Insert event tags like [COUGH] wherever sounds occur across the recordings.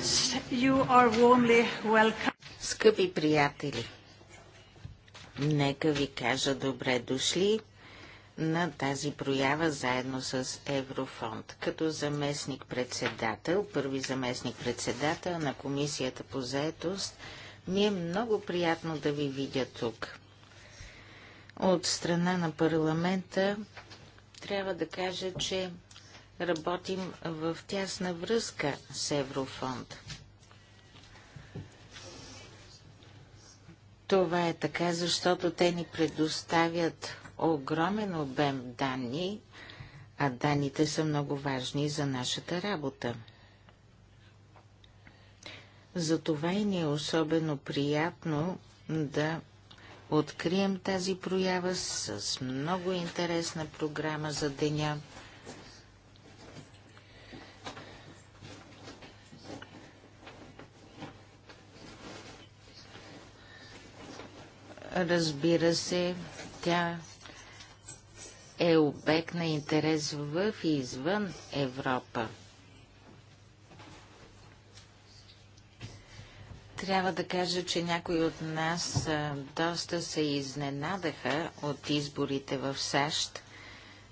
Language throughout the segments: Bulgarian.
friends, you are warmly welcome. Скъпи приятели, нека ви кажа добре дошли на тази проява заедно с Еврофонд. Като заместник-председател, първи заместник-председател на Комисията по заетост, ми е много приятно да ви видя тук. От страна на парламента трябва да кажа, че работим в тясна връзка с Еврофонд. Това е така, защото те ни предоставят огромен обем данни, а данните са много важни за нашата работа. Затова и ни е особено приятно да открием тази проява с много интересна програма за деня – Разбира се, тя е обект на интерес в и извън Европа. Трябва да кажа, че някои от нас доста се изненадаха от изборите в САЩ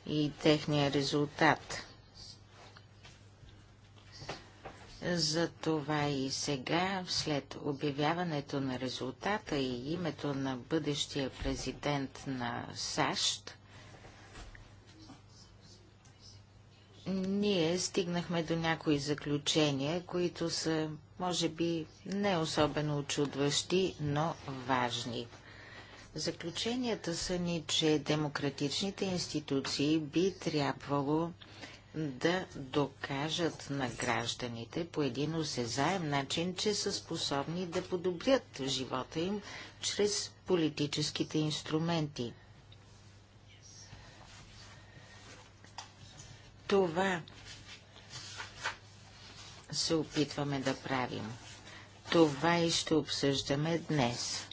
и техния резултат. За това и сега, след обявяването на резултата и името на бъдещия президент на САЩ, ние стигнахме до някои заключения, които са, може би, не особено очудващи, но важни. Заключенията са ни, че демократичните институции би трябвало да докажат на гражданите по един осезаем начин, че са способни да подобрят живота им чрез политическите инструменти. Това се опитваме да правим. Това и ще обсъждаме днес.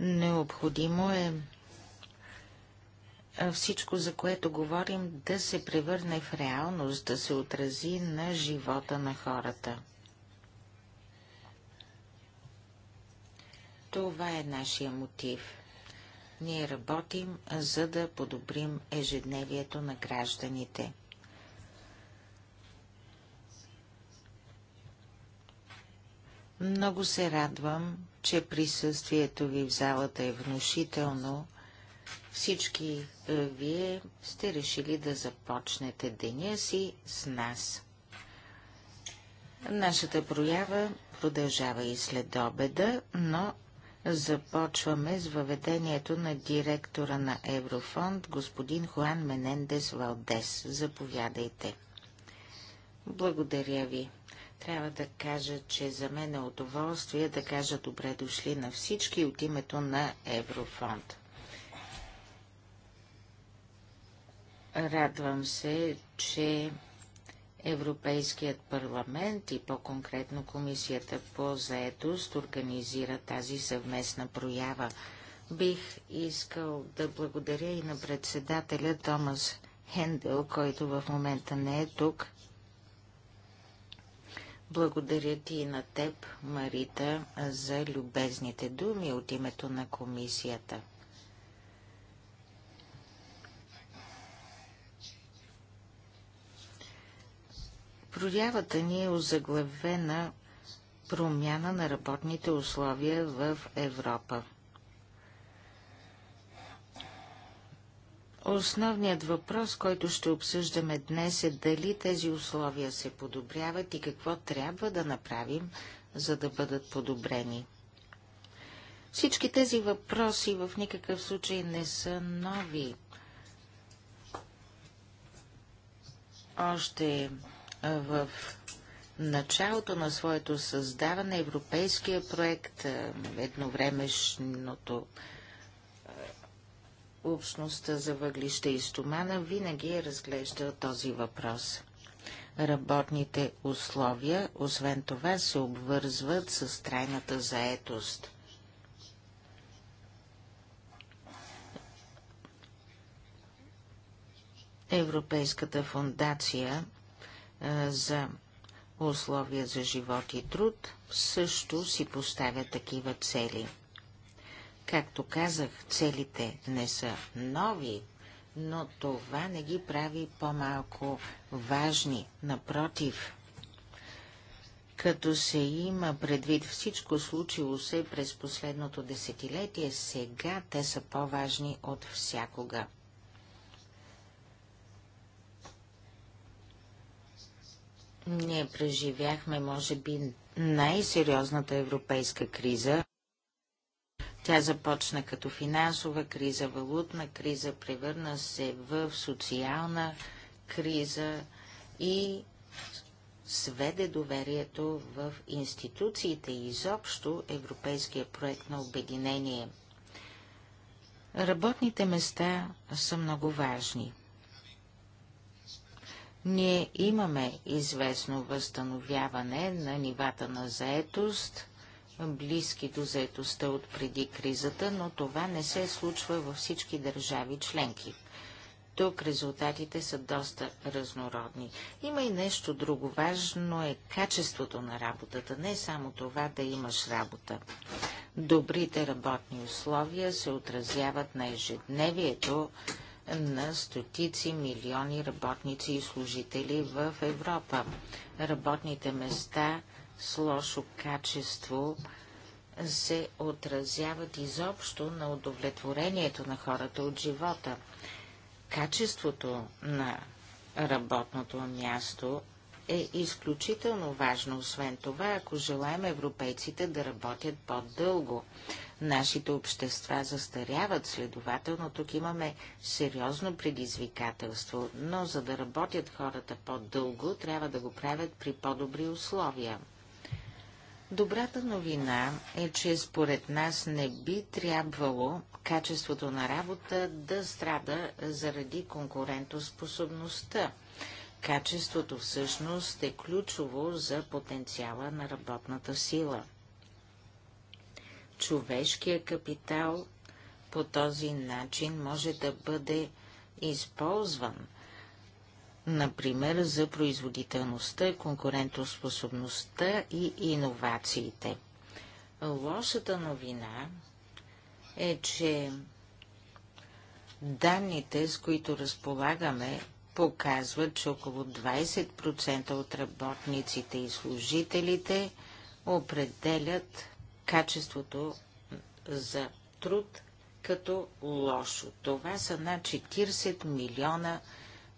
Необходимо е всичко, за което говорим, да се превърне в реалност, да се отрази на живота на хората. Това е нашия мотив. Ние работим, за да подобрим ежедневието на гражданите. Много се радвам, че присъствието ви в залата е внушително всички е, вие сте решили да започнете деня си с нас. Нашата проява продължава и след обеда, но започваме с въведението на директора на Еврофонд, господин Хуан Менендес Валдес. Заповядайте. Благодаря ви. Трябва да кажа, че за мен е удоволствие да кажа добре дошли на всички от името на Еврофонд. Радвам се, че Европейският парламент и по-конкретно Комисията по заетост организира тази съвместна проява. Бих искал да благодаря и на председателя Томас Хендел, който в момента не е тук. Благодаря ти и на теб, Марита, за любезните думи от името на комисията. Проявата ни е озаглавена промяна на работните условия в Европа. Основният въпрос, който ще обсъждаме днес е дали тези условия се подобряват и какво трябва да направим, за да бъдат подобрени. Всички тези въпроси в никакъв случай не са нови. Още в началото на своето създаване европейския проект, е, едновремешното е, общността за въглища и стомана винаги е разглеждал този въпрос. Работните условия, освен това, се обвързват с трайната заетост. Европейската фундация за условия за живот и труд, също си поставя такива цели. Както казах, целите не са нови, но това не ги прави по-малко важни. Напротив, като се има предвид всичко случило се през последното десетилетие, сега те са по-важни от всякога. Ние преживяхме, може би, най-сериозната европейска криза. Тя започна като финансова криза, валутна криза, превърна се в социална криза и сведе доверието в институциите и изобщо европейския проект на обединение. Работните места са много важни. Ние имаме известно възстановяване на нивата на заетост, близки до заетостта от преди кризата, но това не се случва във всички държави членки. Тук резултатите са доста разнородни. Има и нещо друго. Важно е качеството на работата, не само това да имаш работа. Добрите работни условия се отразяват на ежедневието на стотици милиони работници и служители в Европа. Работните места с лошо качество се отразяват изобщо на удовлетворението на хората от живота. Качеството на работното място е изключително важно. Освен това, ако желаем европейците да работят по-дълго, Нашите общества застаряват, следователно тук имаме сериозно предизвикателство, но за да работят хората по-дълго, трябва да го правят при по-добри условия. Добрата новина е, че според нас не би трябвало качеството на работа да страда заради конкурентоспособността. Качеството всъщност е ключово за потенциала на работната сила – човешкия капитал по този начин може да бъде използван, например, за производителността, конкурентоспособността и иновациите. Лошата новина е, че данните, с които разполагаме, показват, че около 20% от работниците и служителите определят качеството за труд като лошо. Това са над 40 милиона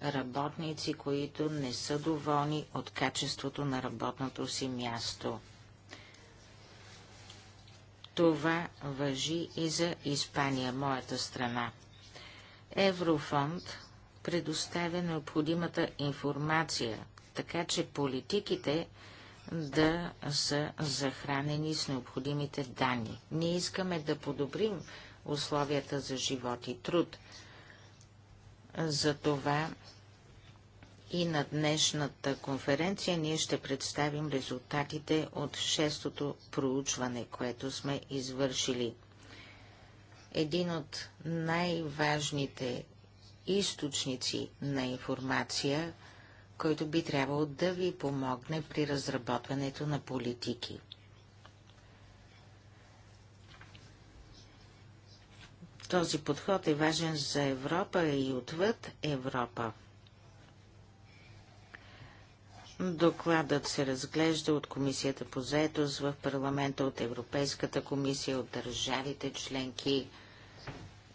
работници, които не са доволни от качеството на работното си място. Това въжи и за Испания, моята страна. Еврофонд предоставя необходимата информация, така че политиките да са захранени с необходимите данни. Ние искаме да подобрим условията за живот и труд. Затова и на днешната конференция ние ще представим резултатите от шестото проучване, което сме извършили. Един от най-важните източници на информация – който би трябвало да ви помогне при разработването на политики. Този подход е важен за Европа и отвъд Европа. Докладът се разглежда от Комисията по заетост в парламента, от Европейската комисия, от държавите членки.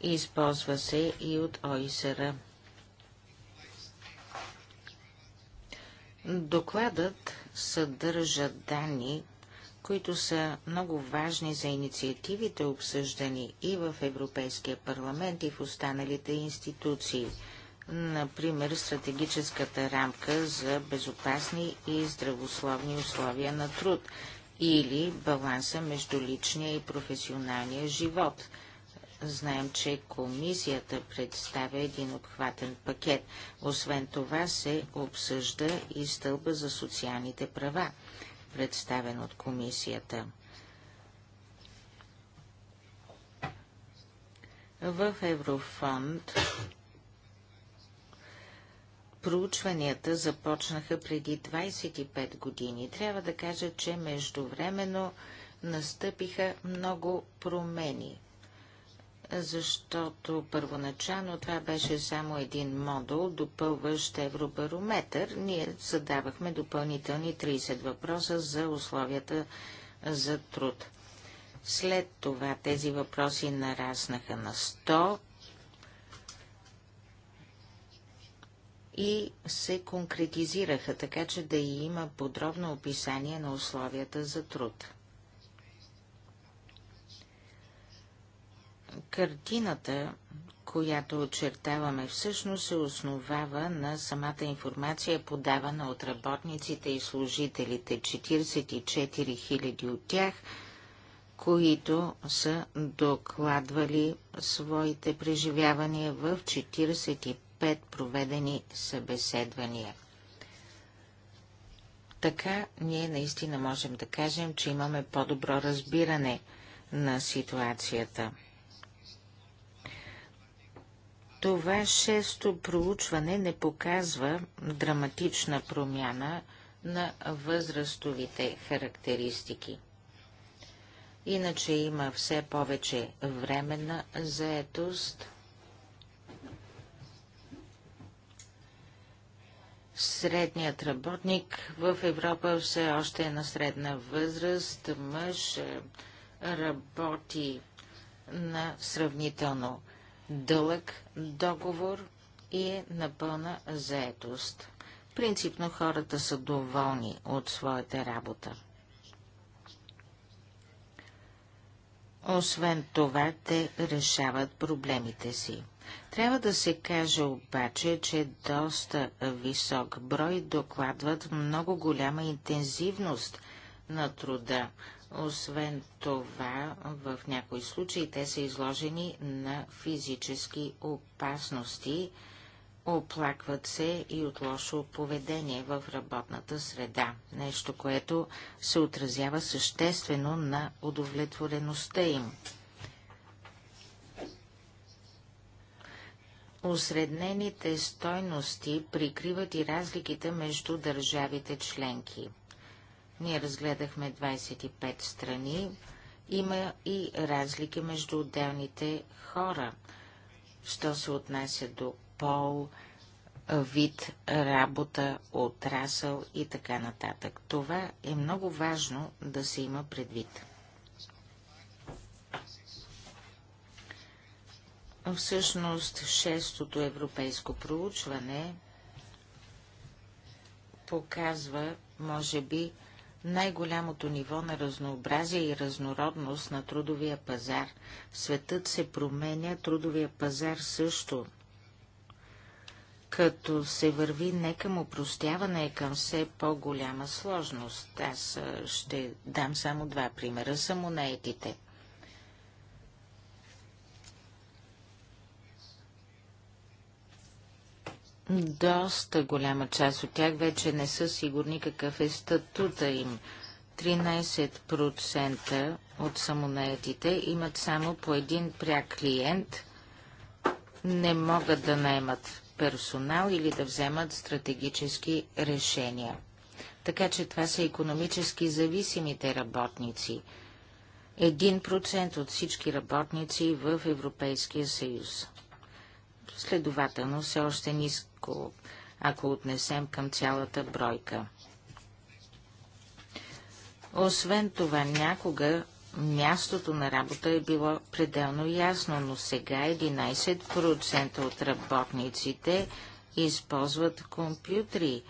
Използва се и от ОИСР. Докладът съдържа данни, които са много важни за инициативите, обсъждани и в Европейския парламент, и в останалите институции. Например, стратегическата рамка за безопасни и здравословни условия на труд или баланса между личния и професионалния живот – Знаем, че комисията представя един обхватен пакет. Освен това се обсъжда и стълба за социалните права, представен от комисията. В Еврофонд проучванията започнаха преди 25 години. Трябва да кажа, че междувременно настъпиха много промени защото първоначално това беше само един модул, допълващ евробарометър. Ние задавахме допълнителни 30 въпроса за условията за труд. След това тези въпроси нараснаха на 100 и се конкретизираха, така че да има подробно описание на условията за труд. Картината, която очертаваме всъщност, се основава на самата информация, подавана от работниците и служителите. 44 000 от тях, които са докладвали своите преживявания в 45 проведени събеседвания. Така ние наистина можем да кажем, че имаме по-добро разбиране на ситуацията. Това шесто проучване не показва драматична промяна на възрастовите характеристики. Иначе има все повече временна заетост. Средният работник в Европа все още е на средна възраст. Мъж е, работи на сравнително дълъг договор и е на пълна заетост. Принципно хората са доволни от своята работа. Освен това, те решават проблемите си. Трябва да се каже обаче, че доста висок брой докладват много голяма интензивност на труда, освен това, в някои случаи те са изложени на физически опасности, оплакват се и от лошо поведение в работната среда, нещо, което се отразява съществено на удовлетвореността им. Осреднените стойности прикриват и разликите между държавите членки – ние разгледахме 25 страни. Има и разлики между отделните хора. Що се отнася до пол, вид работа, отрасъл и така нататък. Това е много важно да се има предвид. Всъщност, шестото европейско проучване показва, може би, най-голямото ниво на разнообразие и разнородност на трудовия пазар. Светът се променя, трудовия пазар също. Като се върви не към упростяване, а е към все по-голяма сложност. Аз ще дам само два примера. Самонаетите – Доста голяма част от тях вече не са сигурни какъв е статута им. 13% от самонаетите имат само по един пряк клиент, не могат да наемат персонал или да вземат стратегически решения. Така че това са економически зависимите работници. Един процент от всички работници в Европейския съюз. Следователно, все още ниско, ако отнесем към цялата бройка. Освен това, някога мястото на работа е било пределно ясно, но сега 11% от работниците използват компютри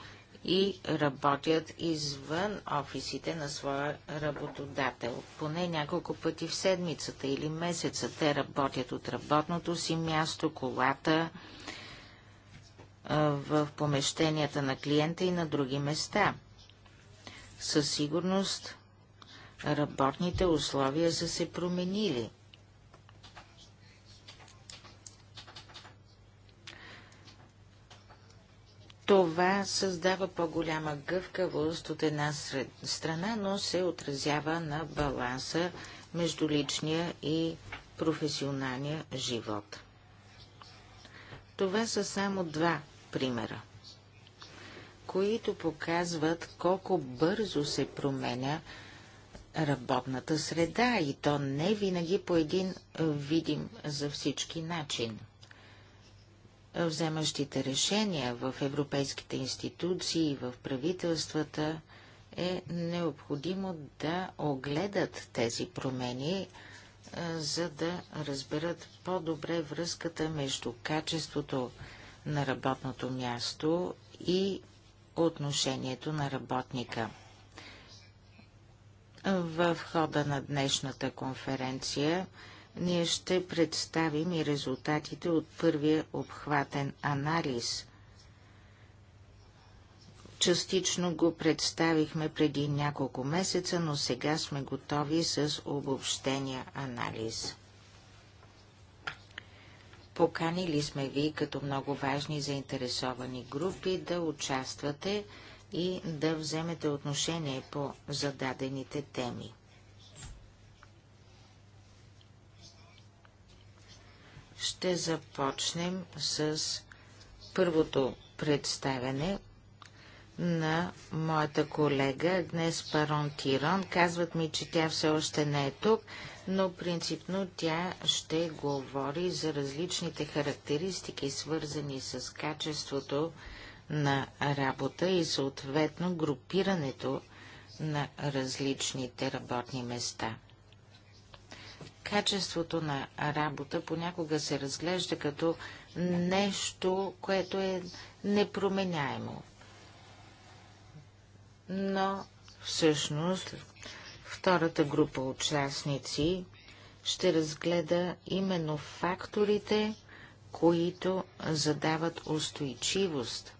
и работят извън офисите на своя работодател. Поне няколко пъти в седмицата или месеца те работят от работното си място, колата, в помещенията на клиента и на други места. Със сигурност работните условия са се променили – Това създава по-голяма гъвкавост от една страна, но се отразява на баланса между личния и професионалния живот. Това са само два примера, които показват колко бързо се променя работната среда и то не винаги по един видим за всички начин – вземащите решения в европейските институции и в правителствата е необходимо да огледат тези промени, за да разберат по-добре връзката между качеството на работното място и отношението на работника. В хода на днешната конференция ние ще представим и резултатите от първия обхватен анализ. Частично го представихме преди няколко месеца, но сега сме готови с обобщения анализ. Поканили сме ви като много важни заинтересовани групи да участвате и да вземете отношение по зададените теми. ще започнем с първото представяне на моята колега днес Парон Тирон. Казват ми, че тя все още не е тук, но принципно тя ще говори за различните характеристики, свързани с качеството на работа и съответно групирането на различните работни места качеството на работа понякога се разглежда като нещо, което е непроменяемо. Но всъщност втората група участници ще разгледа именно факторите, които задават устойчивост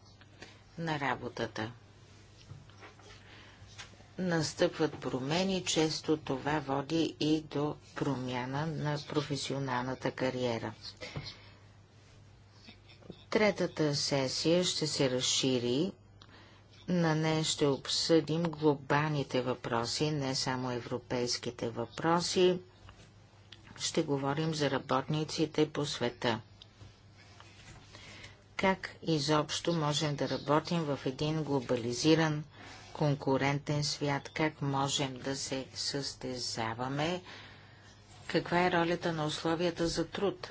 на работата настъпват промени, често това води и до промяна на професионалната кариера. Третата сесия ще се разшири. На нея ще обсъдим глобалните въпроси, не само европейските въпроси. Ще говорим за работниците по света как изобщо можем да работим в един глобализиран конкурентен свят, как можем да се състезаваме, каква е ролята на условията за труд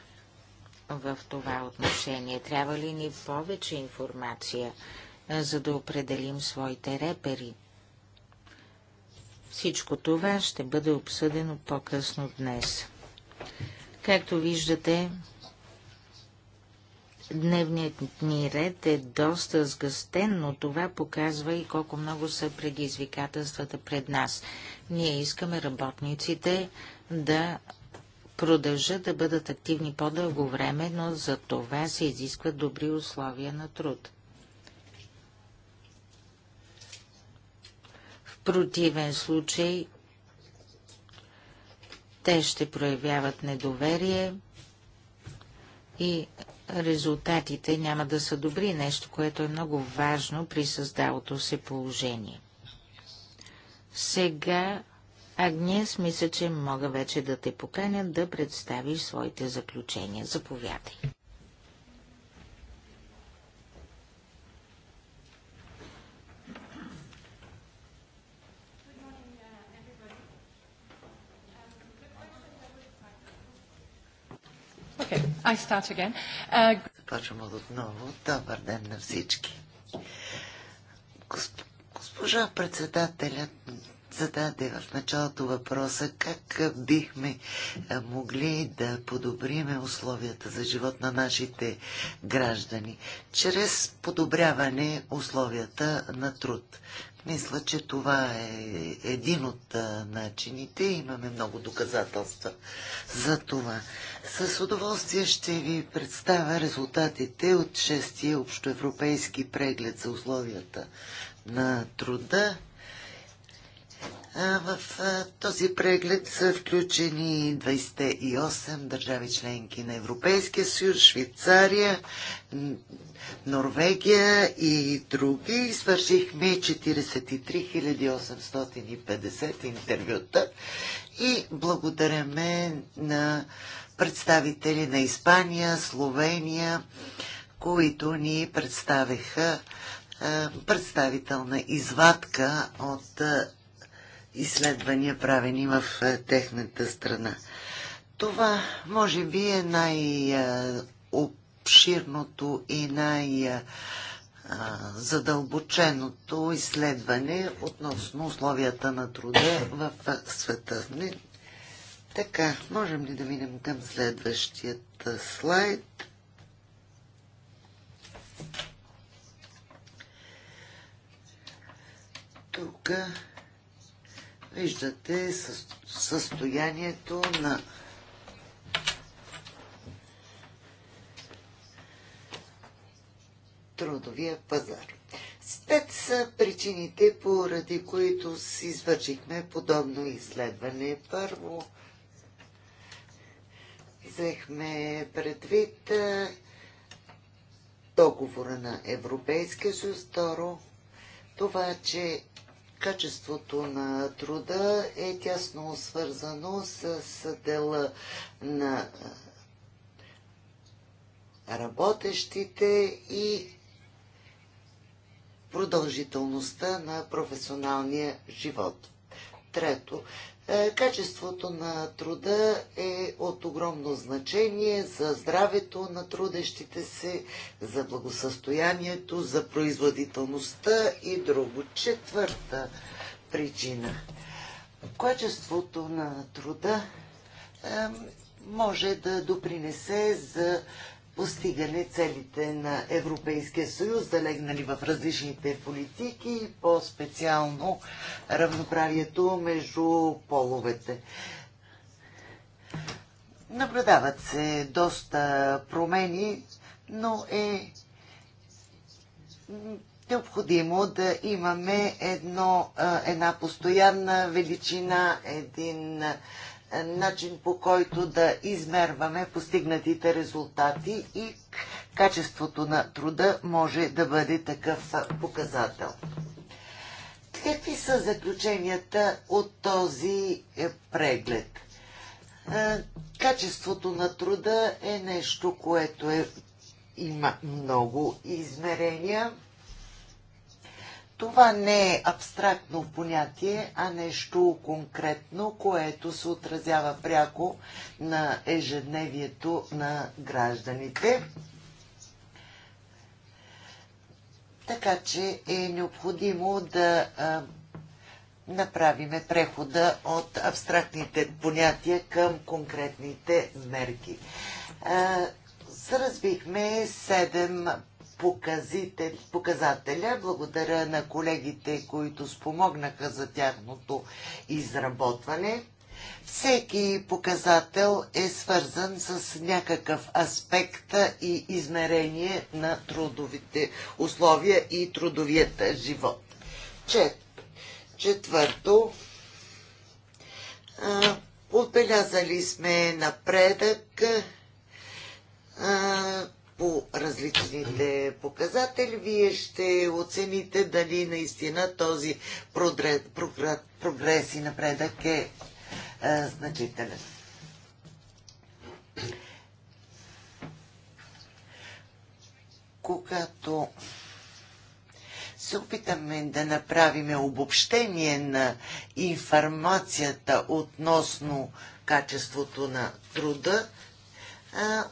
в това отношение. Трябва ли ни повече информация, за да определим своите репери? Всичко това ще бъде обсъдено по-късно днес. Както виждате, Дневният ни ред е доста сгъстен, но това показва и колко много са предизвикателствата пред нас. Ние искаме работниците да продължат да бъдат активни по-дълго време, но за това се изискват добри условия на труд. В противен случай те ще проявяват недоверие и резултатите няма да са добри, нещо, което е много важно при създалото се положение. Сега, Агнес, мисля, че мога вече да те поканя да представиш своите заключения. Заповядай. I start again. Uh... Започвам отново. Добър ден на всички. Госпожа председателят зададе в началото въпроса как бихме могли да подобриме условията за живот на нашите граждани чрез подобряване условията на труд. Мисля, че това е един от начините. Имаме много доказателства за това. С удоволствие ще ви представя резултатите от 6-я общоевропейски преглед за условията на труда в този преглед са включени 28 държави членки на Европейския съюз, Швейцария, Норвегия и други. Свършихме 43 850 интервюта и благодаряме на представители на Испания, Словения, които ни представиха представителна извадка от изследвания, правени в е, техната страна. Това може би е най-обширното и най-задълбоченото изследване относно условията на труда в е, света. Така, можем ли да минем към следващият е, слайд? Тук Виждате състоянието на трудовия пазар. Спет са причините, поради които си извършихме подобно изследване. Първо, взехме предвид договора на Европейския съюз. Второ, това, че качеството на труда е тясно свързано с дела на работещите и продължителността на професионалния живот. Трето, е, качеството на труда е от огромно значение за здравето на трудещите се, за благосъстоянието, за производителността и друго. Четвърта причина. Качеството на труда може да допринесе за постигане целите на Европейския съюз, залегнали в различните политики и по-специално равноправието между половете. Наблюдават се доста промени, но е необходимо да имаме едно, една постоянна величина, един начин по който да измерваме постигнатите резултати и качеството на труда може да бъде такъв показател. Какви са заключенията от този е, преглед? Е, качеството на труда е нещо, което е, има много измерения това не е абстрактно понятие, а нещо конкретно, което се отразява пряко на ежедневието на гражданите. Така че е необходимо да а, направиме прехода от абстрактните понятия към конкретните мерки. А, разбихме седем показателя. Благодаря на колегите, които спомогнаха за тяхното изработване. Всеки показател е свързан с някакъв аспект и измерение на трудовите условия и трудовият живот. Чет, четвърто, а, отбелязали сме напредък. А, по различните показатели, вие ще оцените дали наистина този прогрес и напредък е, е значителен. Когато се опитаме да направим обобщение на информацията относно качеството на труда,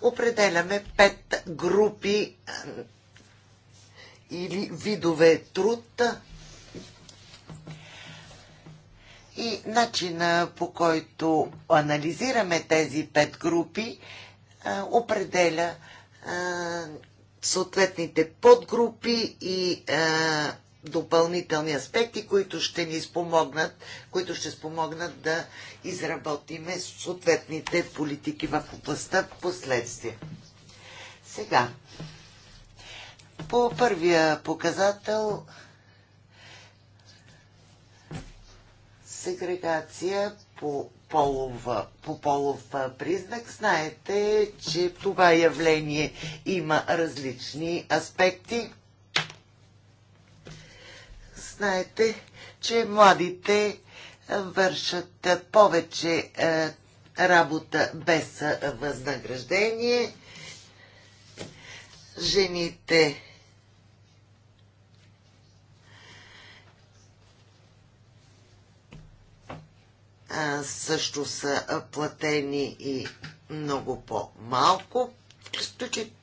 определяме пет групи или видове труд и начина по който анализираме тези пет групи определя съответните подгрупи и допълнителни аспекти, които ще ни спомогнат, които ще спомогнат да изработиме съответните политики в областта в последствие. Сега, по първия показател сегрегация по полов, по полов признак. Знаете, че това явление има различни аспекти. Знаете, че младите е, вършат е, повече е, работа без възнаграждение. Жените също са платени и много по-малко, включително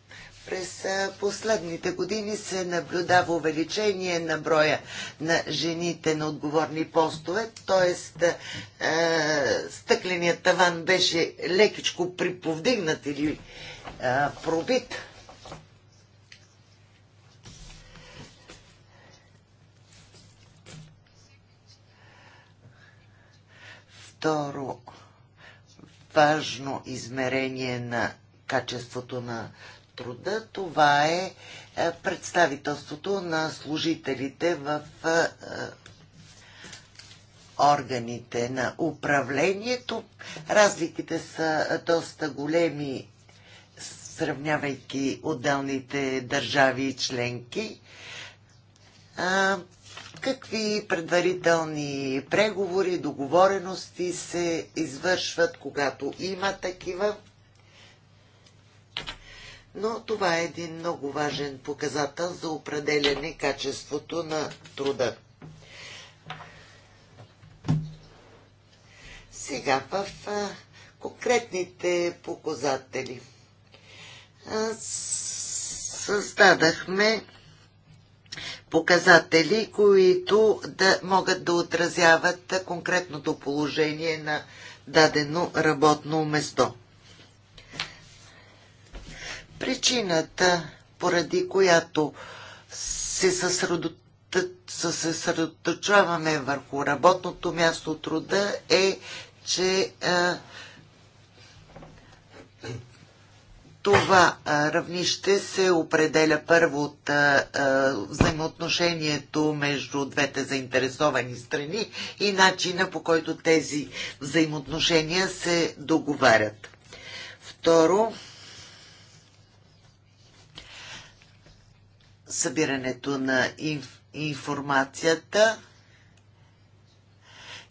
през последните години се наблюдава увеличение на броя на жените на отговорни постове, т.е. стъкленият таван беше лекичко приповдигнат или пробит. Второ важно измерение на качеството на труда. Това е, е представителството на служителите в е, е, органите на управлението. Разликите са доста големи, сравнявайки отделните държави и членки. какви предварителни преговори, договорености се извършват, когато има такива? но това е един много важен показател за определяне качеството на труда. Сега в конкретните показатели. Създадахме показатели, които да могат да отразяват конкретното положение на дадено работно место. Причината, поради която се съсредоточаваме върху работното място труда е, че е, това е, равнище се определя първо от а, е, взаимоотношението между двете заинтересовани страни и начина по който тези взаимоотношения се договарят. Второ, събирането на информацията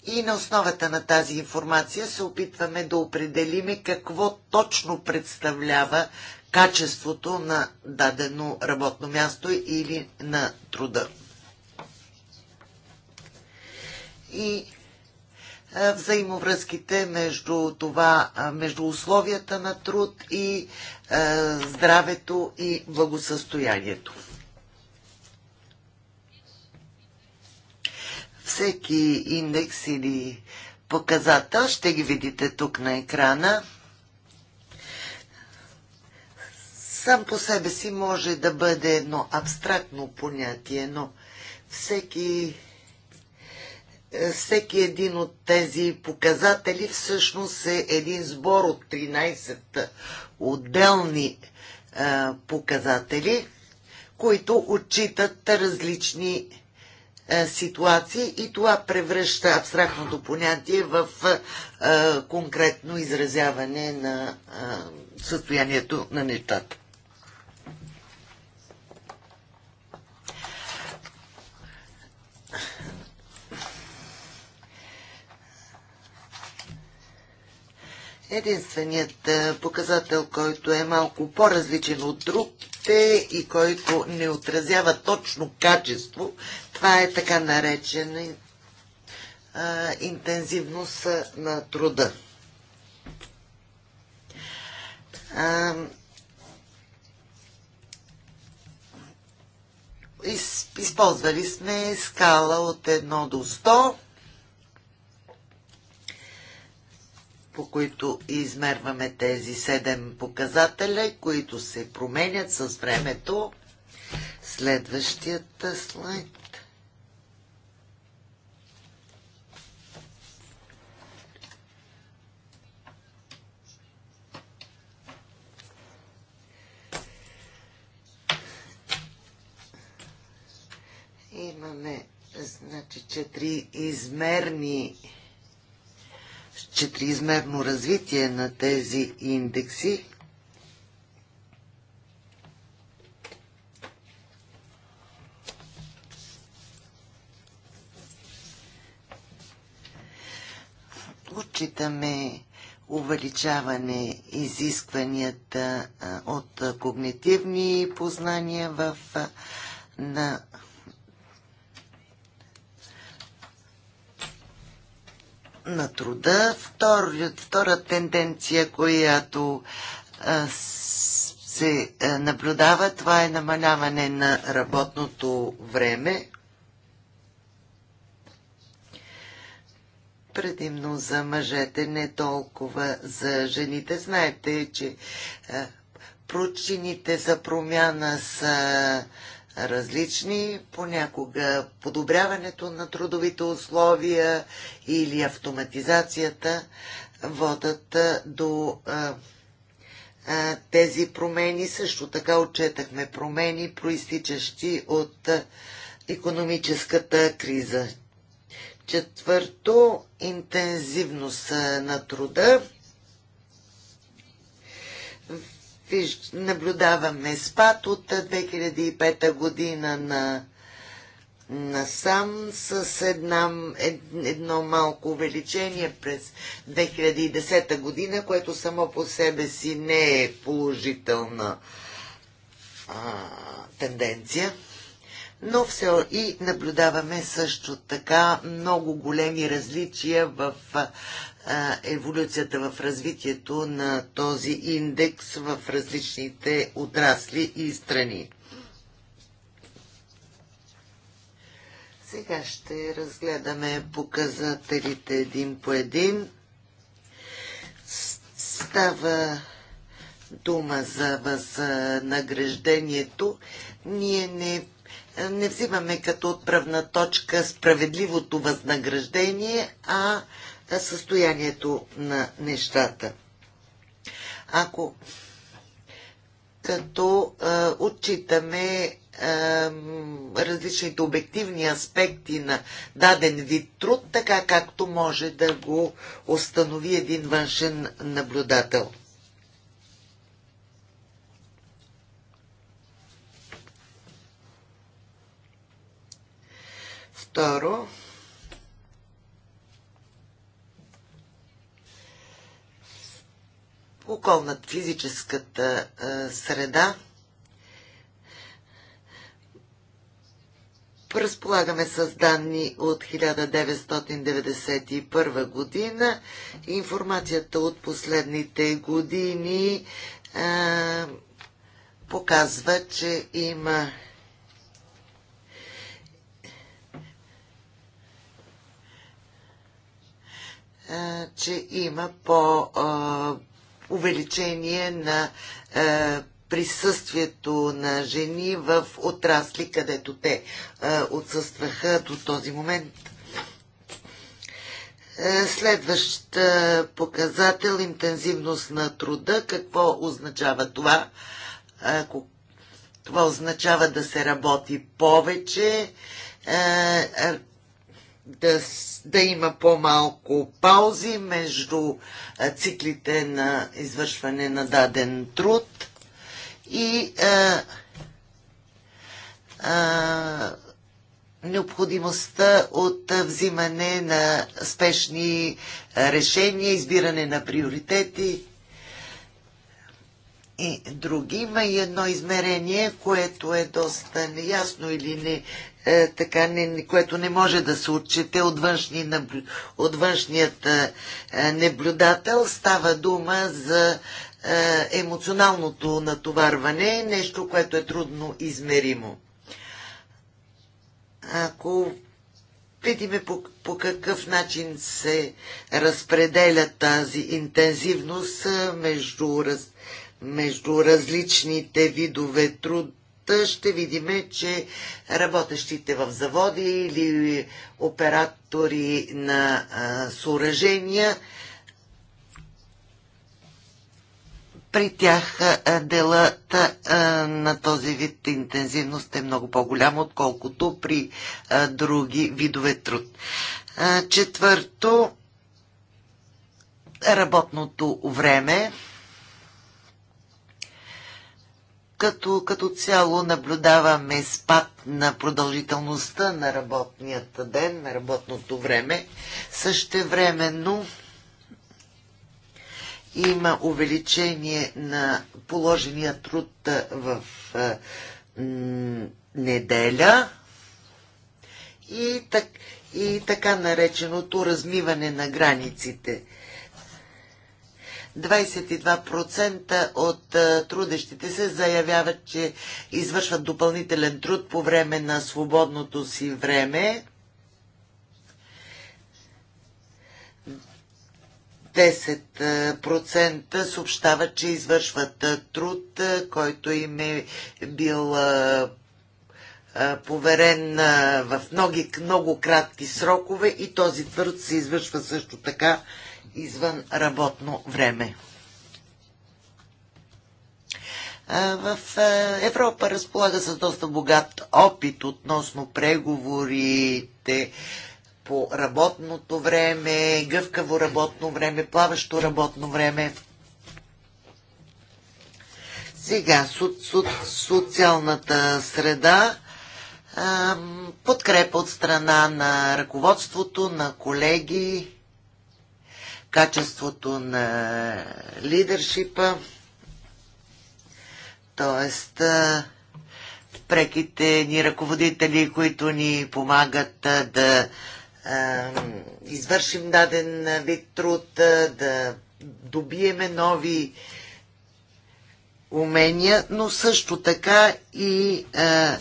и на основата на тази информация се опитваме да определиме какво точно представлява качеството на дадено работно място или на труда. И взаимовръзките между това, между условията на труд и здравето и благосъстоянието. всеки индекс или показател. Ще ги видите тук на екрана. Сам по себе си може да бъде едно абстрактно понятие, но всеки, е, всеки един от тези показатели всъщност е един сбор от 13 отделни е, показатели, които отчитат различни е, ситуации и това превръща абстрактното понятие в е, е, конкретно изразяване на състоянието на нещата. Единственият показател, който е малко по-различен от другите и който не отразява точно качество това е така наречена интензивност на труда. из, използвали сме скала от 1 до 100, по които измерваме тези 7 показателя, които се променят с времето. Следващият слайд. Имаме значи, четириизмерни четириизмерно развитие на тези индекси. Отчитаме увеличаване изискванията от когнитивни познания в, на на труда. Втор, втора тенденция, която се наблюдава, това е намаляване на работното време, предимно за мъжете, не толкова за жените. Знаете, че прочините за промяна са различни. Понякога подобряването на трудовите условия или автоматизацията водат до а, а, тези промени. Също така отчетахме промени, проистичащи от економическата криза. Четвърто, интензивност на труда виж, наблюдаваме спад от 2005 година на насам с една, едно малко увеличение през 2010 година, което само по себе си не е положителна а, тенденция. Но все и наблюдаваме също така много големи различия в еволюцията в развитието на този индекс в различните отрасли и страни. Сега ще разгледаме показателите един по един. Става дума за възнаграждението. Ние не, не взимаме като отправна точка справедливото възнаграждение, а състоянието на нещата. Ако като а, отчитаме а, различните обективни аспекти на даден вид труд, така както може да го установи един външен наблюдател. Второ, околната физическата среда. Разполагаме с данни от 1991 година. Информацията от последните години а, показва, че има че има по увеличение на е, присъствието на жени в отрасли, където те е, отсъстваха до този момент. Е, следващ е, показател интензивност на труда. Какво означава това? Е, това означава да се работи повече, да, да има по-малко паузи между циклите на извършване на даден труд и а, а, необходимостта от взимане на спешни решения, избиране на приоритети и други. Има и едно измерение, което е доста неясно или не, е, така, не, което не може да се отчете от, външни, от външният е, е, наблюдател. Става дума за е, емоционалното натоварване, нещо, което е трудно измеримо. Ако видиме по, по какъв начин се разпределя тази интензивност е, между, раз, между различните видове труд, ще видим, че работещите в заводи или оператори на а, съоръжения при тях делът на този вид интензивност е много по-голям, отколкото при други видове труд. Четвърто, работното време като, като цяло наблюдаваме спад на продължителността на работният ден, на работното време. Същевременно има увеличение на положения труд в неделя и, так, и така нареченото размиване на границите 22% от трудещите се заявяват, че извършват допълнителен труд по време на свободното си време. 10% съобщават, че извършват труд, който им е бил поверен в много, много кратки срокове и този труд се извършва също така извън работно време. В Европа разполага с доста богат опит относно преговорите по работното време, гъвкаво работно време, плаващо работно време. Сега со, со, социалната среда, подкрепа от страна на ръководството, на колеги, качеството на лидершипа, т.е. преките ни ръководители, които ни помагат да извършим даден вид труд, да добиеме нови умения, но също така и а,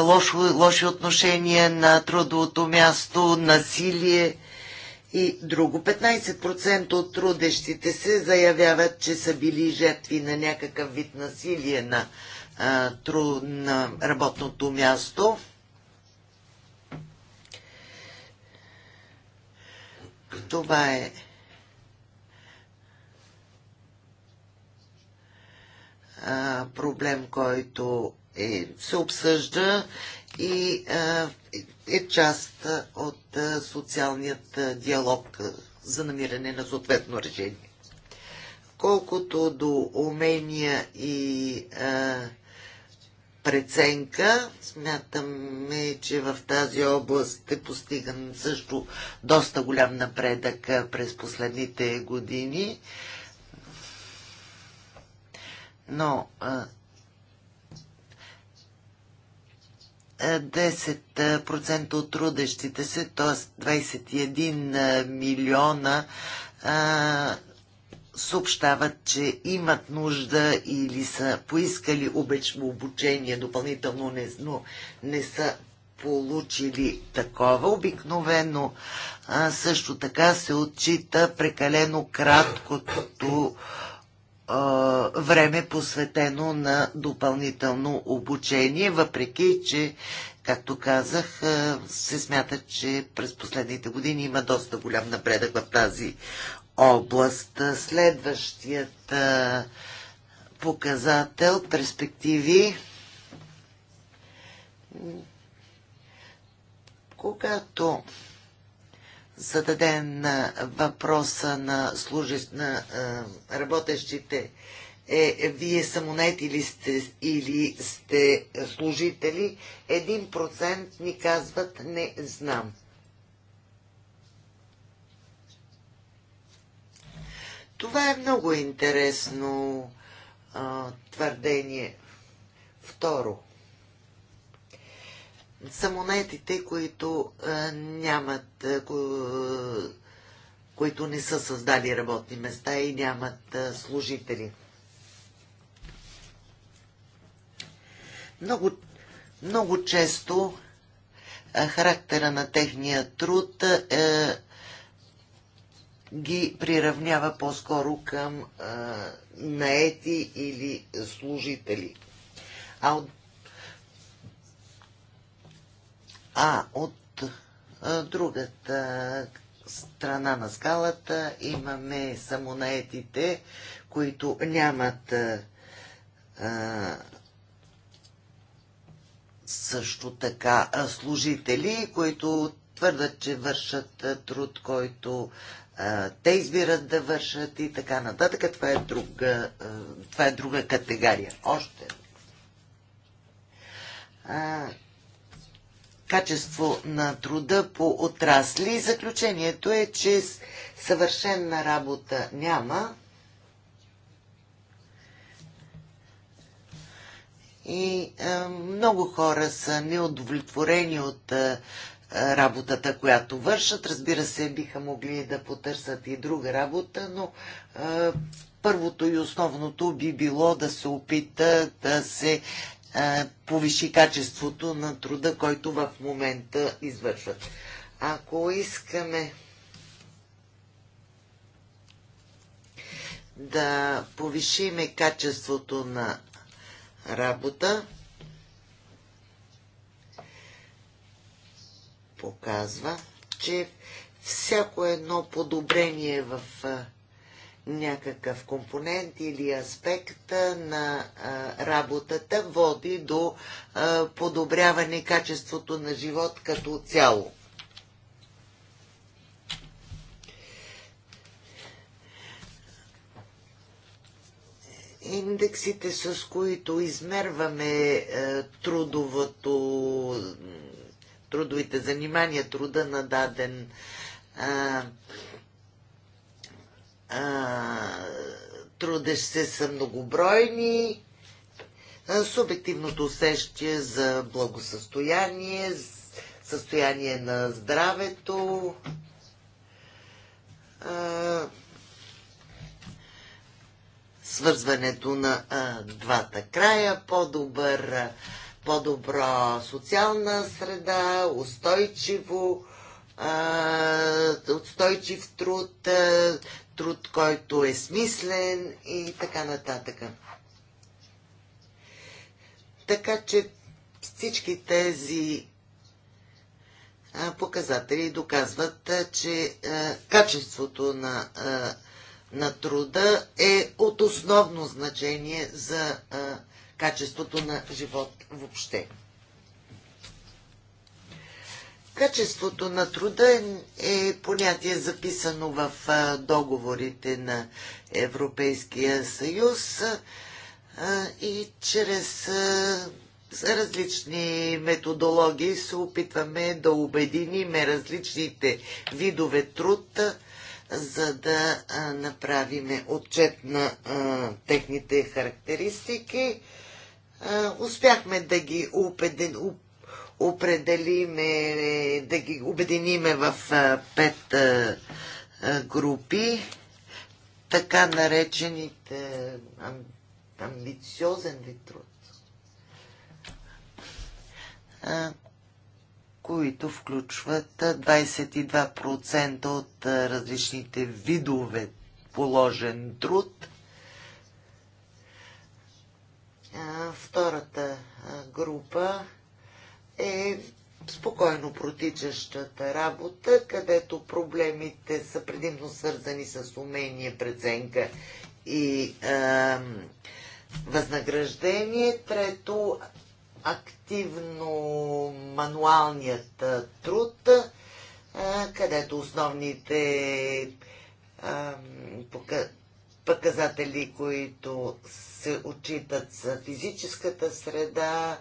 лошо, лоши отношения на трудовото място, насилие и друго. 15% от трудещите се заявяват, че са били жертви на някакъв вид насилие на, а, тру, на работното място. Това е. проблем, който е, се обсъжда и е част от социалният диалог за намиране на съответно решение. Колкото до умения и преценка. Смятаме, че в тази област е постиган също доста голям напредък през последните години. Но 10% от трудещите се, т.е. 21 милиона съобщават, че имат нужда или са поискали обучение допълнително, но не са получили такова. Обикновено а, също така се отчита прекалено краткото време посветено на допълнително обучение, въпреки че, както казах, се смята, че през последните години има доста голям напредък в тази област. Следващият показател, перспективи. Когато Зададен на въпроса на, служещ, на а, работещите е вие самонети ли сте или сте служители, един процент ни казват не знам. Това е много интересно а, твърдение. Второ, самонетите, които а, е, нямат, а, е, които не са създали работни места и нямат а, е, служители. Много, много често а, характера на техния труд а, ги приравнява по-скоро към а, наети или служители. А от А от другата страна на скалата имаме самонаетите, които нямат а, също така служители, които твърдат, че вършат труд, който а, те избират да вършат и така нататък. Това е друга, а, това е друга категория. Още. А, качество на труда по отрасли. Заключението е, че съвършенна работа няма. И е, много хора са неудовлетворени от е, работата, която вършат. Разбира се, биха могли да потърсят и друга работа, но е, първото и основното би било да се опита да се е, повиши качеството на труда, който в момента извършват. Ако искаме да повишиме качеството на работа, показва, че всяко едно подобрение в е, някакъв компонент или аспект на работата води до подобряване качеството на живот като цяло. Индексите, с които измерваме трудовото, трудовите занимания, труда на даден а, трудещите са многобройни, субективното усещие за благосъстояние, състояние на здравето, свързването на двата края, по-добър, по-добра социална среда, устойчиво, устойчив труд, труд, който е смислен и така нататък. Така че всички тези показатели доказват, че качеството на, на труда е от основно значение за качеството на живот въобще. Качеството на труда е, е понятие записано в договорите на Европейския съюз и чрез различни методологии се опитваме да обединиме различните видове труд, за да направим отчет на техните характеристики. Успяхме да ги определиме, да ги обединиме в пет групи, така наречените амбициозен ли труд, които включват 22% от различните видове положен труд. Втората група е спокойно протичащата работа, където проблемите са предимно свързани с умение, преценка и е, възнаграждение. Трето, активно мануалният труд, е, където основните е, показатели, които се отчитат за физическата среда,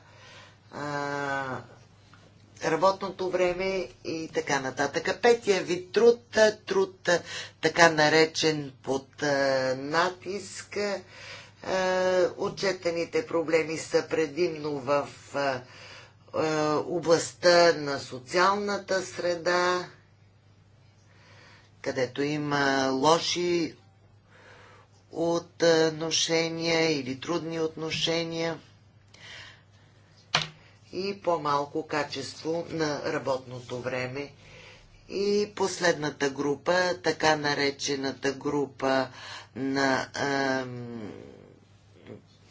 работното време и така нататък. Петия вид труд, труд така наречен под натиск. отчетените проблеми са предимно в областта на социалната среда, където има лоши отношения или трудни отношения и по-малко качество на работното време. И последната група, така наречената група на, а,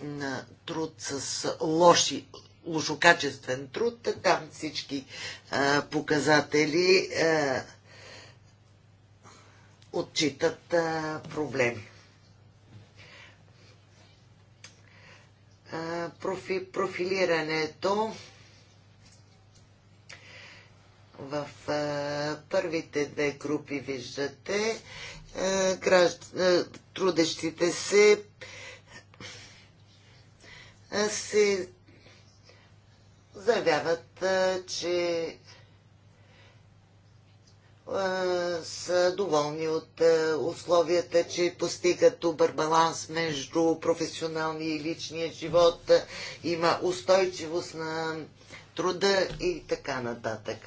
на труд с лоши, лошокачествен труд, там всички а, показатели а, отчитат а, проблеми. профи, профилирането в е, първите две групи виждате е, е, трудещите се се заявяват, че са доволни от условията, че постигат добър баланс между професионалния и личния живот, има устойчивост на труда и така нататък.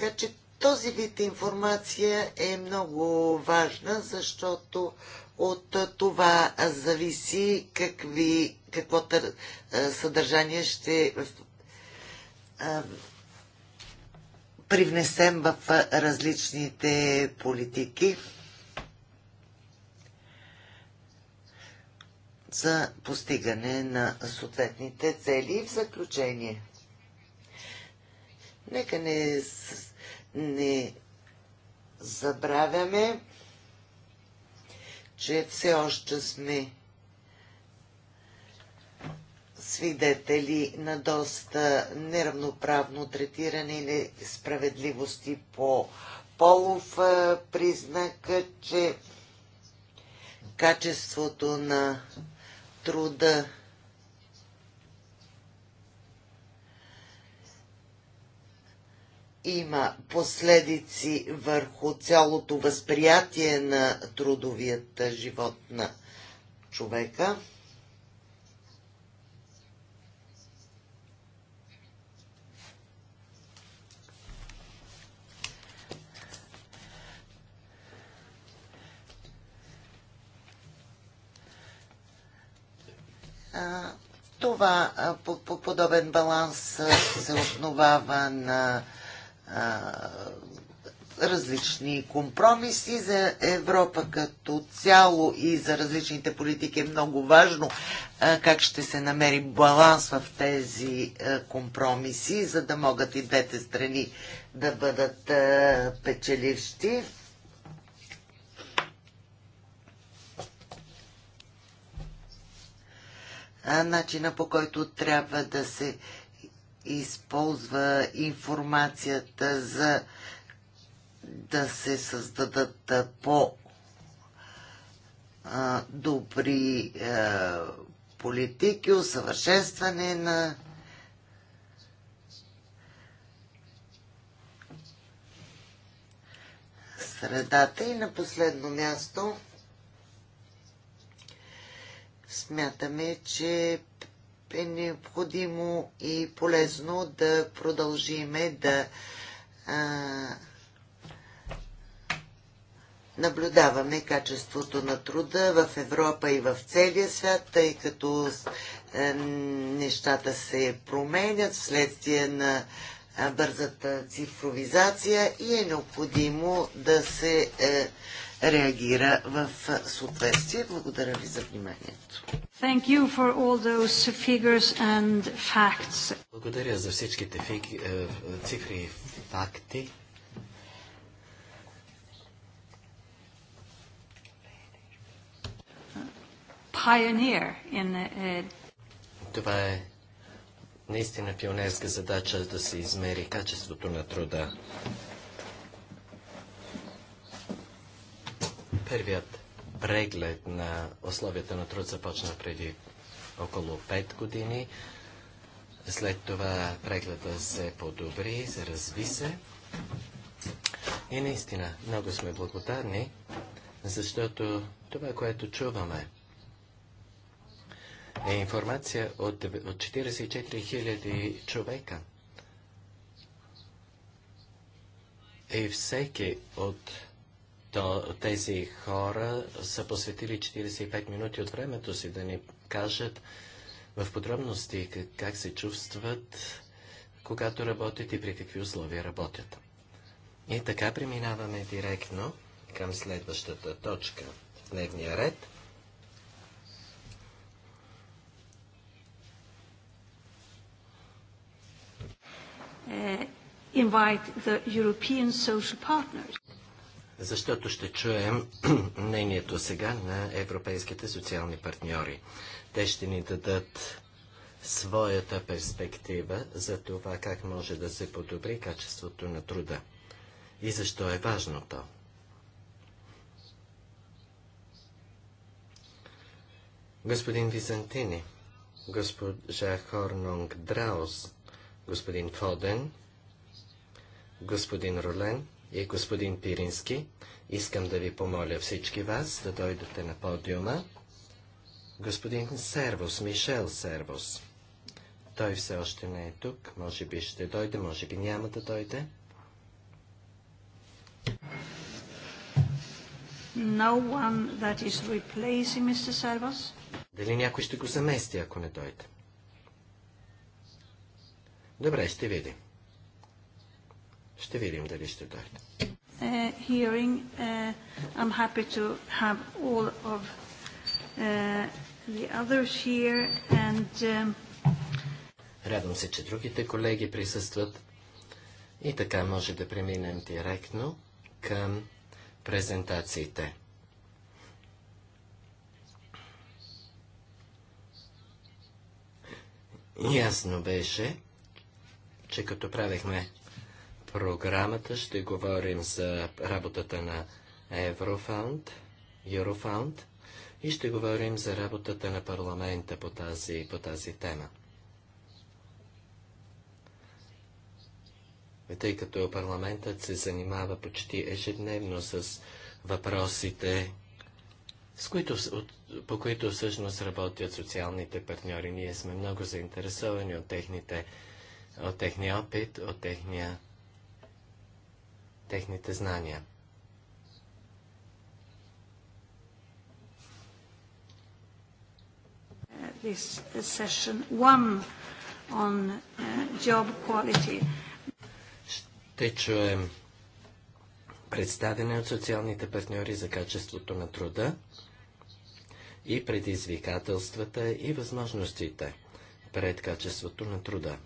Така че този вид информация е много важна, защото от това зависи какви, какво тър, съдържание ще привнесем в различните политики за постигане на съответните цели. И в заключение, нека не не забравяме, че все още сме свидетели на доста неравноправно третиране и несправедливости по полов признак, че качеството на труда има последици върху цялото възприятие на трудовият живот на човека. това по, по подобен баланс се основава на различни компромиси за Европа като цяло и за различните политики е много важно а, как ще се намери баланс в тези а, компромиси, за да могат и двете страни да бъдат а, печеливши. начина по който трябва да се използва информацията за да се създадат по добри политики, усъвършенстване на средата и на последно място смятаме, че е необходимо и полезно да продължиме да а, наблюдаваме качеството на труда в Европа и в целия свят, тъй като е, нещата се променят вследствие на бързата цифровизация и е необходимо да се е, реагира в съответствие. Благодаря ви за вниманието. Thank you for all those figures and facts. Благодаря за всичките фиг... Е, цифри и факти. Pioneer in a... Е, Това е наистина пионерска задача да се измери качеството на труда. Първият преглед на условията на труд започна преди около 5 години. След това прегледа се подобри, се разви се. И наистина, много сме благодарни, защото това, което чуваме, е информация от, от 44 000 човека. И всеки от то тези хора са посветили 45 минути от времето си да ни кажат в подробности как, как се чувстват, когато работят и при какви условия работят. И така преминаваме директно към следващата точка в дневния ред. Е, invite the European social partners защото ще чуем [CLEARS THROAT] мнението сега на европейските социални партньори. Те ще ни дадат своята перспектива за това как може да се подобри качеството на труда и защо е важно то. Господин Византини, госпожа Хорнонг Драус, господин Фоден, господин Ролен, и господин Пирински. Искам да ви помоля всички вас да дойдете на подиума. Господин Сервус, Мишел Сервус. Той все още не е тук. Може би ще дойде, може би няма да дойде. No one that is replacing Mr. Servos. Дали някой ще го замести, ако не дойде? Добре, ще видим. Ще видим дали ще дойде. Uh, hearing, uh, I'm happy to have all of uh, the others here and um, Радвам се, че другите колеги присъстват. И така може да преминем директно към презентациите. Ясно беше, че като правихме програмата ще говорим за работата на Еврофаунд, Еврофаунд и ще говорим за работата на парламента по тази, по тази тема. Тъй като парламентът се занимава почти ежедневно с въпросите, с които, по които всъщност работят социалните партньори. Ние сме много заинтересовани от, техните, от техния опит, от техния техните знания. this session one on uh, job quality. Ще чуем представяне от социалните партньори за качеството на труда и предизвикателствата и възможностите пред качеството на труда.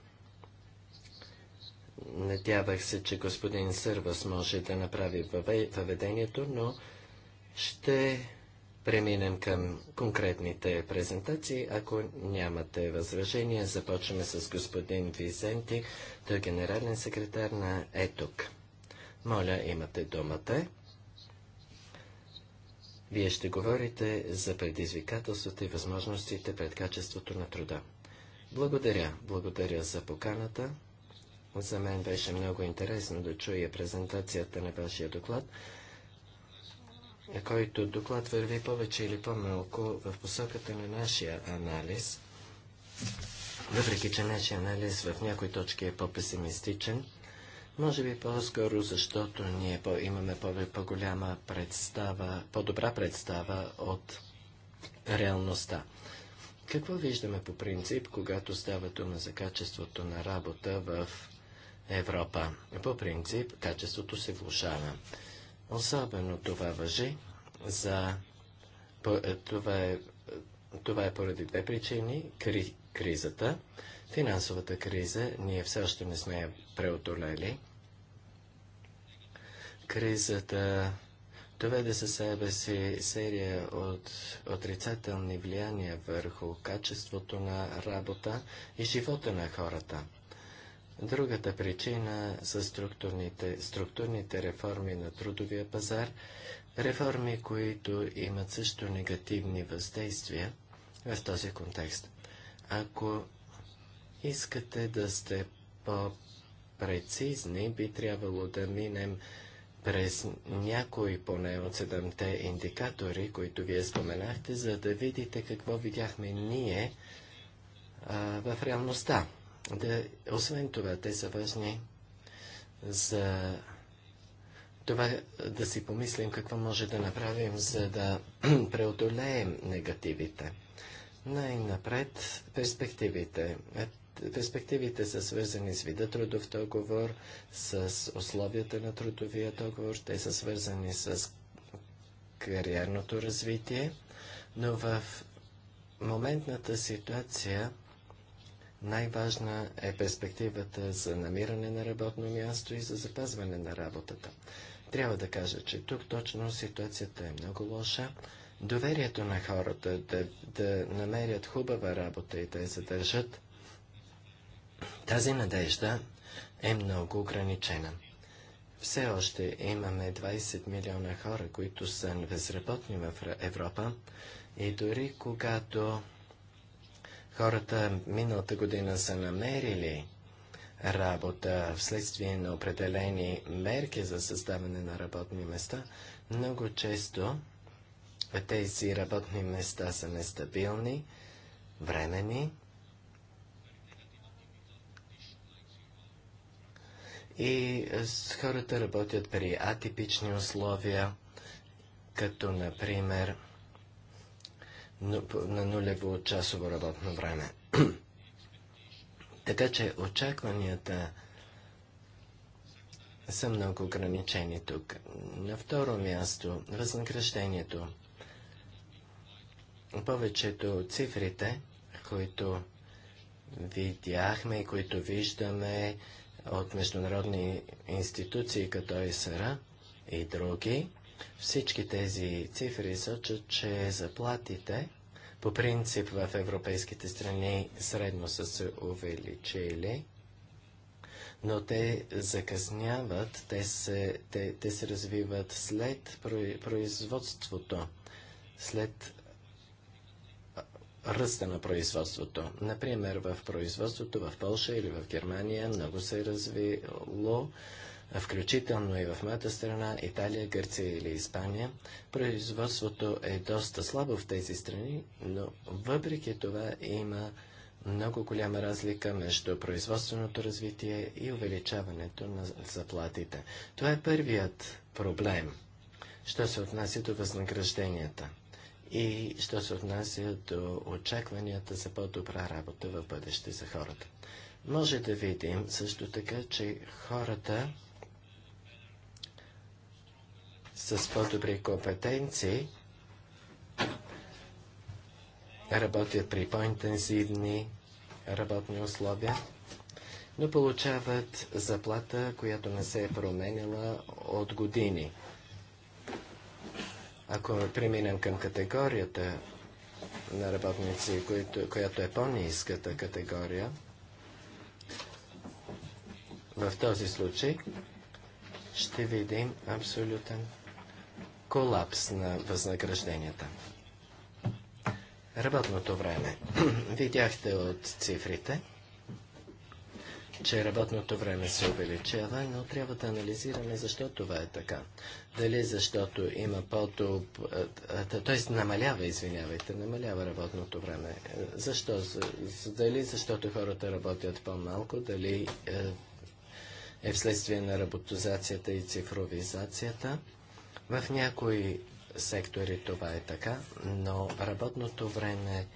Надявах се, че господин Сървас може да направи въведението, но ще преминем към конкретните презентации. Ако нямате възражения, започваме с господин Визенти, той е генерален секретар на ЕТОК. Моля, имате думата. Вие ще говорите за предизвикателствата и възможностите пред качеството на труда. Благодаря. Благодаря за поканата. За мен беше много интересно да чуя презентацията на вашия доклад, който доклад върви повече или по-малко в посоката на нашия анализ. Въпреки, че нашия анализ в някои точки е по-песимистичен, може би по-скоро, защото ние по имаме по-голяма по представа, по-добра представа от реалността. Какво виждаме по принцип, когато става дума за качеството на работа в Европа. По принцип, качеството се влушава. Особено това въжи за... Е, това е, това е поради две причини. Кри, кризата, финансовата криза, ние все още не сме я преодолели. Кризата доведе със себе си серия от отрицателни влияния върху качеството на работа и живота на хората – Другата причина са структурните, структурните реформи на трудовия пазар, реформи, които имат също негативни въздействия в този контекст. Ако искате да сте по-прецизни, би трябвало да минем през някои поне от седемте индикатори, които вие споменахте, за да видите какво видяхме ние а, в реалността. Да, освен това, те са важни за това да си помислим какво може да направим, за да [CLEARS THROAT] преодолеем негативите. Най-напред перспективите. Е, перспективите са свързани с вида трудов договор, с условията на трудовия договор, те са свързани с кариерното развитие, но в моментната ситуация най-важна е перспективата за намиране на работно място и за запазване на работата. Трябва да кажа, че тук точно ситуацията е много лоша. Доверието на хората да, да намерят хубава работа и да я задържат, тази надежда е много ограничена. Все още имаме 20 милиона хора, които са безработни в Европа и дори когато Хората миналата година са намерили работа вследствие на определени мерки за създаване на работни места. Много често тези работни места са нестабилни, времени и хората работят при атипични условия, като например на нулево часово работно време. [CLEARS THROAT] така че очакванията са много ограничени тук. На второ място, възнаграждението. Повечето от цифрите, които видяхме и които виждаме от международни институции като ИСР и други, всички тези цифри сочат, че заплатите по принцип в европейските страни средно са се увеличили, но те закъсняват, те се, те, те се развиват след производството, след ръста на производството. Например, в производството в Польша или в Германия много се е развило включително и в моята страна, Италия, Гърция или Испания. Производството е доста слабо в тези страни, но въпреки това има много голяма разлика между производственото развитие и увеличаването на заплатите. Това е първият проблем, що се отнася до възнагражденията и що се отнася до очакванията за по-добра работа в бъдеще за хората. Може да видим също така, че хората с по-добри компетенции работят при по-интензивни работни условия, но получават заплата, която не се е променила от години. Ако преминем към категорията на работници, която, която е по-низката категория, в този случай ще видим абсолютен колапс на възнагражденията. Работното време. [CLEARS THROAT] Видяхте от цифрите, че работното време се увеличава, но трябва да анализираме защо това е така. Дали защото има по-доб... т.е. намалява, извинявайте, намалява работното време. Защо? Дали защото хората работят по-малко, дали е, е вследствие на работозацията и цифровизацията. В някои сектори това е така, но работното време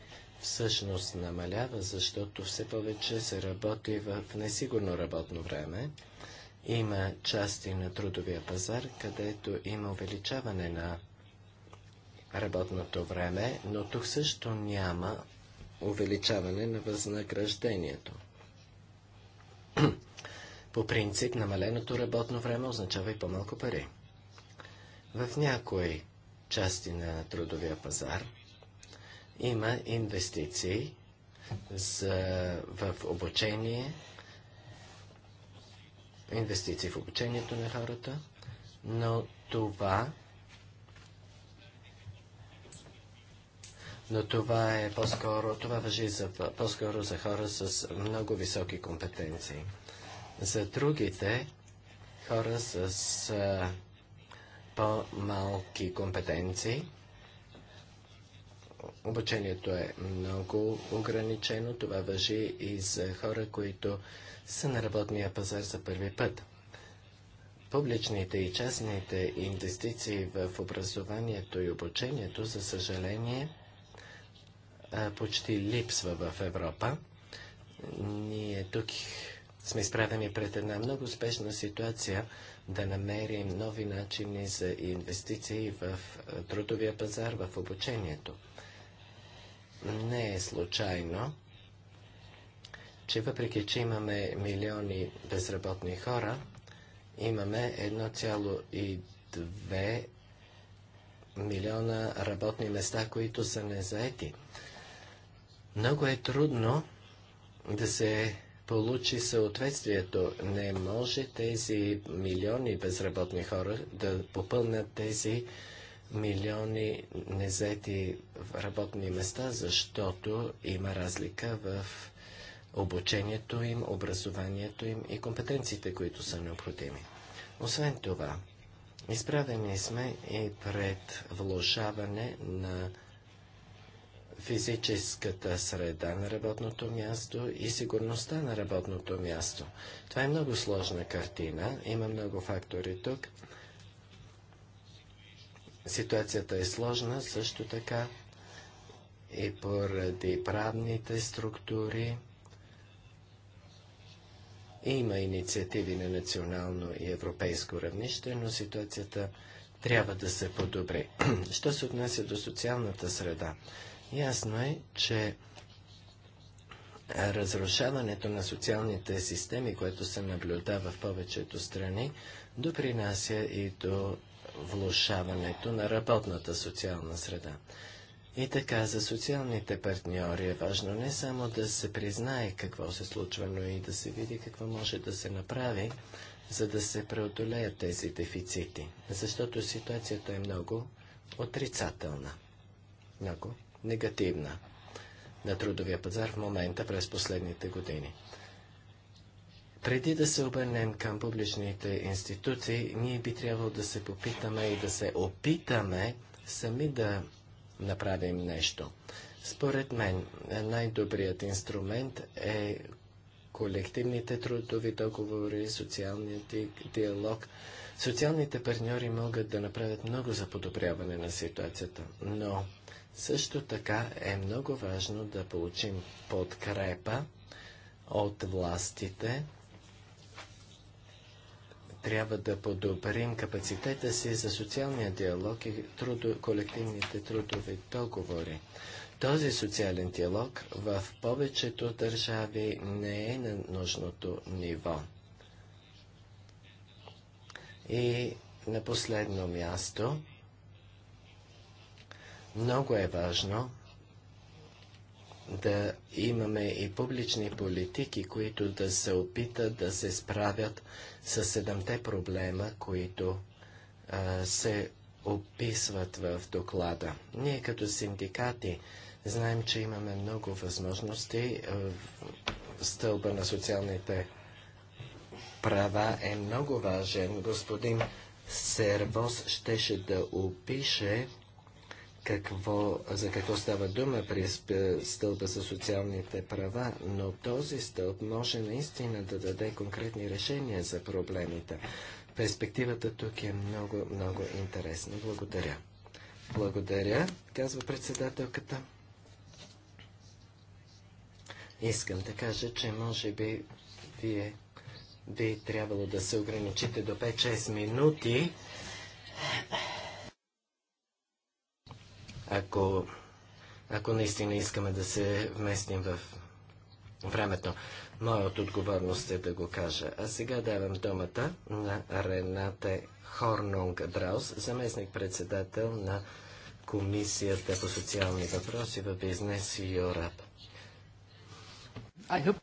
всъщност намалява, защото все повече се работи в несигурно работно време. Има части на трудовия пазар, където има увеличаване на работното време, но тук също няма увеличаване на възнаграждението. [CLEARS THROAT] По принцип, намаленото работно време означава и по-малко пари. В някои части на трудовия пазар има инвестиции за, в обучение, инвестиции в обучението на хората, но това но това е по-скоро, това въжи за, по-скоро за хора с много високи компетенции. За другите хора с по-малки компетенции. Обучението е много ограничено. Това въжи и за хора, които са на работния пазар за първи път. Публичните и частните инвестиции в образованието и обучението, за съжаление, почти липсва в Европа. Ние тук сме изправени пред една много успешна ситуация да намерим нови начини за инвестиции в трудовия пазар, в обучението. Не е случайно, че въпреки, че имаме милиони безработни хора, имаме 1,2 милиона работни места, които са незаети. Много е трудно да се получи съответствието. Не може тези милиони безработни хора да попълнят тези милиони незети работни места, защото има разлика в обучението им, образованието им и компетенциите, които са необходими. Освен това, изправени сме и пред влушаване на физическата среда на работното място и сигурността на работното място. Това е много сложна картина, има много фактори тук. Ситуацията е сложна също така и поради правните структури. Има инициативи на национално и европейско равнище, но ситуацията трябва да се подобри. [CLEARS THROAT] Що се отнася до социалната среда? Ясно е, че разрушаването на социалните системи, което се наблюдава в повечето страни, допринася и до влушаването на работната социална среда. И така, за социалните партньори е важно не само да се признае какво се случва, но и да се види какво може да се направи, за да се преодолеят тези дефицити. Защото ситуацията е много отрицателна. Много негативна на трудовия пазар в момента през последните години. Преди да се обърнем към публичните институции, ние би трябвало да се попитаме и да се опитаме сами да направим нещо. Според мен, най-добрият инструмент е колективните трудови договори, социалният диалог. Социалните партньори могат да направят много за подобряване на ситуацията, но също така е много важно да получим подкрепа от властите. Трябва да подобрим капацитета си за социалния диалог и трудо, колективните трудови договори. Този социален диалог в повечето държави не е на нужното ниво. И на последно място много е важно да имаме и публични политики, които да се опитат да се справят с седемте проблема, които а, се описват в доклада. Ние като синдикати знаем, че имаме много възможности. Стълба на социалните права е много важен. Господин Сервос щеше да опише какво, за какво става дума при стълба за социалните права, но този стълб може наистина да даде конкретни решения за проблемите. Перспективата тук е много, много интересна. Благодаря. Благодаря, казва председателката. Искам да кажа, че може би вие би трябвало да се ограничите до 5-6 минути ако, ако наистина искаме да се вместим в времето. Моя от отговорност е да го кажа. А сега давам думата на Рената Хорнонг Драус, заместник-председател на Комисията по социални въпроси в бизнес и Юрап. I hope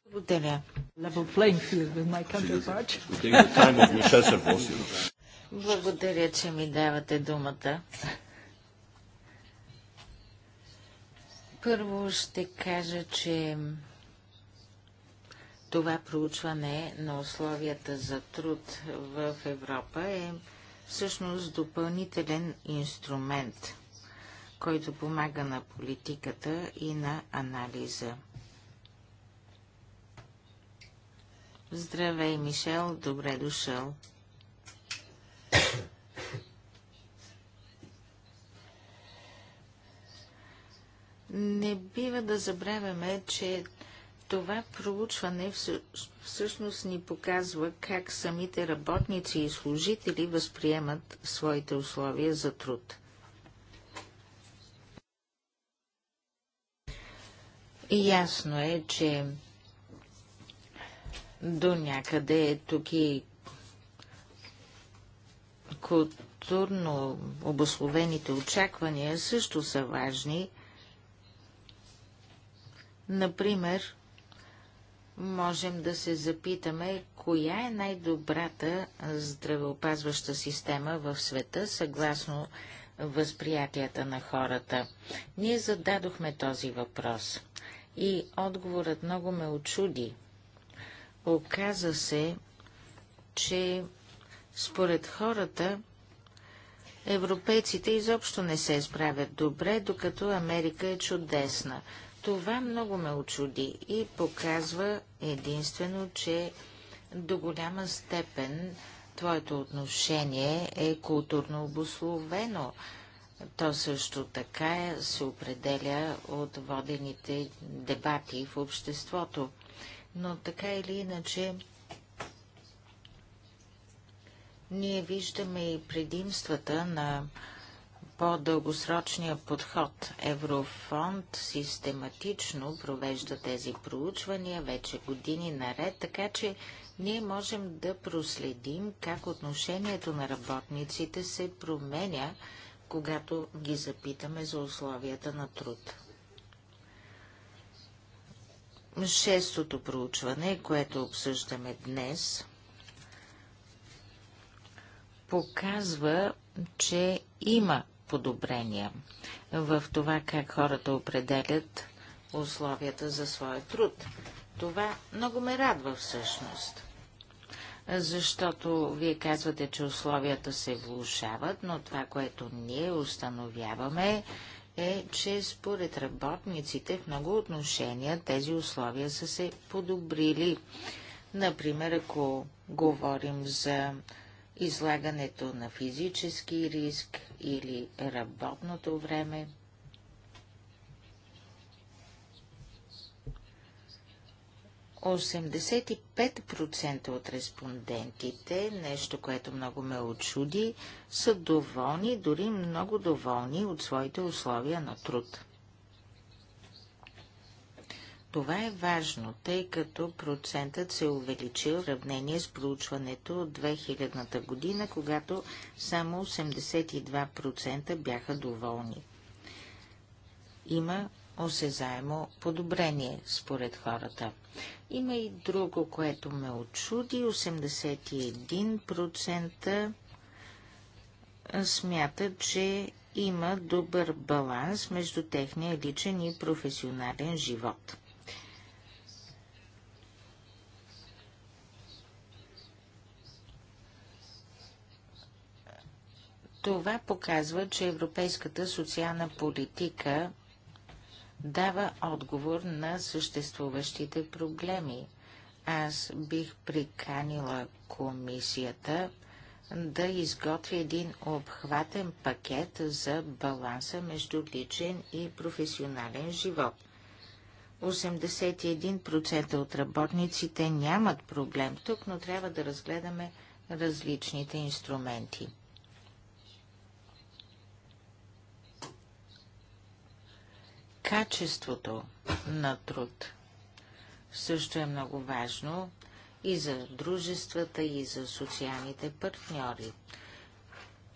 Level playing field with my counterpart. Благодаря, че ми давате думата. Първо ще кажа, че това проучване на условията за труд в Европа е всъщност допълнителен инструмент, който помага на политиката и на анализа. Здравей, Мишел, добре дошъл. Не бива да забравяме, че това проучване всъщност ни показва как самите работници и служители възприемат своите условия за труд. Ясно е, че до някъде е тук и културно обословените очаквания също са важни, Например, можем да се запитаме, коя е най-добрата здравеопазваща система в света, съгласно възприятията на хората. Ние зададохме този въпрос и отговорът много ме очуди. Оказа се, че според хората европейците изобщо не се справят добре, докато Америка е чудесна. Това много ме очуди и показва единствено, че до голяма степен твоето отношение е културно обословено. То също така е, се определя от водените дебати в обществото. Но така или иначе, ние виждаме и предимствата на по-дългосрочния подход. Еврофонд систематично провежда тези проучвания вече години наред, така че ние можем да проследим как отношението на работниците се променя, когато ги запитаме за условията на труд. Шестото проучване, което обсъждаме днес, показва, че има подобрения в това как хората определят условията за своя труд. Това много ме радва всъщност. Защото вие казвате, че условията се влушават, но това, което ние установяваме, е, че според работниците в много отношения тези условия са се подобрили. Например, ако говорим за излагането на физически риск или работното време. Осемдесет от респондентите, нещо, което много ме очуди, са доволни, дори много доволни от своите условия на труд. Това е важно, тъй като процентът се е увеличил в сравнение с проучването от 2000-та година, когато само 82% бяха доволни. Има осезаемо подобрение според хората. Има и друго, което ме очуди. 81% смятат, че има добър баланс между техния личен и професионален живот. Това показва, че европейската социална политика дава отговор на съществуващите проблеми. Аз бих приканила комисията да изготви един обхватен пакет за баланса между личен и професионален живот. 81% от работниците нямат проблем тук, но трябва да разгледаме различните инструменти. качеството на труд също е много важно и за дружествата, и за социалните партньори.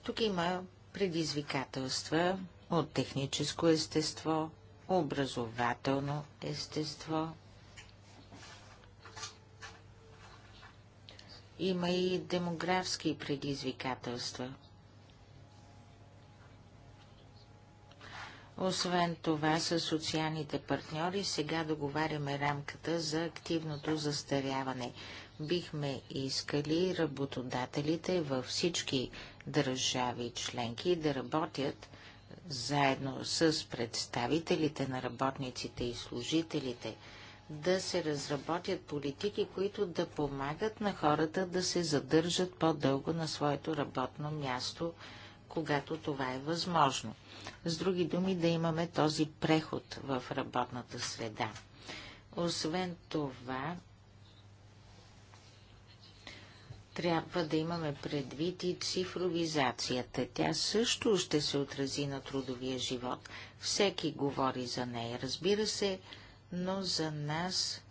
Тук има предизвикателства от техническо естество, образователно естество. Има и демографски предизвикателства – Освен това, с социалните партньори сега договаряме рамката за активното застаряване. Бихме искали работодателите във всички държави членки да работят заедно с представителите на работниците и служителите, да се разработят политики, които да помагат на хората да се задържат по-дълго на своето работно място – когато това е възможно. С други думи, да имаме този преход в работната среда. Освен това, трябва да имаме предвид и цифровизацията. Тя също ще се отрази на трудовия живот. Всеки говори за нея, разбира се, но за нас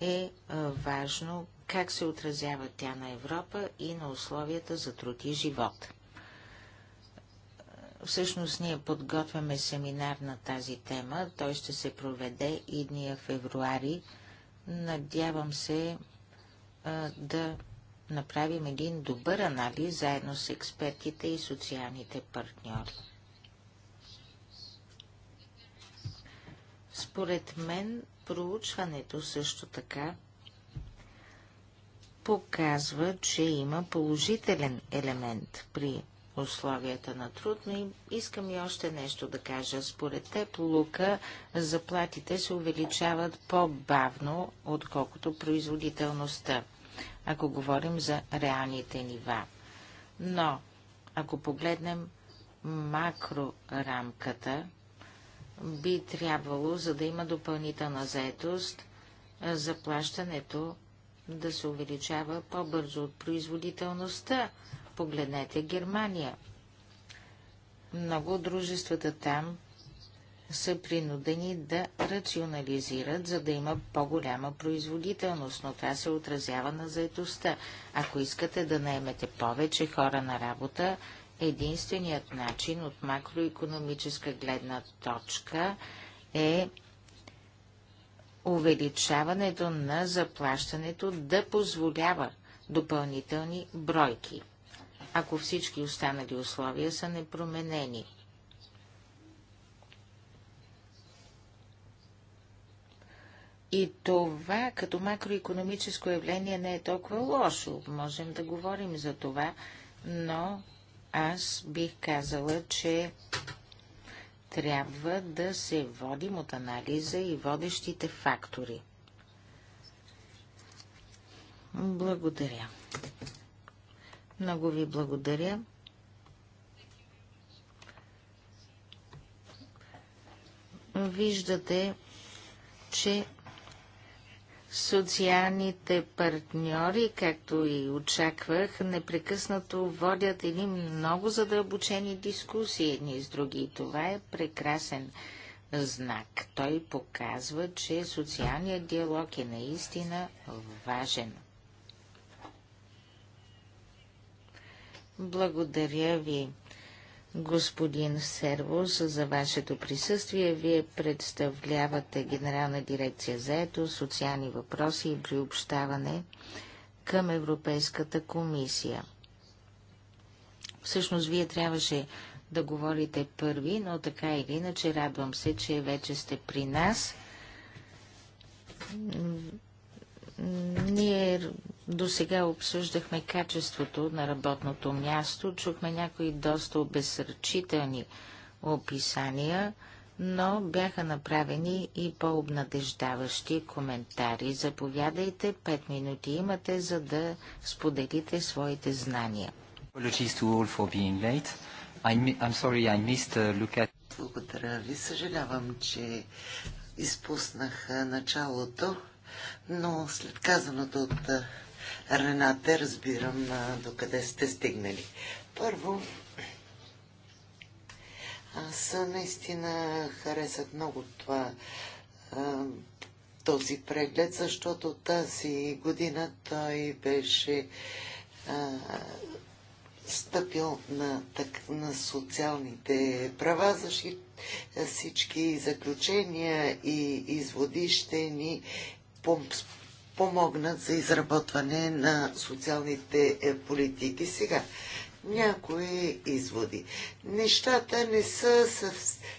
е, е важно как се отразява тя на Европа и на условията за труд и живот. Всъщност ние подготвяме семинар на тази тема. Той ще се проведе и дния февруари. Надявам се а, да направим един добър анализ заедно с експертите и социалните партньори. Според мен, проучването също така показва, че има положителен елемент при условията на труд, но искам и още нещо да кажа. Според теб, Лука, заплатите се увеличават по-бавно, отколкото производителността, ако говорим за реалните нива. Но, ако погледнем макрорамката, би трябвало, за да има допълнителна заетост, заплащането да се увеличава по-бързо от производителността, Погледнете Германия. Много от дружествата там са принудени да рационализират, за да има по-голяма производителност, но това се отразява на заедостта. Ако искате да наемете повече хора на работа, единственият начин от макроекономическа гледна точка е увеличаването на заплащането да позволява допълнителни бройки ако всички останали условия са непроменени. И това като макроекономическо явление не е толкова лошо. Можем да говорим за това, но аз бих казала, че трябва да се водим от анализа и водещите фактори. Благодаря. Много ви благодаря. Виждате, че социалните партньори, както и очаквах, непрекъснато водят едни много задълбочени дискусии едни с други. И това е прекрасен знак. Той показва, че социалният диалог е наистина важен. Благодаря ви, господин Сервус, за вашето присъствие. Вие представлявате Генерална дирекция заето, социални въпроси и приобщаване към Европейската комисия. Всъщност, вие трябваше да говорите първи, но така или иначе радвам се, че вече сте при нас. Ние до сега обсъждахме качеството на работното място, чухме някои доста обесърчителни описания, но бяха направени и по-обнадеждаващи коментари. Заповядайте, пет минути имате, за да споделите своите знания. Uh, Благодаря ви, съжалявам, че изпуснах началото но след казаното от Рената разбирам до къде сте стигнали. Първо, аз наистина харесах много това този преглед, защото тази година той беше стъпил на, так, на социалните права, защото всички заключения и изводище ни помогнат за изработване на социалните е, политики. Сега, някои изводи. Нещата не са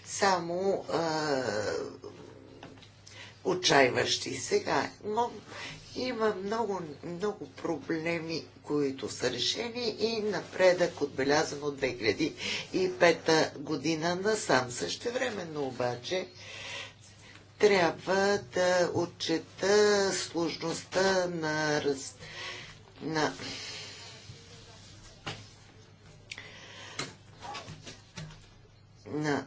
само а, отчаиващи. Сега, но има много, много проблеми, които са решени и напредък отбелязан от 2005 година насам. Същевременно обаче трябва да отчета сложността на, раз... на... на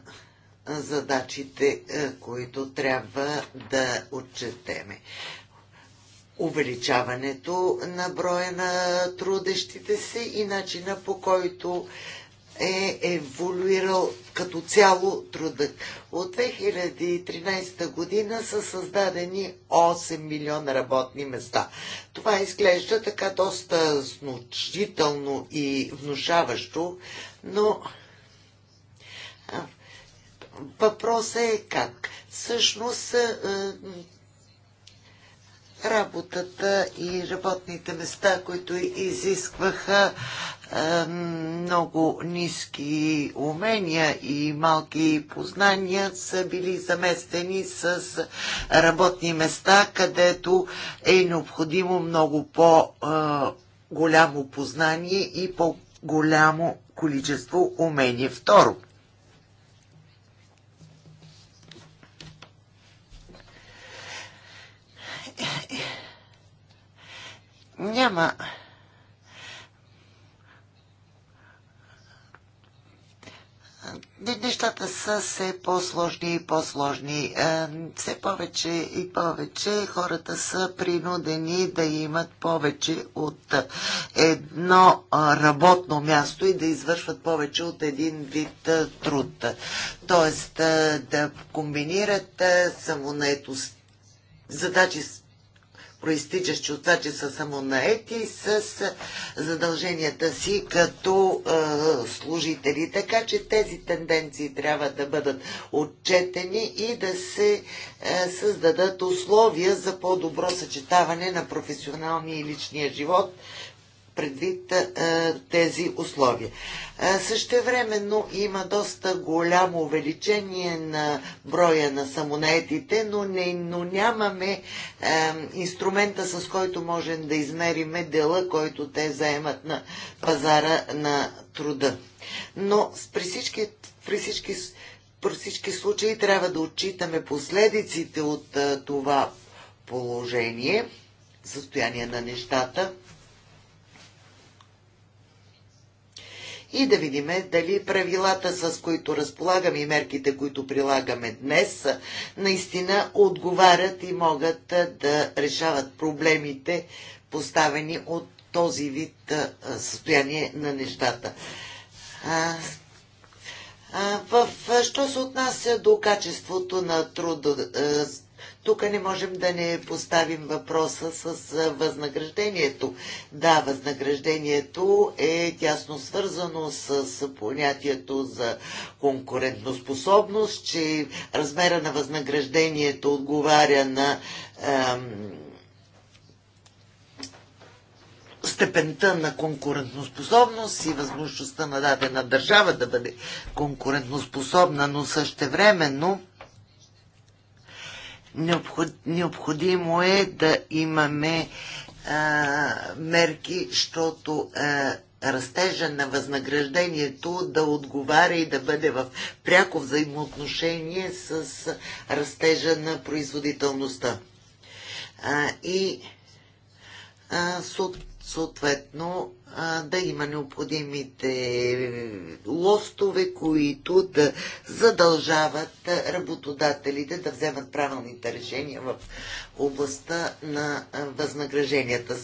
задачите, е, които трябва да отчетеме. Увеличаването на броя на трудещите се и начина по който е еволюирал като цяло трудът. От 2013 година са създадени 8 милиона работни места. Това изглежда така доста значително и внушаващо, но въпросът е как. Всъщност работата и работните места, които изискваха много ниски умения и малки познания са били заместени с работни места, където е необходимо много по-голямо познание и по-голямо количество умения. Второ, няма нещата са все по-сложни и по-сложни. Е, все повече и повече хората са принудени да имат повече от едно работно място и да извършват повече от един вид труд. Тоест да комбинират самонаетост задачи проистичащи от това, че са самонаети, с задълженията си като е, служители. Така че тези тенденции трябва да бъдат отчетени и да се е, създадат условия за по-добро съчетаване на професионалния и личния живот предвид тези условия. Същевременно има доста голямо увеличение на броя на самонаетите, но, не, но нямаме инструмента, с който можем да измериме дела, който те заемат на пазара на труда. Но при всички, при всички, при всички случаи трябва да отчитаме последиците от това положение, състояние на нещата. и да видим дали правилата, с които разполагаме и мерките, които прилагаме днес, наистина отговарят и могат да решават проблемите, поставени от този вид състояние на нещата. А, а, в, що се отнася до качеството на труда, тук не можем да не поставим въпроса с възнаграждението. Да, възнаграждението е тясно свързано с понятието за конкурентоспособност, че размера на възнаграждението отговаря на ем, степента на конкурентоспособност и възможността на дадена държава да бъде конкурентоспособна, но същевременно Необход, необходимо е да имаме а, мерки, защото растежа на възнаграждението да отговаря и да бъде в пряко взаимоотношение с растежа на производителността. А, и а, съответно да има необходимите лостове, които да задължават работодателите да вземат правилните решения в областта на възнагражденията.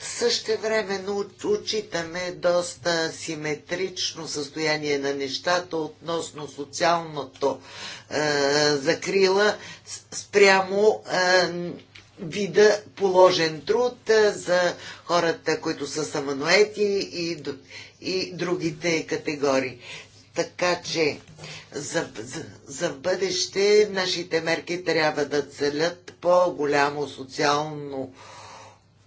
Също времено отчитаме доста симетрично състояние на нещата относно социалното закрила спрямо вида положен труд за хората, които са самануети и, и другите категории. Така че за, за, за бъдеще нашите мерки трябва да целят по-голямо социално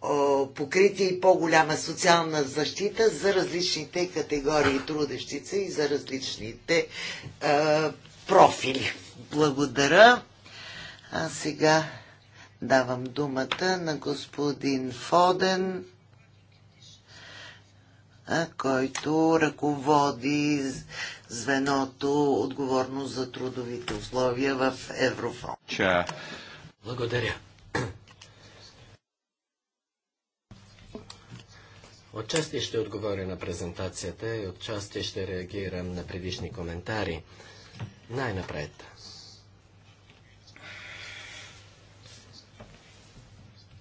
о, покритие и по-голяма социална защита за различните категории трудещица и за различните е, профили. Благодаря. А сега Давам думата на господин Фоден, който ръководи звеното отговорно за трудовите условия в Еврофон. Ча. Благодаря. Отчасти ще отговоря на презентацията и отчасти ще реагирам на предишни коментари. Най-напред.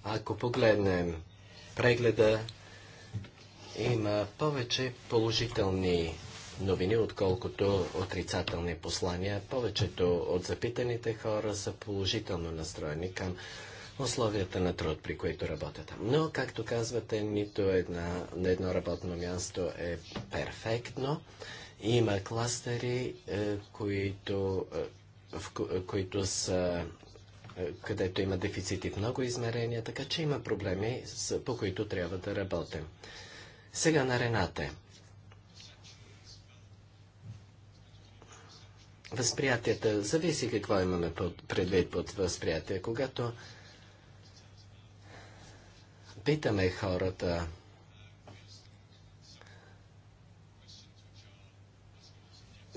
Ако погледнем прегледа, има повече положителни новини, отколкото отрицателни послания. Повечето от запитаните хора са положително настроени към условията на труд, при които работят. Но, както казвате, нито една, на едно работно място е перфектно. Има кластери, е, които, е, в, които са където има дефицити в много измерения, така че има проблеми, по които трябва да работим. Сега на Ренате. Възприятията, зависи какво имаме под, предвид под възприятие. Когато питаме хората,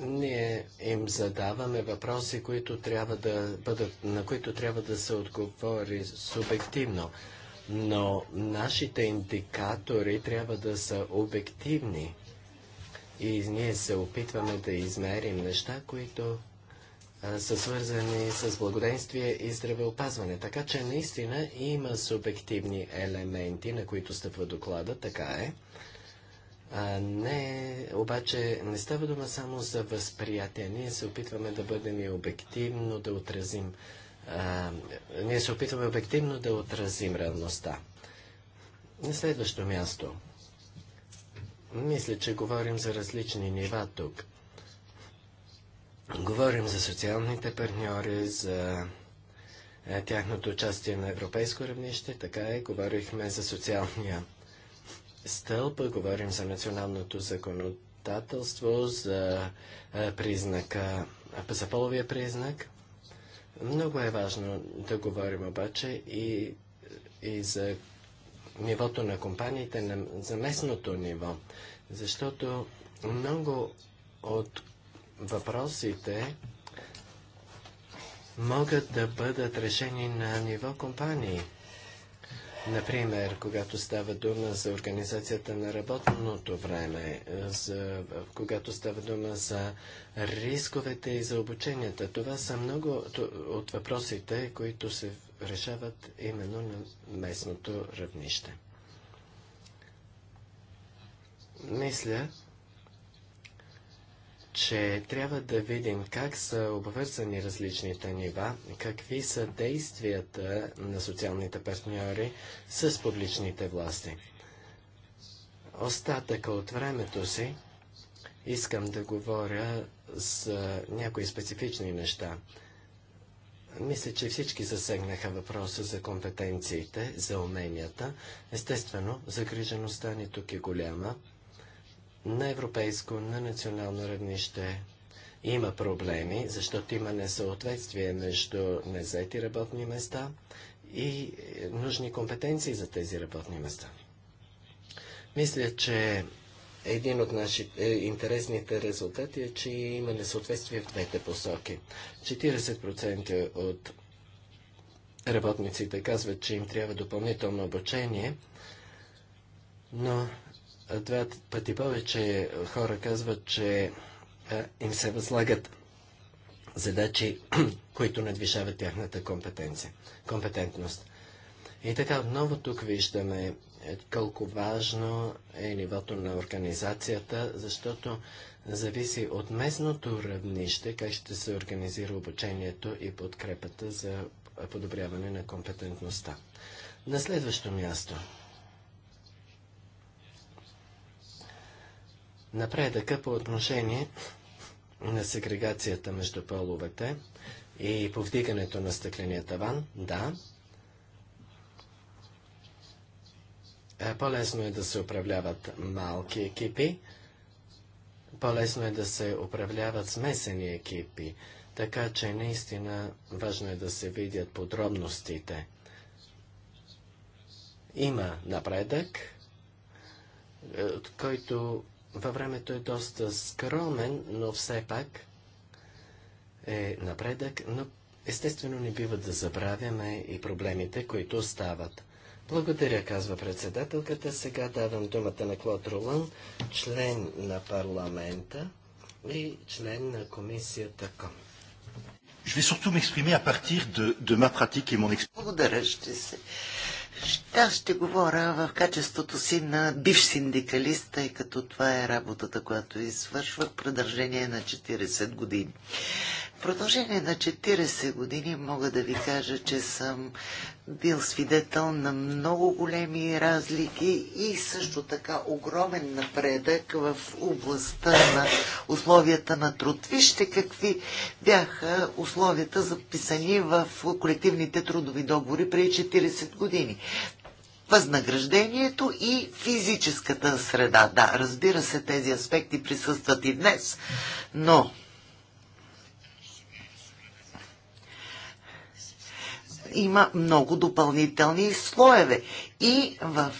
Ние им задаваме въпроси, които трябва да бъдат, на които трябва да се отговори субективно. Но нашите индикатори трябва да са обективни. И ние се опитваме да измерим неща, които са свързани с благоденствие и здравеопазване. Така че наистина има субективни елементи, на които стъпва доклада, така е. А, не, обаче не става дума само за възприятие. Ние се опитваме да бъдем и обективно, да отразим. А, ние се опитваме обективно да отразим реалността. На следващо място. Мисля, че говорим за различни нива тук. Говорим за социалните партньори, за тяхното участие на европейско равнище, така е, говорихме за социалния стълб говорим за националното законодателство, за признака, за половия признак. Много е важно да говорим обаче и, и за нивото на компаниите, на, за местното ниво, защото много от въпросите могат да бъдат решени на ниво компании. Например, когато става дума за организацията на работното време, е, за, когато става дума за рисковете и за обученията, това са много от въпросите, които се решават именно на местното равнище. Мисля, че трябва да видим как са обвързани различните нива, какви са действията на социалните партньори с публичните власти. Остатъка от времето си искам да говоря за някои специфични неща. Мисля, че всички засегнаха въпроса за компетенциите, за уменията. Естествено, загрижеността ни тук е голяма на европейско, на национално равнище има проблеми, защото има несъответствие между незети работни места и е, нужни компетенции за тези работни места. Мисля, че един от нашите е, интересните резултати е, че има несъответствие в двете посоки. 40% от работниците казват, че им трябва допълнително обучение, но два пъти повече хора казват, че е, им се възлагат задачи, [CLEARS THROAT] които надвишават тяхната компетенция, компетентност. И така отново тук виждаме е, колко важно е нивото на организацията, защото зависи от местното равнище, как ще се организира обучението и подкрепата за подобряване на компетентността. На следващо място – Напредъка по отношение на сегрегацията между половете и повдигането на стъкления таван, да. Е, по-лесно е да се управляват малки екипи, по-лесно е да се управляват смесени екипи, така че наистина важно е да се видят подробностите. Има напредък, е, който във времето е доста скромен, но все пак е напредък, но естествено не бива да забравяме и проблемите, които остават. Благодаря, казва председателката. Сега давам думата на Клод Ролан, член на парламента и член на комисията КОМ. Je vais surtout m'exprimer à partir de, de ma pratique et mon expérience. Благодаря, ще се ще, ще говоря в качеството си на бивш синдикалист, тъй като това е работата, която извършвах в продължение на 40 години. В продължение на 40 години мога да ви кажа, че съм бил свидетел на много големи разлики и също така огромен напредък в областта на условията на труд. Вижте какви бяха условията записани в колективните трудови договори преди 40 години възнаграждението и физическата среда. Да, разбира се, тези аспекти присъстват и днес, но има много допълнителни слоеве и в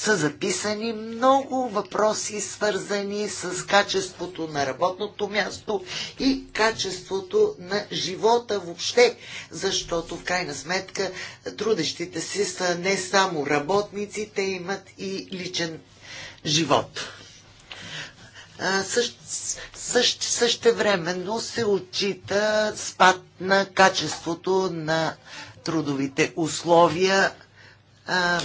са записани много въпроси, свързани с качеството на работното място и качеството на живота въобще, защото в крайна сметка трудещите си са не само работници, те имат и личен живот. Също същ, същевременно се отчита спад на качеството на трудовите условия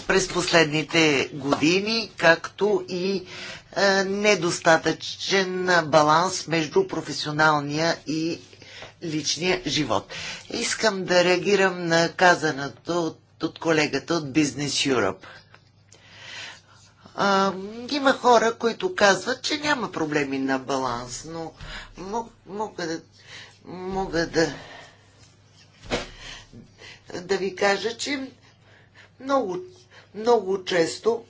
през последните години, както и недостатъчен баланс между професионалния и личния живот. Искам да реагирам на казаното от, от колегата от Business Europe. А, има хора, които казват, че няма проблеми на баланс, но мога да, мога да да ви кажа, че много, много често,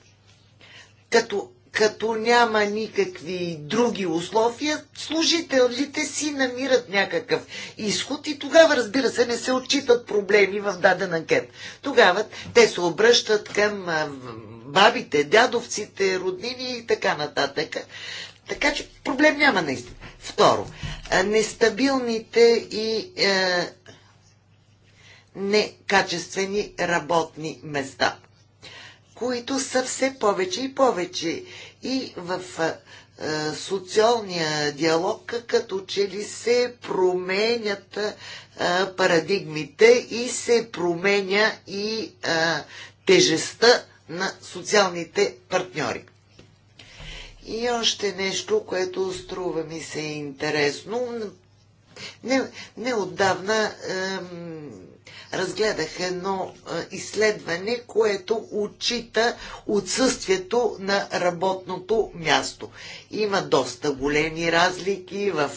като, като няма никакви други условия, служителите си намират някакъв изход и тогава, разбира се, не се отчитат проблеми в даден анкет. Тогава те се обръщат към бабите, дядовците, роднини и така нататък. Така че проблем няма наистина. Второ, нестабилните и е, некачествени работни места, които са все повече и повече. И в социалния диалог, като че ли се променят парадигмите и се променя и тежестта на социалните партньори. И още нещо, което струва ми се интересно. Не, не отдавна разгледаха едно изследване, което отчита отсъствието на работното място. Има доста големи разлики в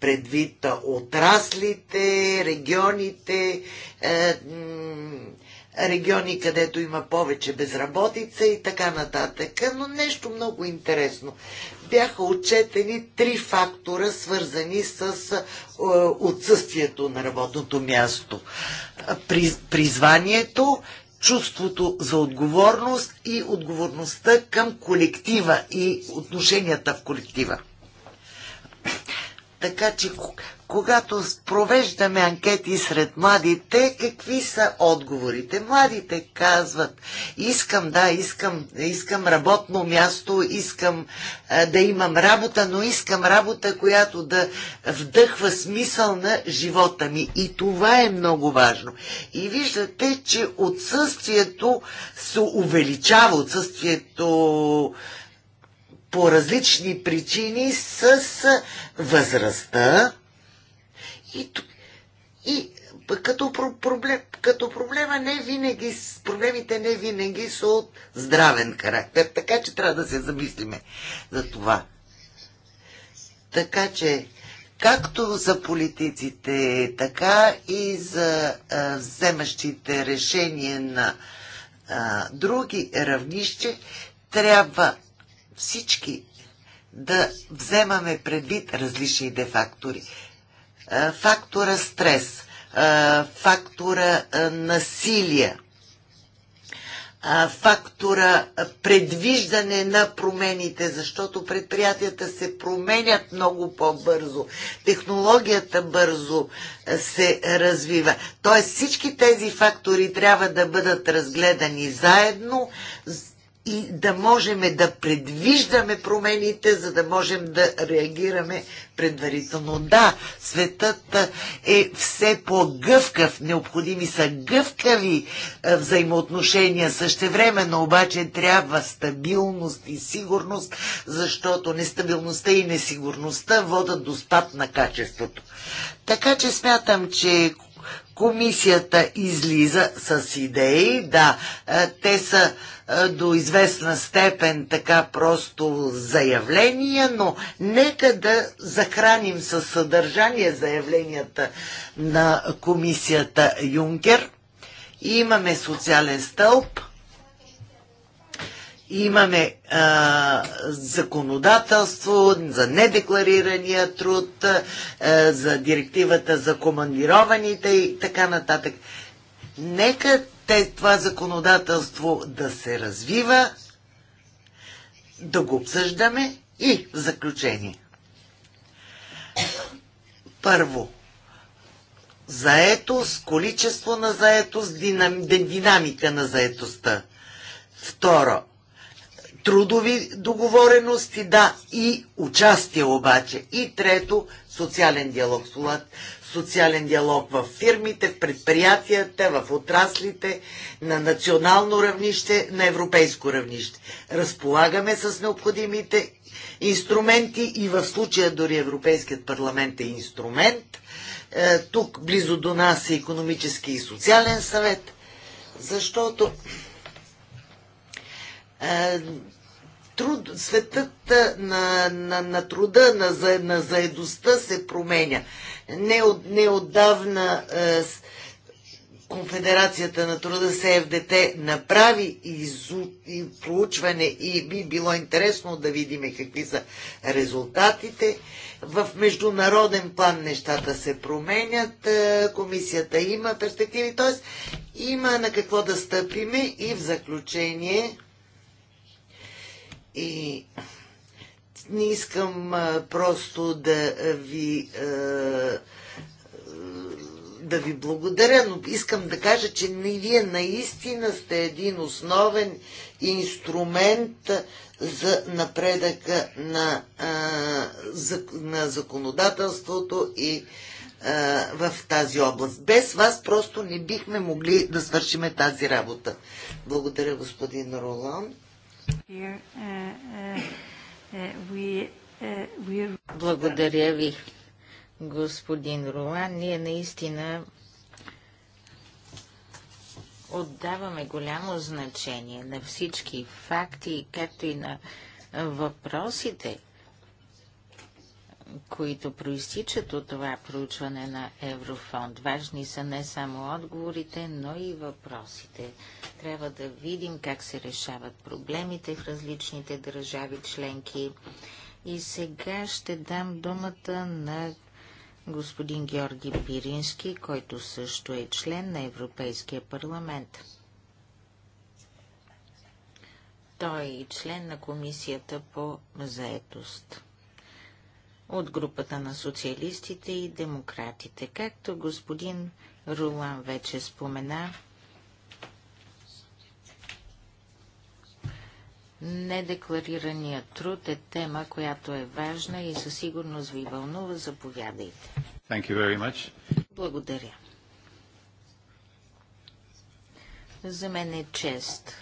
предвид отраслите, регионите, е, региони, където има повече безработица и така нататък. Но нещо много интересно бяха отчетени три фактора, свързани с е, отсъствието на работното място. Призванието, чувството за отговорност и отговорността към колектива и отношенията в колектива. Така че, когато провеждаме анкети сред младите, какви са отговорите? Младите казват, искам, да, искам, искам работно място, искам а, да имам работа, но искам работа, която да вдъхва смисъл на живота ми. И това е много важно. И виждате, че отсъствието се увеличава, отсъствието по различни причини с възрастта и, и като, проблем, като проблема не винаги, проблемите не винаги са от здравен характер, така че трябва да се замислиме за това. Така че, както за политиците, така и за а, вземащите решения на а, други равнище, трябва всички да вземаме предвид различните фактори. Фактора стрес, фактора насилие, фактора предвиждане на промените, защото предприятията се променят много по-бързо, технологията бързо се развива. Тоест всички тези фактори трябва да бъдат разгледани заедно, и да можем да предвиждаме промените, за да можем да реагираме предварително. Да, светът е все по-гъвкав, необходими са гъвкави е, взаимоотношения. Същевременно обаче трябва стабилност и сигурност, защото нестабилността и несигурността водат до спад на качеството. Така че смятам, че Комисията излиза с идеи, да, е, те са е, до известна степен така просто заявления, но нека да захраним със съдържание заявленията на комисията Юнкер. Имаме социален стълб – имаме а, законодателство за недекларирания труд, а, за директивата за командированите и така нататък. Нека те, това законодателство да се развива, да го обсъждаме и в заключение. Първо, заетост, количество на заетост, динам, динамика на заетостта. Второ, трудови договорености, да, и участие обаче. И трето, социален диалог. Социален диалог в фирмите, в предприятията, в отраслите, на национално равнище, на европейско равнище. Разполагаме с необходимите инструменти и в случая дори Европейският парламент е инструмент. Е, тук близо до нас е економически и социален съвет, защото е, труд, светът е, на, на, на труда, на, за, на заедостта се променя. Не, от, не отдавна е, Конфедерацията на труда СФДТ направи изу, и проучване и би било интересно да видим какви са резултатите. В международен план нещата се променят, е, комисията има перспективи, т.е. има на какво да стъпиме и в заключение и не искам а, просто да ви а, да ви благодаря, но искам да кажа, че не, вие наистина сте един основен инструмент за напредъка на, а, за, на законодателството и а, в тази област. Без вас просто не бихме могли да свършиме тази работа. Благодаря, господин Ролан. Uh, uh, uh, Благодаря ви, господин Ролан. Ние наистина отдаваме голямо значение на всички факти, както и на въпросите, които проистичат от това проучване на Еврофонд. Важни са не само отговорите, но и въпросите. Трябва да видим как се решават проблемите в различните държави членки. И сега ще дам думата на господин Георги Пирински, който също е член на Европейския парламент. Той е член на Комисията по заетост от групата на социалистите и демократите. Както господин Рулан вече спомена, Недекларираният труд е тема, която е важна и със сигурност ви вълнува. Заповядайте. Thank you very much. Благодаря. За мен е чест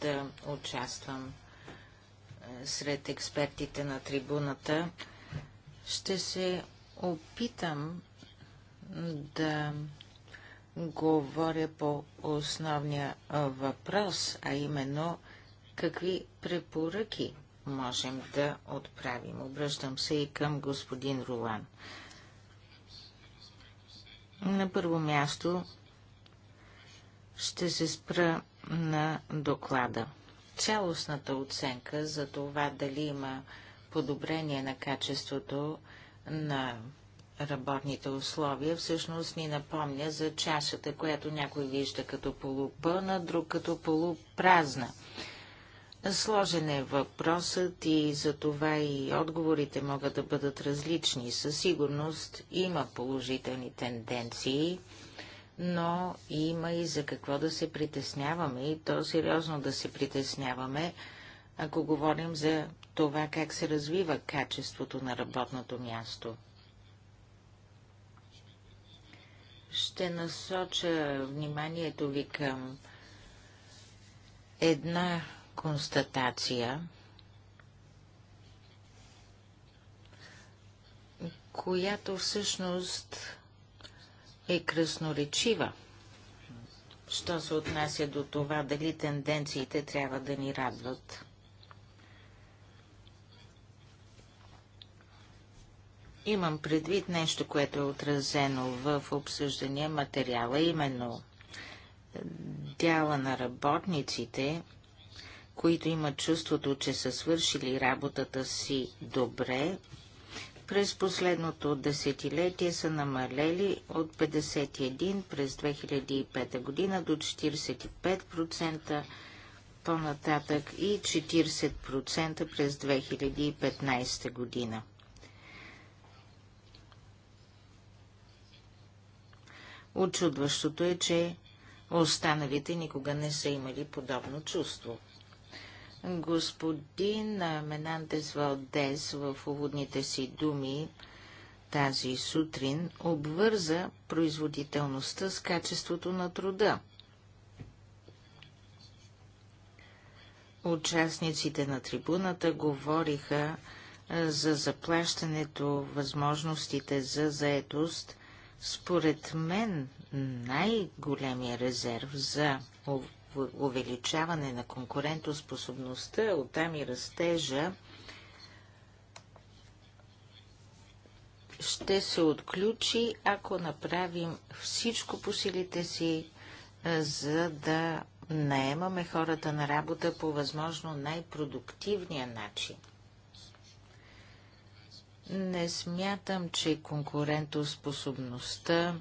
да участвам сред експертите на трибуната. Ще се опитам да говоря по основния въпрос, а именно какви препоръки можем да отправим. Обръщам се и към господин Рулан. На първо място ще се спра на доклада. Цялостната оценка за това дали има подобрение на качеството на работните условия, всъщност ни напомня за чашата, която някой вижда като полупълна, друг като полупразна. Сложен е въпросът и за това и отговорите могат да бъдат различни. Със сигурност има положителни тенденции, но има и за какво да се притесняваме и то сериозно да се притесняваме, ако говорим за това как се развива качеството на работното място. Ще насоча вниманието ви към една констатация, която всъщност е красноречива, що се отнася до това дали тенденциите трябва да ни радват. Имам предвид нещо, което е отразено в обсъждания материала, именно дяла на работниците, които имат чувството, че са свършили работата си добре, през последното десетилетие са намалели от 51 през 2005 година до 45% по-нататък и 40% през 2015 година. Очудващото е, че останалите никога не са имали подобно чувство. Господин Менантес Валдес в уводните си думи тази сутрин обвърза производителността с качеството на труда. Участниците на трибуната говориха за заплащането, възможностите за заетост според мен най-големия резерв за увеличаване на конкурентоспособността, оттам и растежа, ще се отключи, ако направим всичко по силите си, за да наемаме хората на работа по възможно най-продуктивния начин – не смятам, че конкурентоспособността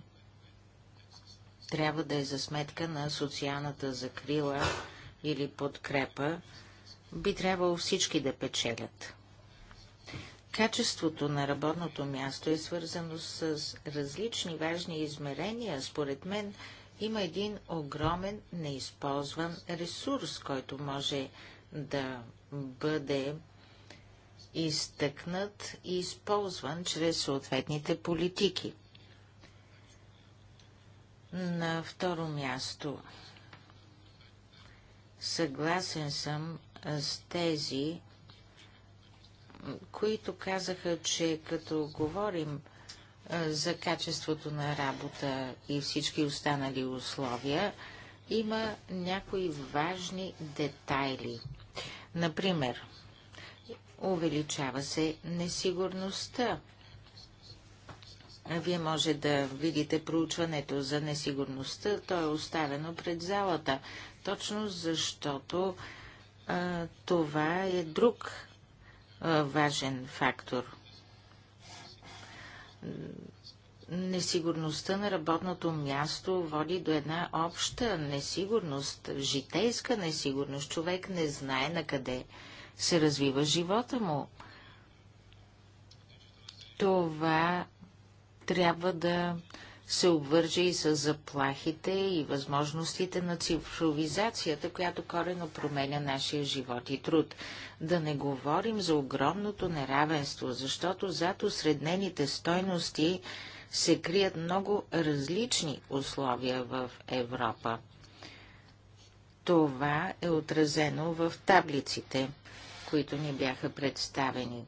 трябва да е за сметка на социалната закрила или подкрепа. Би трябвало всички да печелят. Качеството на работното място е свързано с различни важни измерения. Според мен има един огромен неизползван ресурс, който може да бъде изтъкнат и използван чрез съответните политики. На второ място съгласен съм с тези, които казаха, че като говорим за качеството на работа и всички останали условия, има някои важни детайли. Например, увеличава се несигурността. Вие може да видите проучването за несигурността, то е оставено пред залата, точно защото а, това е друг а, важен фактор. Несигурността на работното място води до една обща несигурност, житейска несигурност. Човек не знае на къде се развива живота му. Това трябва да се обвърже и с заплахите и възможностите на цифровизацията, която корено променя нашия живот и труд. Да не говорим за огромното неравенство, защото зад осреднените стойности се крият много различни условия в Европа. Това е отразено в таблиците които ни бяха представени.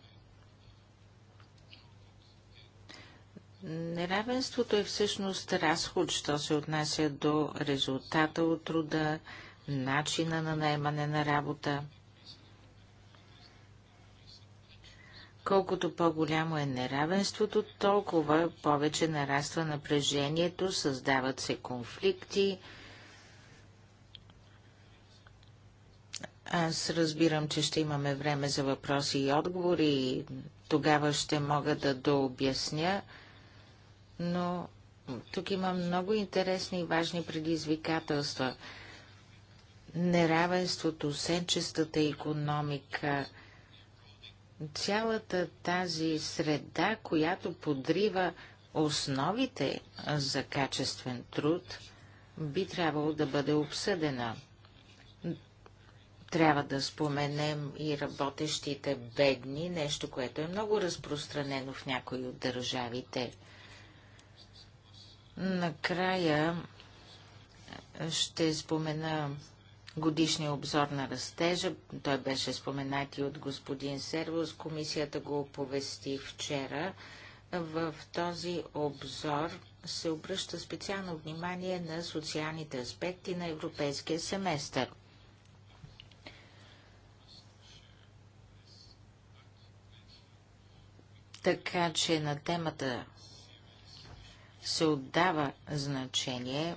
Неравенството е всъщност разход, що се отнася до резултата от труда, начина на наемане на работа. Колкото по-голямо е неравенството, толкова повече нараства напрежението, създават се конфликти, Аз разбирам, че ще имаме време за въпроси и отговори и тогава ще мога да дообясня, но тук има много интересни и важни предизвикателства. Неравенството, сенчестата економика, цялата тази среда, която подрива основите за качествен труд, би трябвало да бъде обсъдена – трябва да споменем и работещите бедни, нещо, което е много разпространено в някои от държавите. Накрая ще спомена годишния обзор на растежа. Той беше споменат и от господин Сервус. Комисията го оповести вчера. В този обзор се обръща специално внимание на социалните аспекти на европейския семестър. Така че на темата се отдава значение,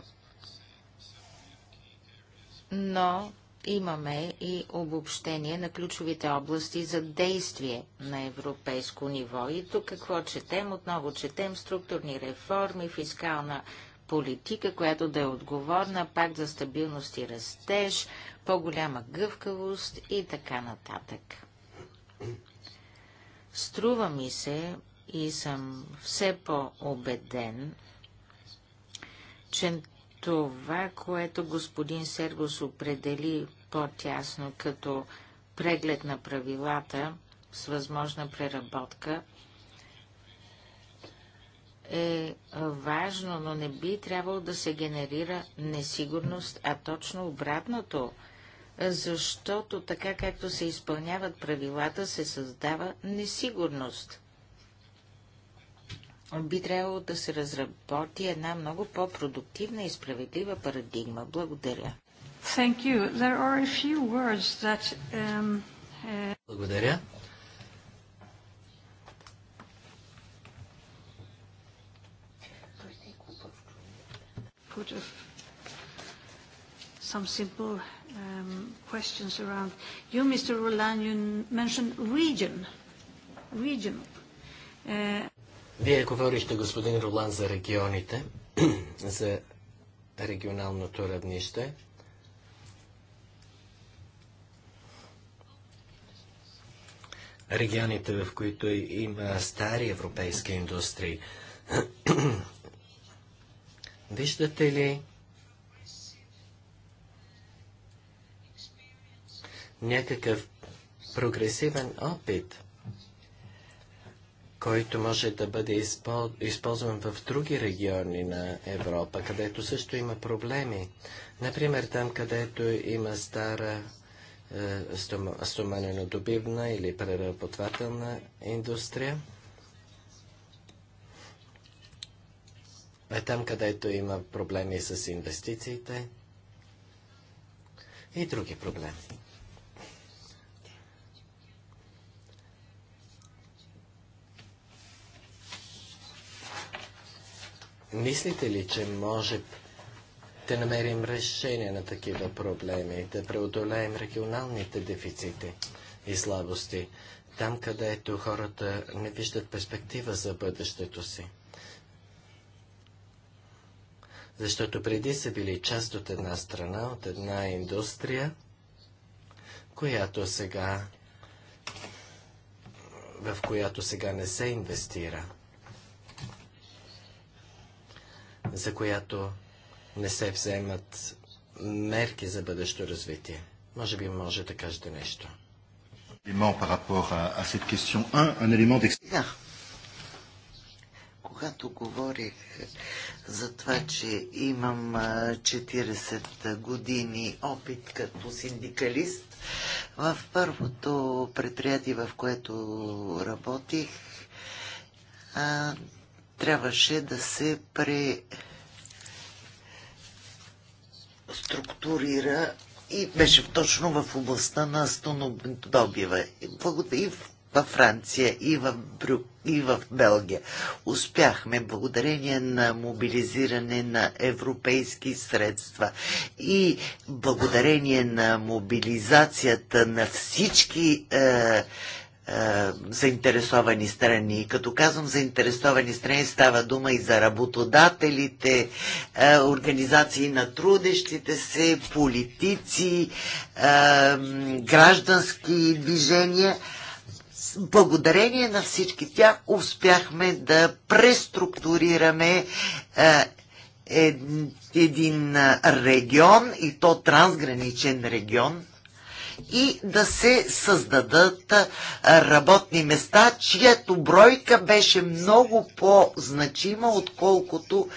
но имаме и обобщение на ключовите области за действие на европейско ниво. И тук какво четем? Отново четем структурни реформи, фискална политика, която да е отговорна, пак за стабилност и растеж, по-голяма гъвкавост и така нататък. Струва ми се и съм все по-обеден, че това, което господин Сергос определи по-тясно като преглед на правилата с възможна преработка, е важно, но не би трябвало да се генерира несигурност, а точно обратното – защото така както се изпълняват правилата, се създава несигурност. Би трябвало да се разработи една много по-продуктивна и справедлива парадигма. Благодаря. Thank you. There are a few words that, um, uh... Благодаря. some simple Um, questions around. You, Mr. Roland, you mentioned region. Region. Uh, Вие говорихте, господин Ролан, за регионите, [CLEARS THROAT] за регионалното равнище. Регионите, в които има стари европейски индустрии. [CLEARS THROAT] Виждате ли някакъв прогресивен опит, който може да бъде използван в други региони на Европа, където също има проблеми. Например, там, където има стара е, стоманенодобивна стоманено-добивна или преработвателна индустрия. а там, където има проблеми с инвестициите и други проблеми. Мислите ли, че може да намерим решение на такива проблеми, да преодолеем регионалните дефицити и слабости, там където хората не виждат перспектива за бъдещето си? Защото преди са били част от една страна, от една индустрия, която сега в която сега не се инвестира. за която не се вземат мерки за бъдещо развитие. Може би може да кажете нещо. Когато говорих за това, че имам 40 години опит като синдикалист, в първото предприятие, в което работих, трябваше да се преструктурира, и беше точно в областта на стонодобива. И във Франция, и в, Брю, и в Белгия. Успяхме благодарение на мобилизиране на европейски средства и благодарение на мобилизацията на всички е, е, заинтересовани страни. Като казвам заинтересовани страни, става дума и за работодателите, е, организации на трудещите се, политици, е, граждански движения. Благодарение на всички тях успяхме да преструктурираме един регион и то трансграничен регион – и да се създадат работни места, чието бройка беше много по-значима, отколкото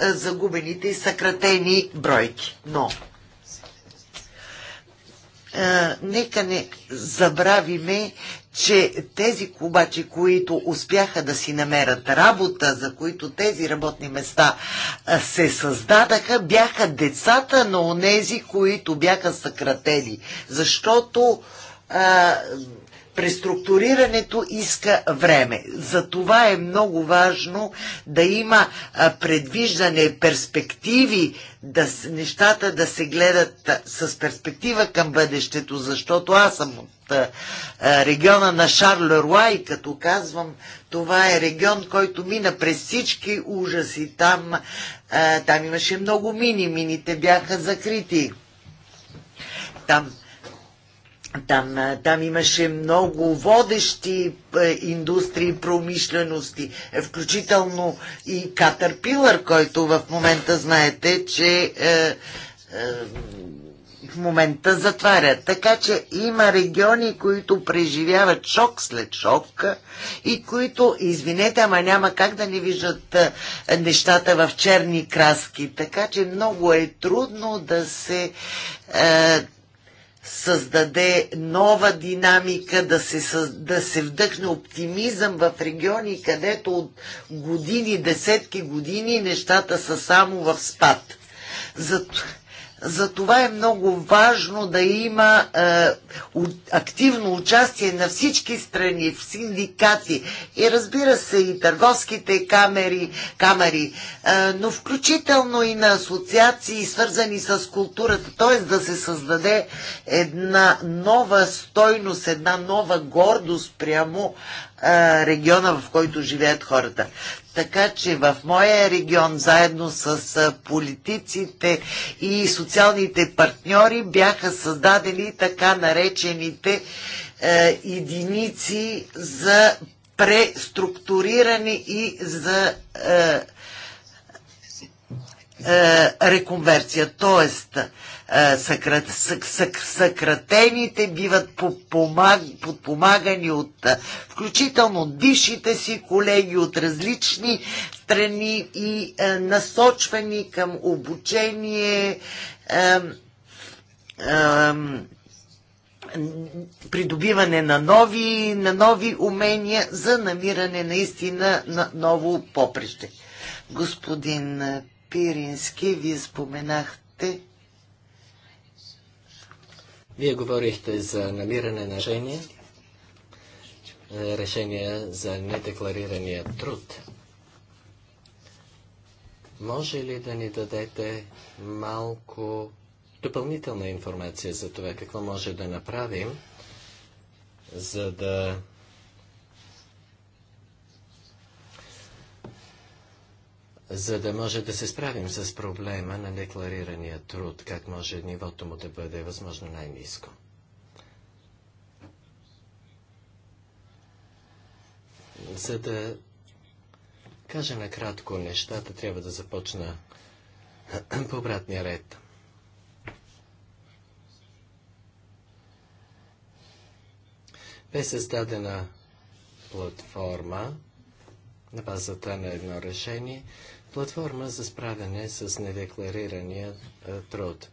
загубените и съкратени бройки. Но а, нека не забравиме, че тези кубачи, които успяха да си намерят работа, за които тези работни места се създадаха, бяха децата на онези, които бяха съкратени. Защото а, преструктурирането иска време. За това е много важно да има предвиждане, перспективи, да, нещата да се гледат с перспектива към бъдещето, защото аз съм от региона на Шарлеруа и като казвам, това е регион, който мина през всички ужаси. Там, там имаше много мини, мините бяха закрити. Там там, там имаше много водещи е, индустрии, промишлености, е, включително и Катърпилър, който в момента знаете, че е, е, в момента затваря. Така че има региони, които преживяват шок след шок и които, извинете, ама няма как да не виждат е, нещата в черни краски. Така че много е трудно да се е, създаде нова динамика, да се, да се вдъхне оптимизъм в региони, където от години, десетки години нещата са само в спад. Зато затова е много важно да има е, активно участие на всички страни, в синдикати и разбира се и търговските камери, камери е, но включително и на асоциации, свързани с културата, т.е. да се създаде една нова стойност, една нова гордост прямо е, региона, в който живеят хората. Така че в моя регион, заедно с политиците и социалните партньори, бяха създадени така наречените е, единици за преструктуриране и за е, е, реконверсия. Тоест, е, съкрат, сък, сък, съкратените биват подпомаг, подпомагани от е, включително от си колеги от различни страни и е, насочвани към обучение. придобиване на нови, на нови умения за намиране наистина на ново попреще. Господин Пирински, вие споменахте вие говорихте за намиране на решения, е, решения за недекларирания труд. Може ли да ни дадете малко допълнителна информация за това, какво може да направим, за да за да може да се справим с проблема на декларирания труд, как може нивото му да бъде възможно най-низко. За да кажа накратко нещата, трябва да започна [CLEARS THROAT] по обратния ред. Бе създадена платформа на базата на едно решение, Платформа за справяне с недекларирания е, труд.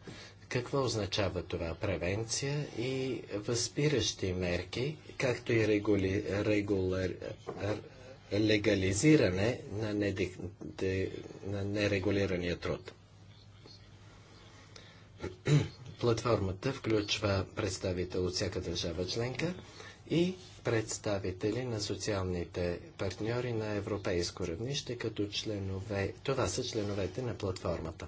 Какво означава това? Превенция и възпиращи мерки, както и регули, регуляр, легализиране на, недек, де, на нерегулирания труд. Платформата включва представител от всяка държава членка и представители на социалните партньори на европейско равнище, като членове, това са членовете на платформата.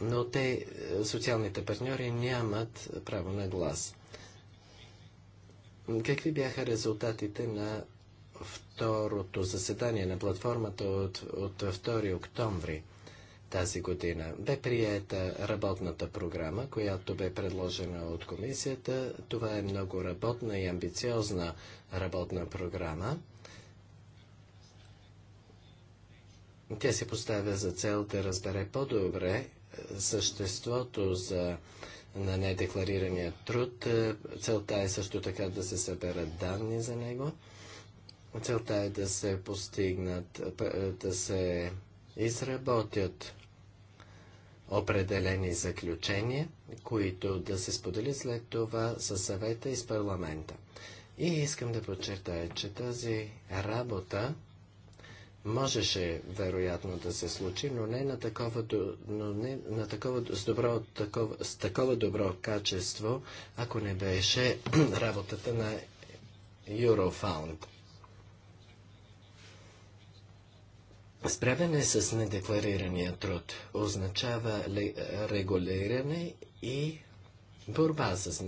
Но те, е, социалните партньори, нямат право на глас. Какви бяха резултатите на второто заседание на платформата от, от 2 октомври? тази година. Бе приета работната програма, която бе предложена от комисията. Това е много работна и амбициозна работна програма. Тя се поставя за цел да разбере по-добре е, съществото за, на недекларирания труд. Е, целта е също така да се съберат данни за него. Целта е да се постигнат, е, да се изработят определени заключения, които да се споделят след това със съвета и с парламента. И искам да подчертая, че тази работа можеше вероятно да се случи, но не на такова, но не на такова, с, добро, такова, с такова добро качество, ако не беше [CLEARS THROAT] работата на Eurofound. Справяне с недекларирания труд означава регулиране и борба с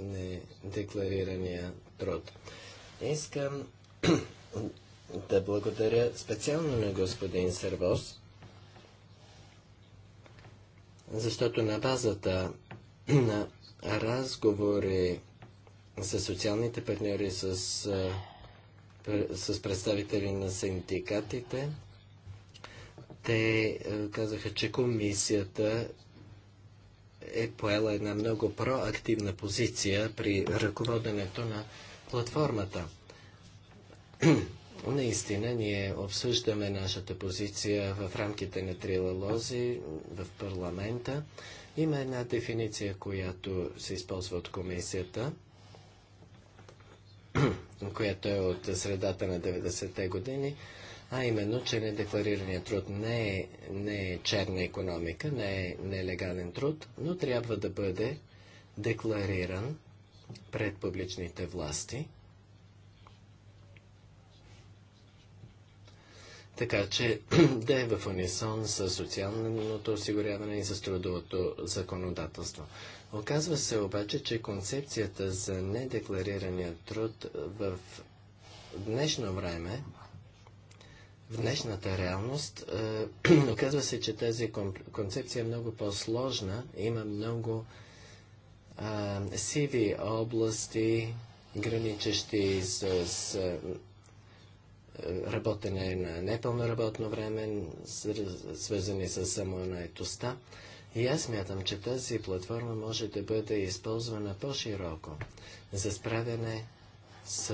недекларирания труд. Искам [CLEARS THROAT] да благодаря специално на господин Сервоз, защото на базата [CLEARS THROAT] на разговори с социалните партньори, с, с представители на синдикатите, те е, казаха, че комисията е поела една много проактивна позиция при ръководенето на платформата. [CLEARS THROAT] Наистина, ние обсъждаме нашата позиция в рамките на трилалози в парламента. Има една дефиниция, която се използва от комисията, [CLEARS THROAT] която е от средата на 90-те години а именно, че недекларираният труд не е, не е черна економика, не е нелегален труд, но трябва да бъде деклариран пред публичните власти. Така че [CLEARS THROAT] да е в унисон с социалното осигуряване и с трудовото законодателство. Оказва се обаче, че концепцията за недекларирания труд в днешно време в днешната реалност е, [CLEARS THROAT] оказва се, че тази концепция е много по-сложна, има много а, сиви области, граничещи с, с е, работене на непълно работно време, свързани с самонаетостта. И аз мятам, че тази платформа може да бъде използвана по-широко за справяне с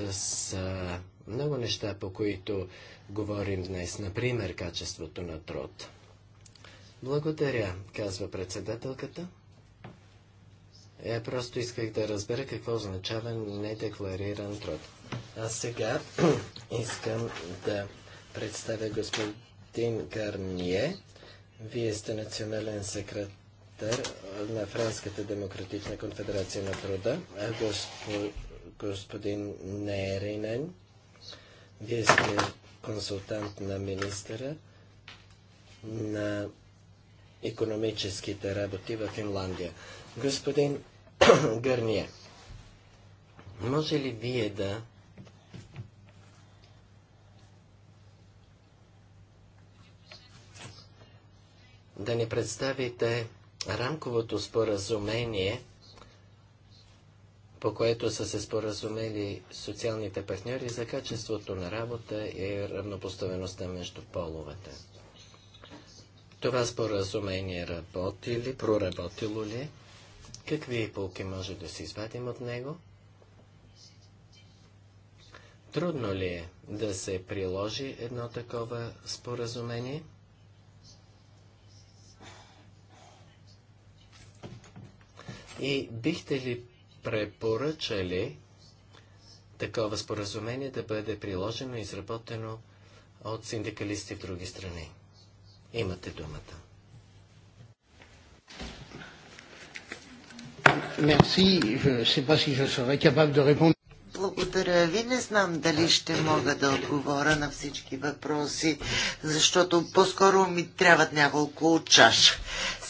а, много неща, по които говорим днес, например качеството на труд. Благодаря, казва председателката. Я е, просто исках да разбера какво означава недеклариран труд. А сега [CLEARS THROAT] искам да представя господин Гарние. Вие сте национален секретар на Франската демократична конфедерация на труда. А господин Неринен вие сте консултант на министъра на економическите работи в Финландия. Господин [CLEARS THROAT] Гърния, може ли вие да да ни представите рамковото споразумение по което са се споразумели социалните партньори за качеството на работа и равнопоставеността между половете. Това споразумение работи ли, проработило ли? Какви полки може да се извадим от него? Трудно ли е да се приложи едно такова споразумение? И бихте ли препоръчали такова споразумение да бъде приложено и изработено от синдикалисти в други страни. Имате думата. Благодаря ви. Не знам дали ще мога да отговоря на всички въпроси, защото по-скоро ми трябват няколко чаша.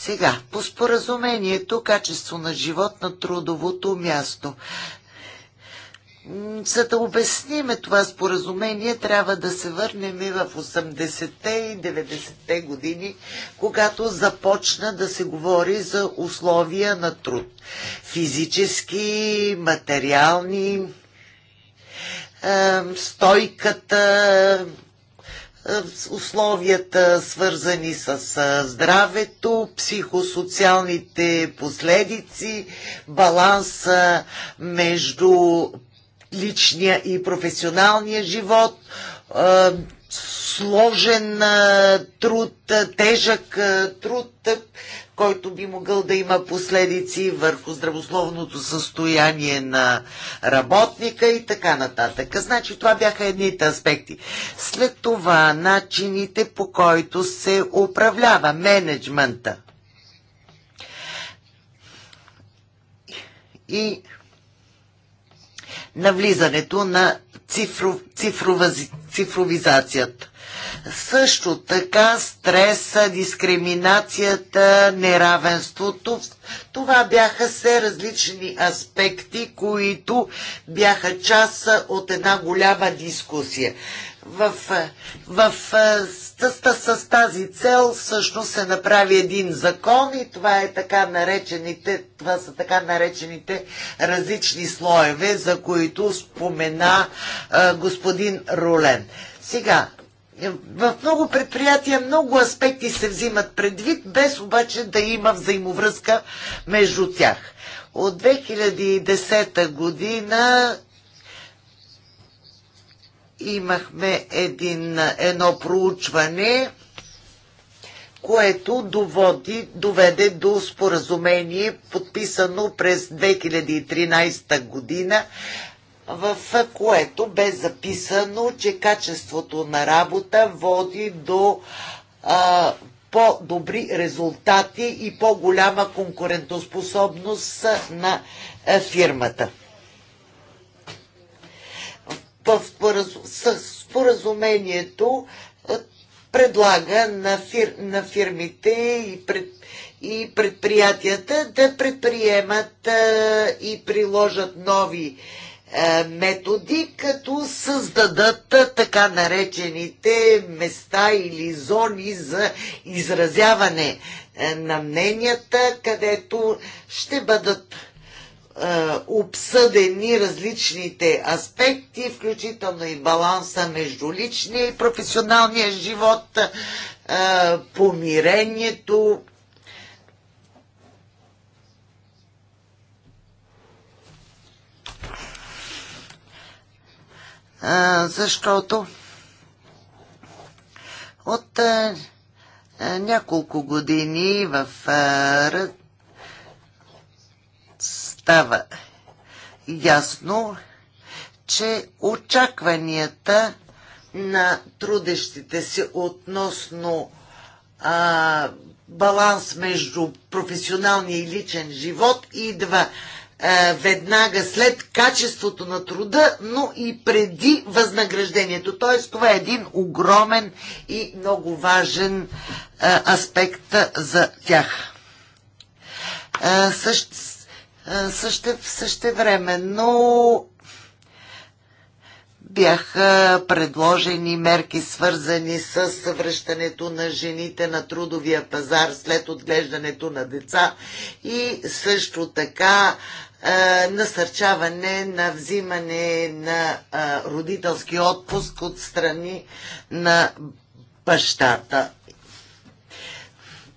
Сега, по споразумението качество на живот на трудовото място. За да обясниме това споразумение, трябва да се върнем в 80-те и 90-те години, когато започна да се говори за условия на труд. Физически, материални, стойката, е, условията свързани с е, здравето, психосоциалните последици, баланса между личния и професионалния живот, е, сложен труд, тежък труд, който би могъл да има последици върху здравословното състояние на работника и така нататък. Значи това бяха едните аспекти. След това начините по който се управлява менеджмента. И навлизането на цифров, цифрова, цифровизацията. Също така стреса, дискриминацията, неравенството. Това бяха се различни аспекти, които бяха част от една голяма дискусия в, в, с, с, с тази цел всъщност се направи един закон и това, е така наречените, това са така наречените различни слоеве, за които спомена а, господин Рулен. Сега, в много предприятия много аспекти се взимат предвид, без обаче да има взаимовръзка между тях. От 2010 година имахме един, едно проучване, което доводи, доведе до споразумение, подписано през 2013 година, в което бе записано, че качеството на работа води до а, по-добри резултати и по-голяма конкурентоспособност на фирмата в споразумението предлага на, фир, на фирмите и, пред, и предприятията да предприемат а, и приложат нови а, методи, като създадат а, така наречените места или зони за изразяване а, на мненията, където ще бъдат е, обсъдени различните аспекти, включително и баланса между личния и професионалния живот, е, помирението. Е, защото от няколко години в става ясно, че очакванията на трудещите се относно а, баланс между професионалния и личен живот идва а, веднага след качеството на труда, но и преди възнаграждението. Т.е. това е един огромен и много важен а, аспект за тях. А, също време, но бяха предложени мерки свързани с връщането на жените на трудовия пазар след отглеждането на деца и също така е, насърчаване на взимане на е, родителски отпуск от страни на бащата.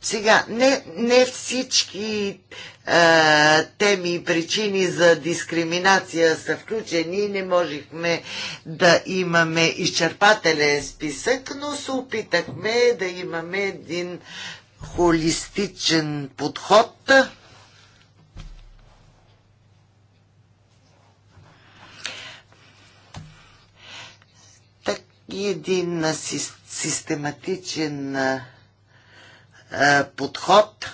Сега, не, не всички а, теми и причини за дискриминация са включени. Не можехме да имаме изчерпателен списък, но се опитахме да имаме един холистичен подход. Так и един систематичен е, подход,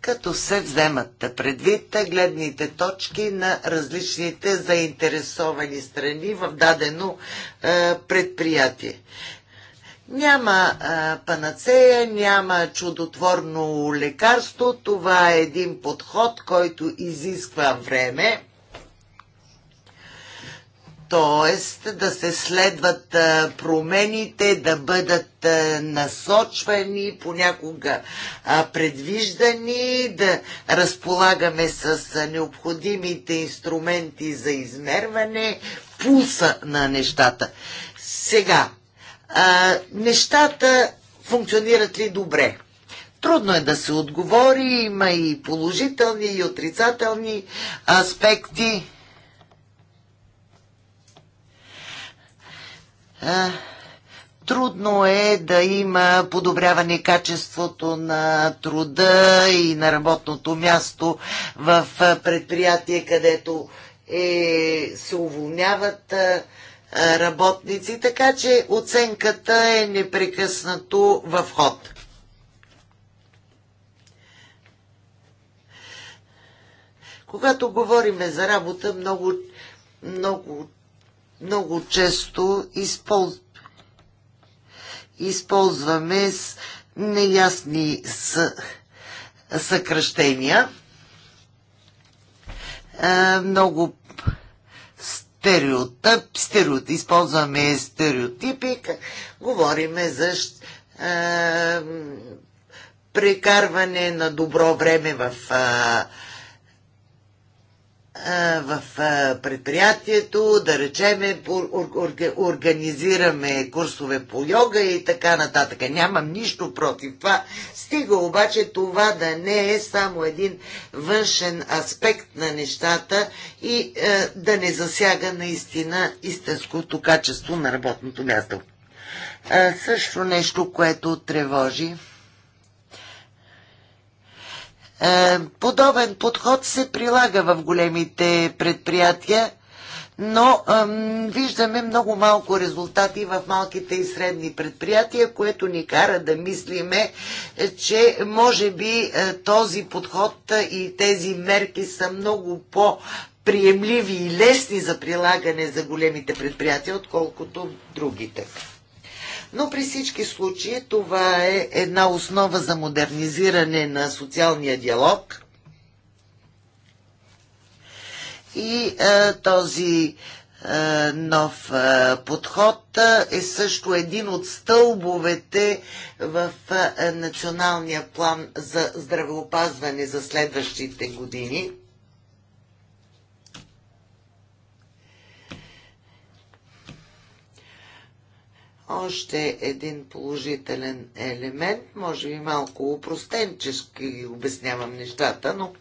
като се вземат предвид гледните точки на различните заинтересовани страни в дадено е, предприятие. Няма а, е, панацея, няма чудотворно лекарство. Това е един подход, който изисква време Тоест да се следват промените, да бъдат насочвани, понякога предвиждани, да разполагаме с необходимите инструменти за измерване, пулса на нещата. Сега, нещата функционират ли добре? Трудно е да се отговори, има и положителни и отрицателни аспекти Трудно е да има подобряване качеството на труда и на работното място в предприятие, където е, се уволняват работници, така че оценката е непрекъснато в ход. Когато говорим за работа, много, много много често използ... използваме с неясни с... съкръщения. много стереотип, стереотип, използваме стереотипи, говориме за прекарване на добро време в а, в предприятието, да речеме, организираме курсове по йога и така нататък. Нямам нищо против това. Стига обаче това да не е само един външен аспект на нещата и да не засяга наистина истинското качество на работното място. също нещо, което тревожи е, подобен подход се прилага в големите предприятия, но виждаме много малко резултати в малките и средни предприятия, което ни кара да мислиме, че може би е, този подход е, и тези мерки са много по- приемливи и лесни за прилагане за големите предприятия, отколкото другите. Но при всички случаи това е една основа за модернизиране на социалния диалог и а, е, този е, нов е, подход е също един от стълбовете в националния план за здравеопазване за следващите години. още един положителен елемент. Може би малко упростенчески обяснявам нещата, но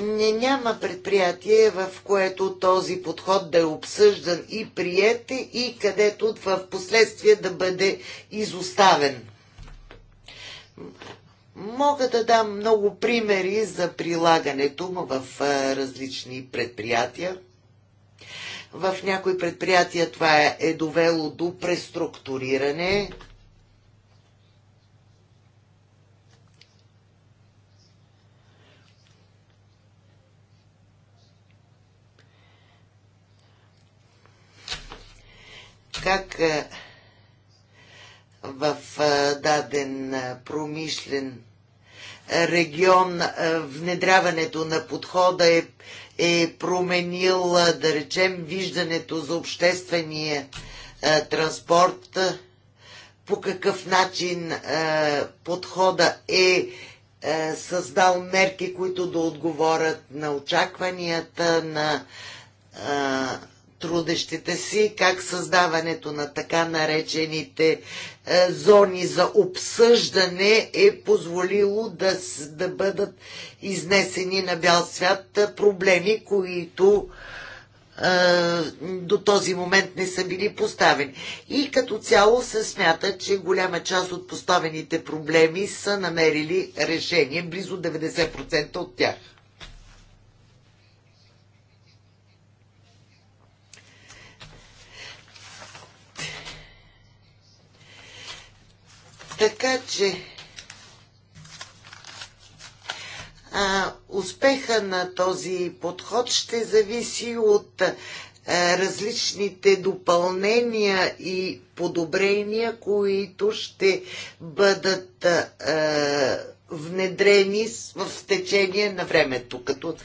не няма предприятие, в което този подход да е обсъждан и приете и където в последствие да бъде изоставен. Мога да дам много примери за прилагането му в различни предприятия. В някои предприятия това е, е довело до преструктуриране. Как е, в е, даден промишлен регион внедряването на подхода е, е променил, да речем, виждането за обществения транспорт, по какъв начин подхода е създал мерки, които да отговорят на очакванията на трудещите си, как създаването на така наречените е, зони за обсъждане е позволило да, да бъдат изнесени на бял свят е, проблеми, които е, до този момент не са били поставени. И като цяло се смята, че голяма част от поставените проблеми са намерили решение, близо 90% от тях. Така че а, успеха на този подход ще зависи от а, различните допълнения и подобрения, които ще бъдат а, внедрени в течение на времето. Като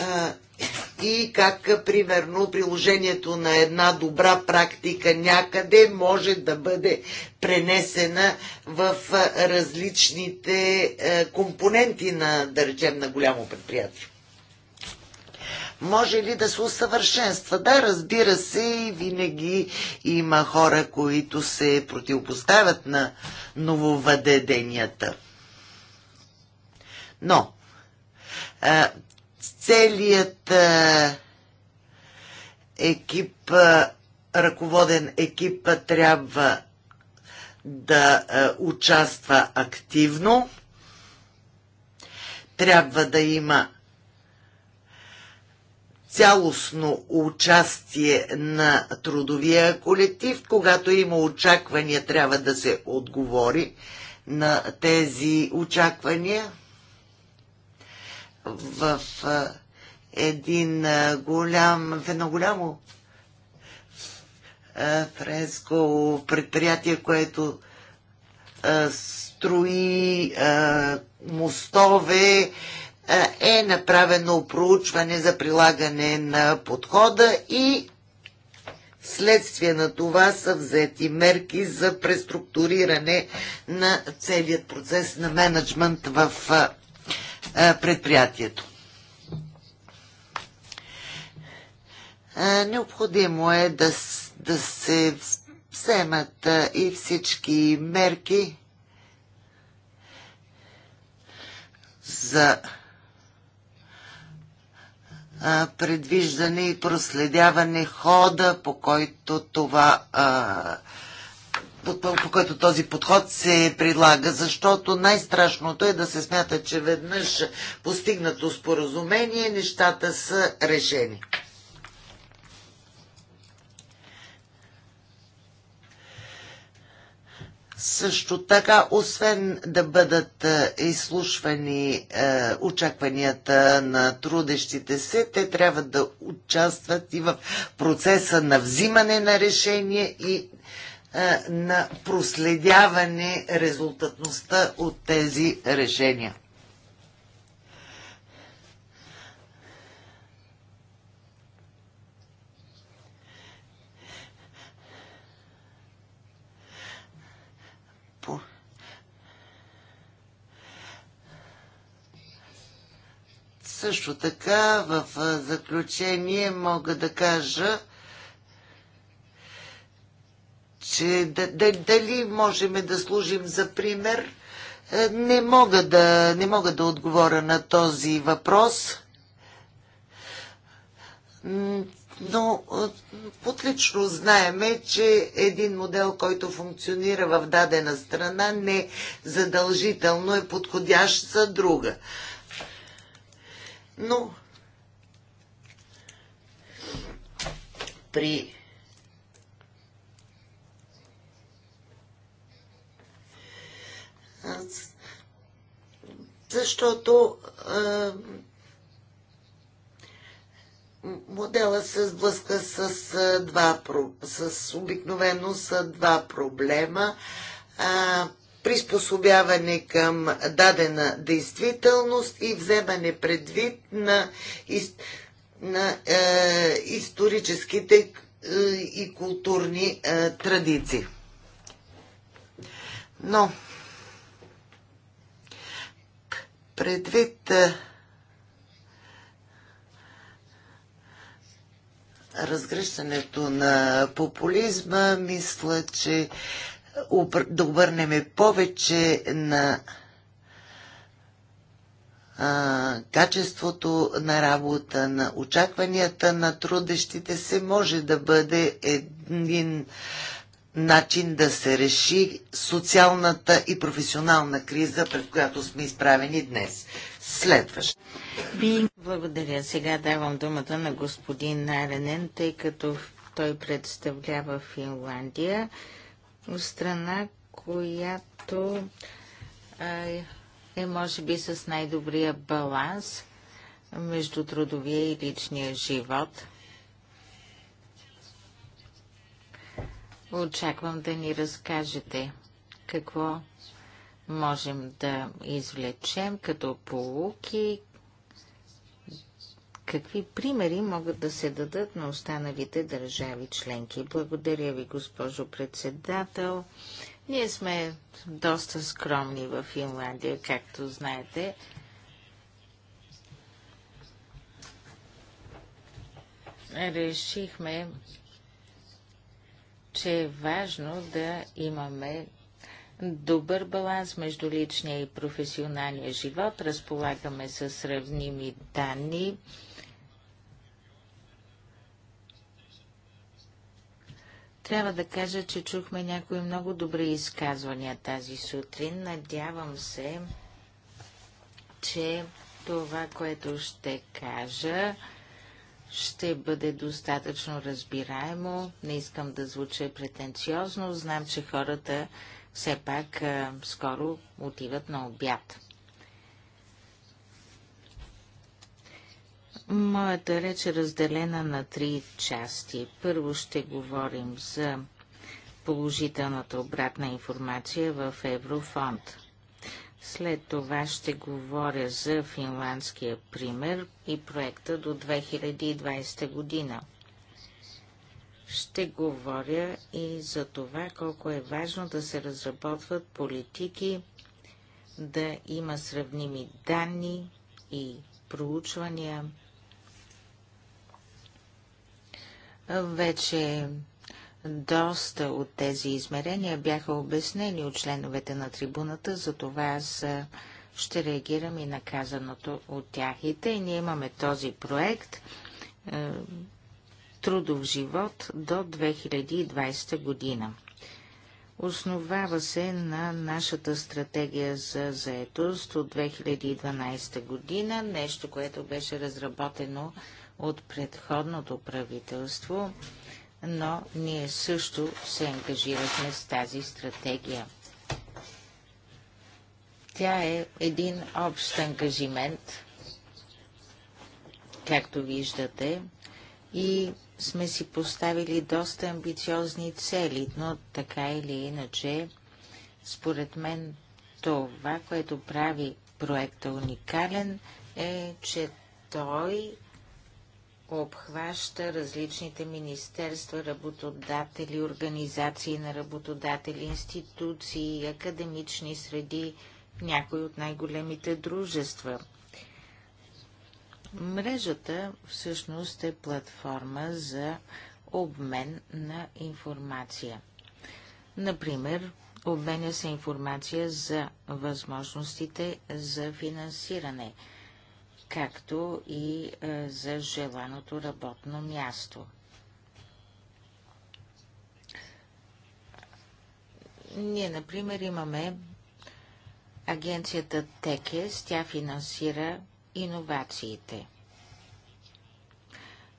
а, и как, примерно, приложението на една добра практика някъде може да бъде пренесена в различните компоненти на, да речем, на голямо предприятие. Може ли да се усъвършенства? Да, разбира се, и винаги има хора, които се противопоставят на нововъдеденията. Но, целият екип, ръководен екип трябва да участва активно. Трябва да има цялостно участие на трудовия колектив. Когато има очаквания, трябва да се отговори на тези очаквания в един голям, в едно голямо френско предприятие, което строи мостове, е направено проучване за прилагане на подхода и следствие на това са взети мерки за преструктуриране на целият процес на менеджмент в предприятието. Необходимо е да, да се вземат и всички мерки за предвиждане и проследяване хода, по който това а, по, който този подход се предлага, защото най-страшното е да се смята, че веднъж постигнато споразумение нещата са решени. Също така, освен да бъдат е, изслушвани е, очакванията на трудещите се, те трябва да участват и в процеса на взимане на решение и е, на проследяване резултатността от тези решения. Също така в е, заключение мога да кажа, че дали можем да служим за пример, е, не мога да, не мога да отговоря на този въпрос. Но е, отлично знаеме, че един модел, който функционира в дадена страна, не задължително е подходящ за друга. Но при защото а, модела се сблъска с, два, с обикновено са два проблема. А, приспособяване към дадена действителност и вземане предвид на, из, на е, историческите е, и културни е, традиции. Но Предвид разгръщането на популизма, мисля, че да обърнеме повече на качеството на работа, на очакванията на трудещите се може да бъде един начин да се реши социалната и професионална криза, пред която сме изправени днес. Следващ. Би, благодаря. Сега давам думата на господин Наренен, тъй като той представлява Финландия, страна, която е, е може би с най-добрия баланс между трудовия и личния живот. Очаквам да ни разкажете какво можем да извлечем като полуки, какви примери могат да се дадат на останалите държави членки. Благодаря ви, госпожо председател. Ние сме доста скромни в Финландия, както знаете. Решихме че е важно да имаме добър баланс между личния и професионалния живот. Разполагаме с сравними данни. Трябва да кажа, че чухме някои много добри изказвания тази сутрин. Надявам се, че това, което ще кажа, ще бъде достатъчно разбираемо. Не искам да звуча претенциозно. Знам, че хората все пак скоро отиват на обяд. Моята реч е разделена на три части. Първо ще говорим за положителната обратна информация в Еврофонд – след това ще говоря за финландския пример и проекта до 2020 година. Ще говоря и за това колко е важно да се разработват политики, да има сравними данни и проучвания. Вече доста от тези измерения бяха обяснени от членовете на трибуната, затова аз ще реагирам и наказаното от тях. И тъй ние имаме този проект Трудов живот до 2020 година. Основава се на нашата стратегия за заетост от 2012 година, нещо, което беше разработено от предходното правителство но ние също се ангажирахме с тази стратегия. Тя е един общ ангажимент, както виждате, и сме си поставили доста амбициозни цели, но така или иначе, според мен това, което прави проекта уникален, е, че той обхваща различните министерства, работодатели, организации на работодатели, институции, академични среди, някои от най-големите дружества. Мрежата всъщност е платформа за обмен на информация. Например, обменя се информация за възможностите за финансиране – както и е, за желаното работно място. Ние, например, имаме агенцията ТЕКЕС, тя финансира иновациите.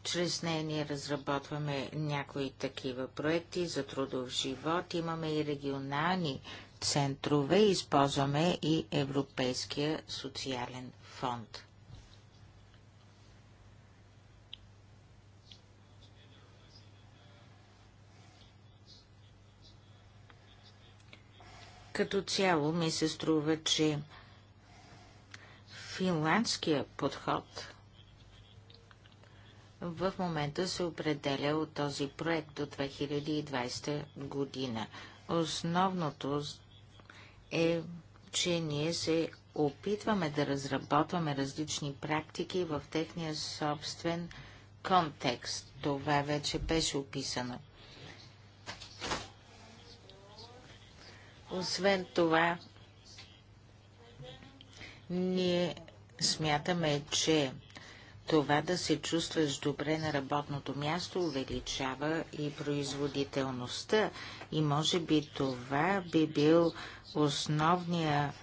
Чрез нея ние разработваме някои такива проекти за трудов живот. Имаме и регионални центрове, използваме и Европейския социален фонд. Като цяло ми се струва, че финландския подход в момента се определя от този проект до 2020 година. Основното е, че ние се опитваме да разработваме различни практики в техния собствен контекст. Това вече беше описано. Освен това, ние смятаме, че това да се чувстваш добре на работното място увеличава и производителността и може би това би бил основния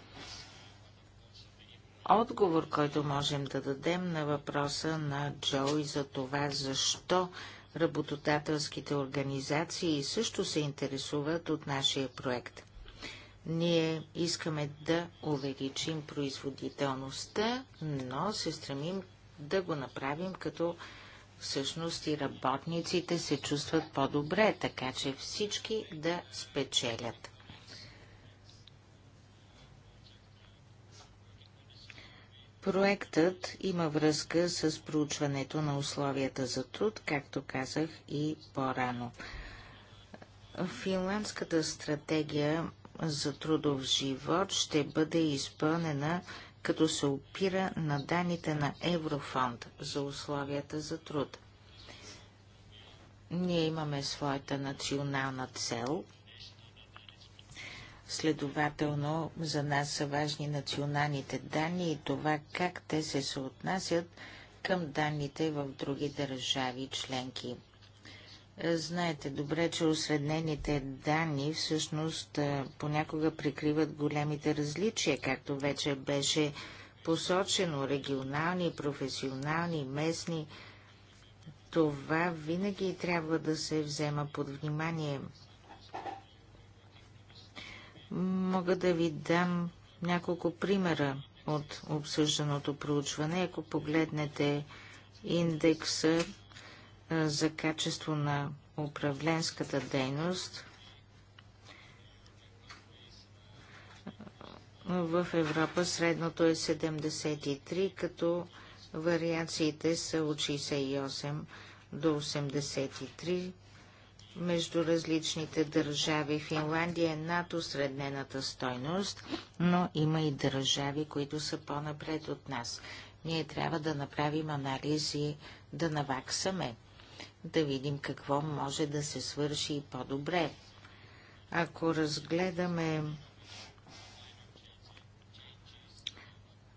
отговор, който можем да дадем на въпроса на Джо и за това, защо работодателските организации също се интересуват от нашия проект. Ние искаме да увеличим производителността, но се стремим да го направим като всъщност и работниците се чувстват по-добре, така че всички да спечелят. Проектът има връзка с проучването на условията за труд, както казах и по-рано. Финландската стратегия за трудов живот ще бъде изпълнена, като се опира на данните на Еврофонд за условията за труд. Ние имаме своята национална цел. Следователно, за нас са важни националните данни и това как те се съотнасят към данните в други държави членки. Знаете добре, че осведнените данни всъщност понякога прикриват големите различия, както вече беше посочено, регионални, професионални, местни. Това винаги трябва да се взема под внимание. Мога да ви дам няколко примера от обсъжданото проучване. Ако погледнете индекса за качество на управленската дейност в Европа средното е 73, като вариациите са от 68 до 83 между различните държави. Финландия е над осреднената стойност, но има и държави, които са по-напред от нас. Ние трябва да направим анализи, да наваксаме да видим какво може да се свърши по-добре. Ако разгледаме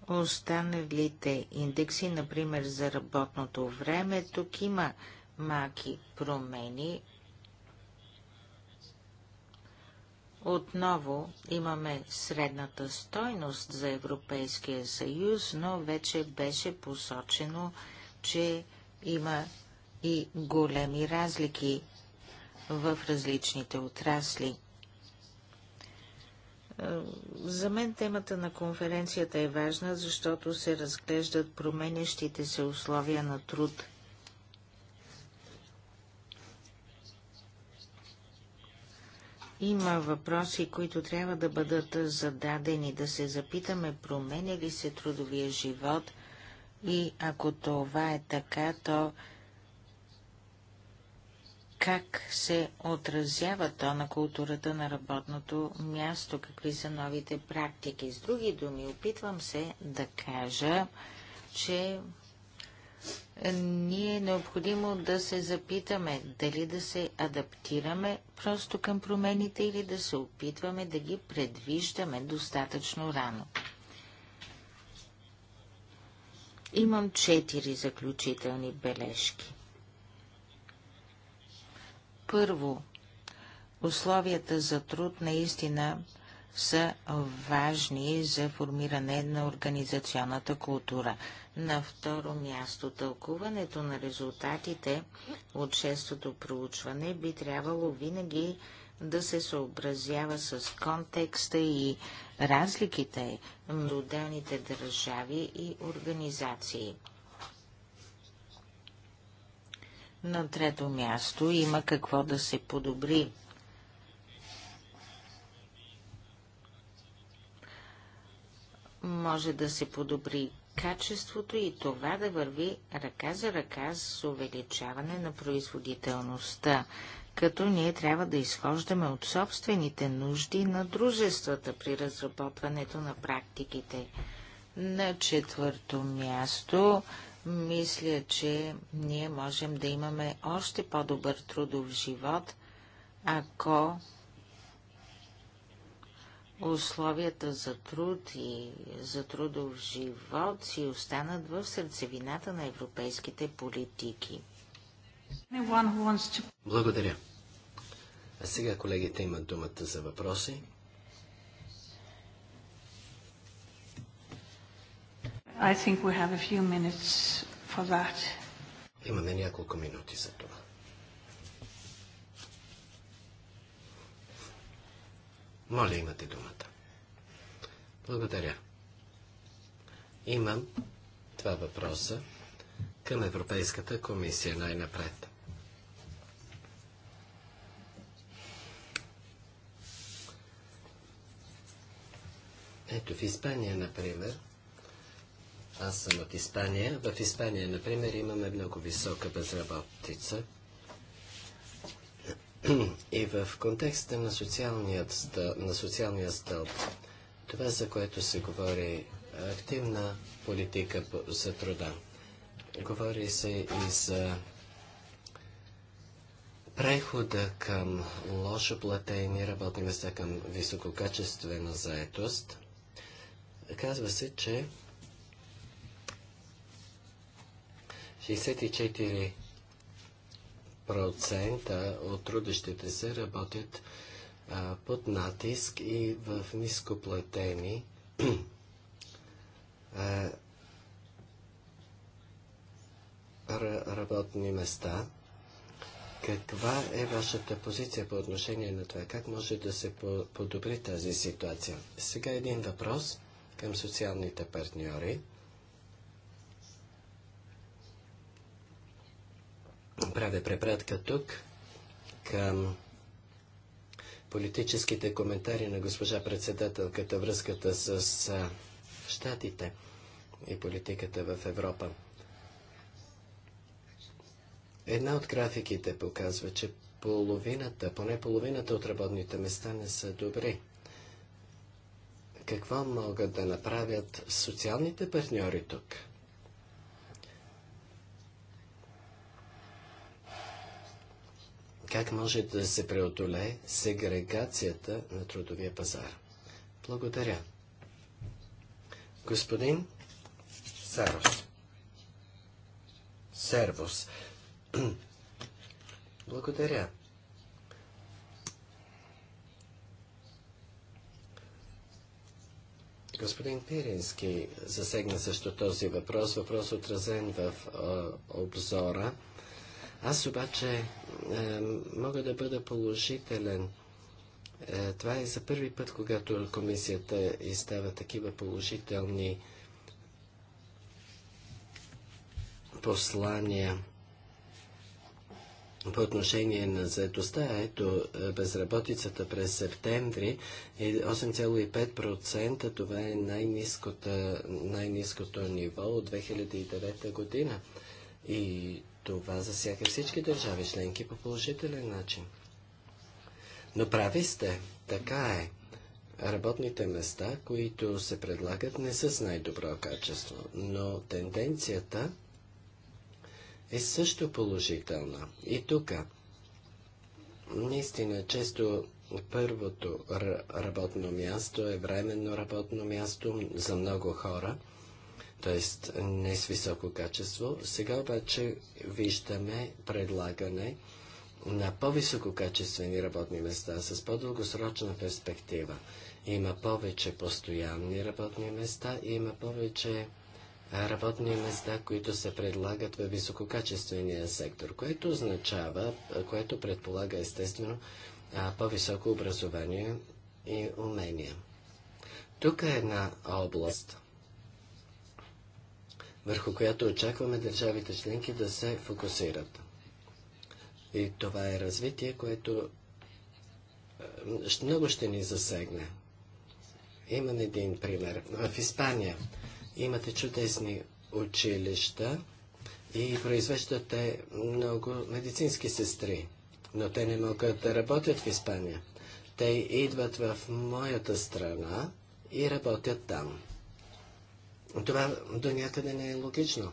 останалите индекси, например за работното време, тук има малки промени. Отново имаме средната стойност за Европейския съюз, но вече беше посочено, че има и големи разлики в различните отрасли. Е, за мен темата на конференцията е важна, защото се разглеждат променящите се условия на труд. Има въпроси, които трябва да бъдат зададени, да се запитаме, променя ли се трудовия живот и ако това е така, то как се отразява то на културата на работното място, какви са новите практики. С други думи, опитвам се да кажа, че ние е необходимо да се запитаме дали да се адаптираме просто към промените или да се опитваме да ги предвиждаме достатъчно рано. Имам четири заключителни бележки. Първо, условията за труд наистина са важни за формиране на организационната култура. На второ място, тълкуването на резултатите от шестото проучване би трябвало винаги да се съобразява с контекста и разликите между отделните държави и организации. На трето място има какво да се подобри. Може да се подобри качеството и това да върви ръка за ръка с увеличаване на производителността, като ние трябва да изхождаме от собствените нужди на дружествата при разработването на практиките. На четвърто място мисля, че ние можем да имаме още по-добър трудов живот, ако условията за труд и за трудов живот си останат в сърцевината на европейските политики. Благодаря. А сега колегите имат думата за въпроси. I think we have a few minutes for that. Имаме няколко минути за това. Моля, имате думата. Благодаря. Имам два въпроса към Европейската комисия най-напред. Ето в Испания, например, аз съм от Испания. В Испания, например, имаме много висока безработица. И в контекста на, стъл, на социалния стълб, това, за което се говори, е активна политика за труда. Говори се и за прехода към лошо платени работни места, към висококачествена заетост. Казва се, че 64% от трудещите се работят а, под натиск и в нископлатени [CLEARS THROAT] а, работни места. Каква е вашата позиция по отношение на това? Как може да се подобри тази ситуация? Сега един въпрос към социалните партньори. правя препратка тук към политическите коментари на госпожа председателката връзката с щатите и политиката в Европа. Една от графиките показва, че половината, поне половината от работните места не са добри. Какво могат да направят социалните партньори тук? как може да се преодолее сегрегацията на трудовия пазар. Благодаря. Господин Сарос. Сервос. [CLEARS THROAT] Благодаря. Господин Пирински засегна също този въпрос, въпрос отразен в а, обзора. Аз обаче е, мога да бъда положителен. Е, това е за първи път, когато комисията издава такива положителни послания по отношение на заедостта. Ето, е, безработицата през септември е 8,5%. Това е най-низкото най ниво от 2009 година. И това засяга всички държави членки по положителен начин. Но прави сте, така е. Работните места, които се предлагат, не са с най-добро качество, но тенденцията е също положителна. И тук, наистина, често първото работно място е временно работно място за много хора – т.е. не с високо качество. Сега обаче виждаме предлагане на по-висококачествени работни места с по-дългосрочна перспектива. Има повече постоянни работни места, и има повече работни места, които се предлагат във висококачествения сектор, което означава, което предполага естествено по-високо образование и умения. Тук е една област – върху която очакваме държавите членки да се фокусират. И това е развитие, което е, много ще ни засегне. Имам един пример. В Испания имате чудесни училища и произвеждате много медицински сестри, но те не могат да работят в Испания. Те идват в моята страна и работят там. Това до някъде не е логично,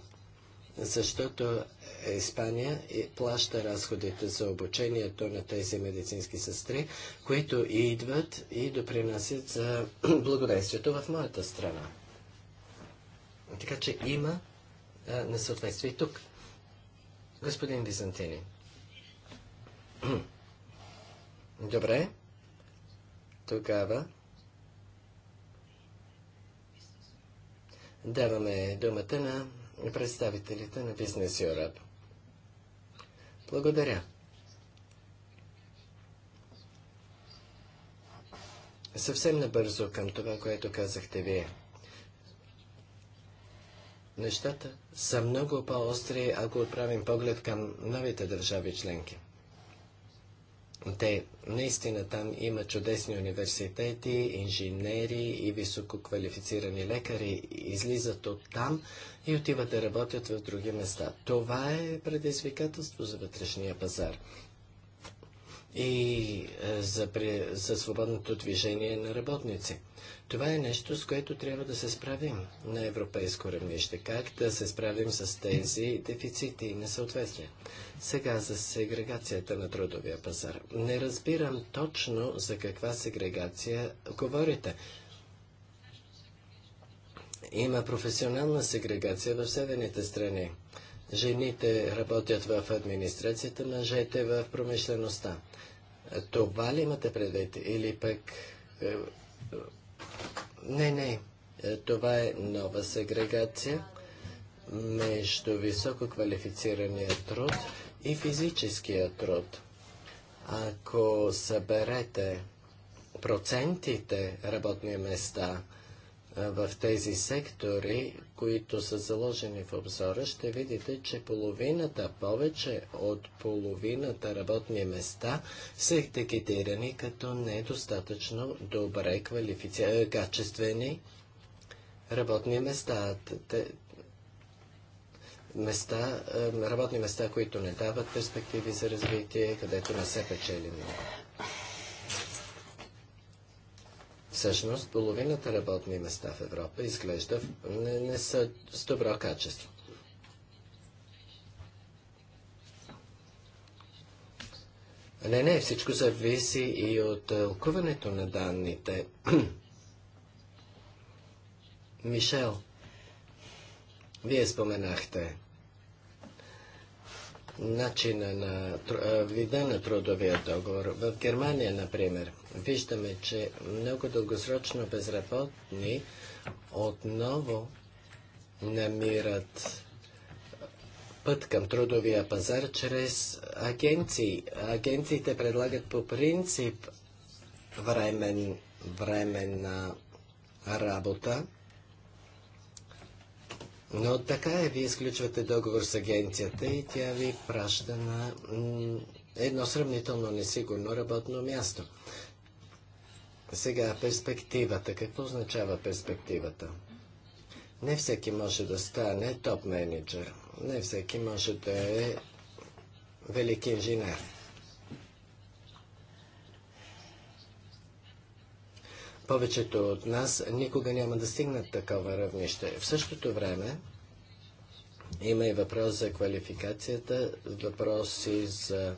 защото Испания плаща разходите за обучението на тези медицински сестри, които идват и допринасят за [CLEARS THROAT] благодействието в моята страна. Така че има несъответствие тук. Господин Византини. [CLEARS THROAT] Добре. Тогава Даваме думата на представителите на Бизнес Юрап. Благодаря. Съвсем набързо към това, което казахте вие. Нещата са много по-остри, ако отправим поглед към новите държави членки. Те наистина там има чудесни университети, инженери и висококвалифицирани лекари излизат от там и отиват да работят в други места. Това е предизвикателство за вътрешния пазар и е, за, за свободното движение на работници. Това е нещо, с което трябва да се справим на европейско равнище. Как да се справим с тези дефицити и несъответствия? Сега за сегрегацията на трудовия пазар. Не разбирам точно за каква сегрегация говорите. Има професионална сегрегация в северните страни. Жените работят в администрацията, мъжете в промишлеността. Това ли имате предвид? Или пък... Е, не, не. Е, това е нова сегрегация между високо квалифицирания труд и физическия труд. Ако съберете процентите работни места, в тези сектори, които са заложени в обзора, ще видите, че половината, повече от половината работни места са етикетирани като недостатъчно добре квалифици... Е, качествени работни места. места. Е, работни места, които не дават перспективи за развитие, където не се печели много. Всъщност, половината работни места в Европа изглежда не, не са с добро качество. Не, не, всичко зависи и от тълкуването е, на данните. [CLEARS THROAT] Мишел, вие споменахте начина на е, вида на трудовия договор. В Германия, например, виждаме, че много дългосрочно безработни отново намират път към трудовия пазар чрез агенции. Агенциите предлагат по принцип времен, временна работа, но така е, вие изключвате договор с агенцията и тя ви праща на едно сравнително несигурно работно място. Сега перспективата. Какво означава перспективата? Не всеки може да стане топ менеджер. Не всеки може да е велики инженер. Повечето от нас никога няма да стигнат такова равнище. В същото време има и въпрос за квалификацията, въпроси за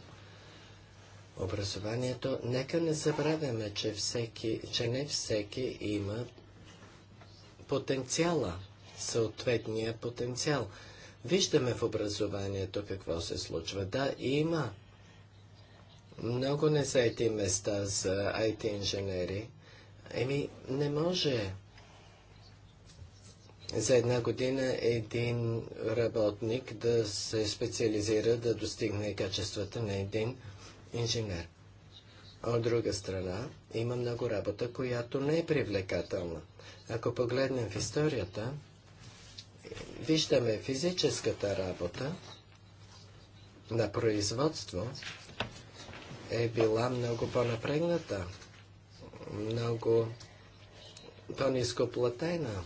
образованието, нека не забравяме, че, всеки, че не всеки има потенциала, съответния потенциал. Виждаме в образованието какво се случва. Да, има много незаети места за IT инженери. Еми, не може за една година един работник да се специализира, да достигне качествата на един инженер. От друга страна, има много работа, която не е привлекателна. Ако погледнем в историята, виждаме физическата работа на производство е била много по-напрегната, много по-низкоплатена.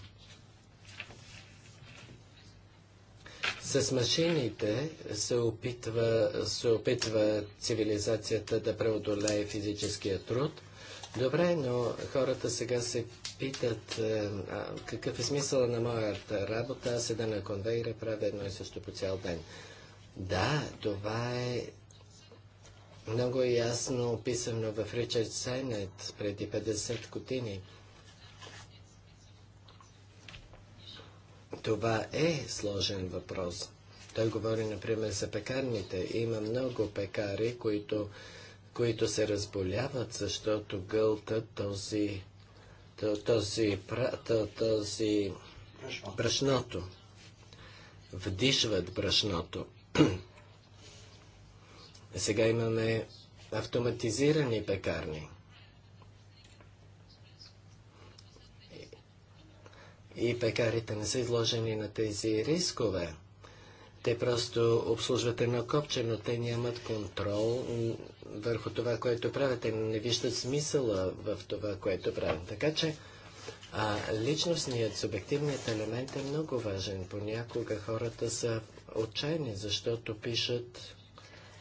С машините се опитва, се опитва цивилизацията да преодолее физическия труд. Добре, но хората сега се питат е, а, какъв е смисъл на моята работа. Аз седа на конвейера, правя едно и също по цял ден. Да, това е много ясно описано в Ричард Сайнет преди 50 години. Това е сложен въпрос. Той говори, например, за пекарните. Има много пекари, които, които се разболяват, защото гълтат този, този, този, този брашното. Вдишват брашното. [CLEARS THROAT] Сега имаме автоматизирани пекарни. и пекарите не са изложени на тези рискове. Те просто обслужват едно копче, но те нямат контрол върху това, което правят. Те не виждат смисъла в това, което правят. Така че а, личностният, субективният елемент е много важен. Понякога хората са отчаяни, защото пишат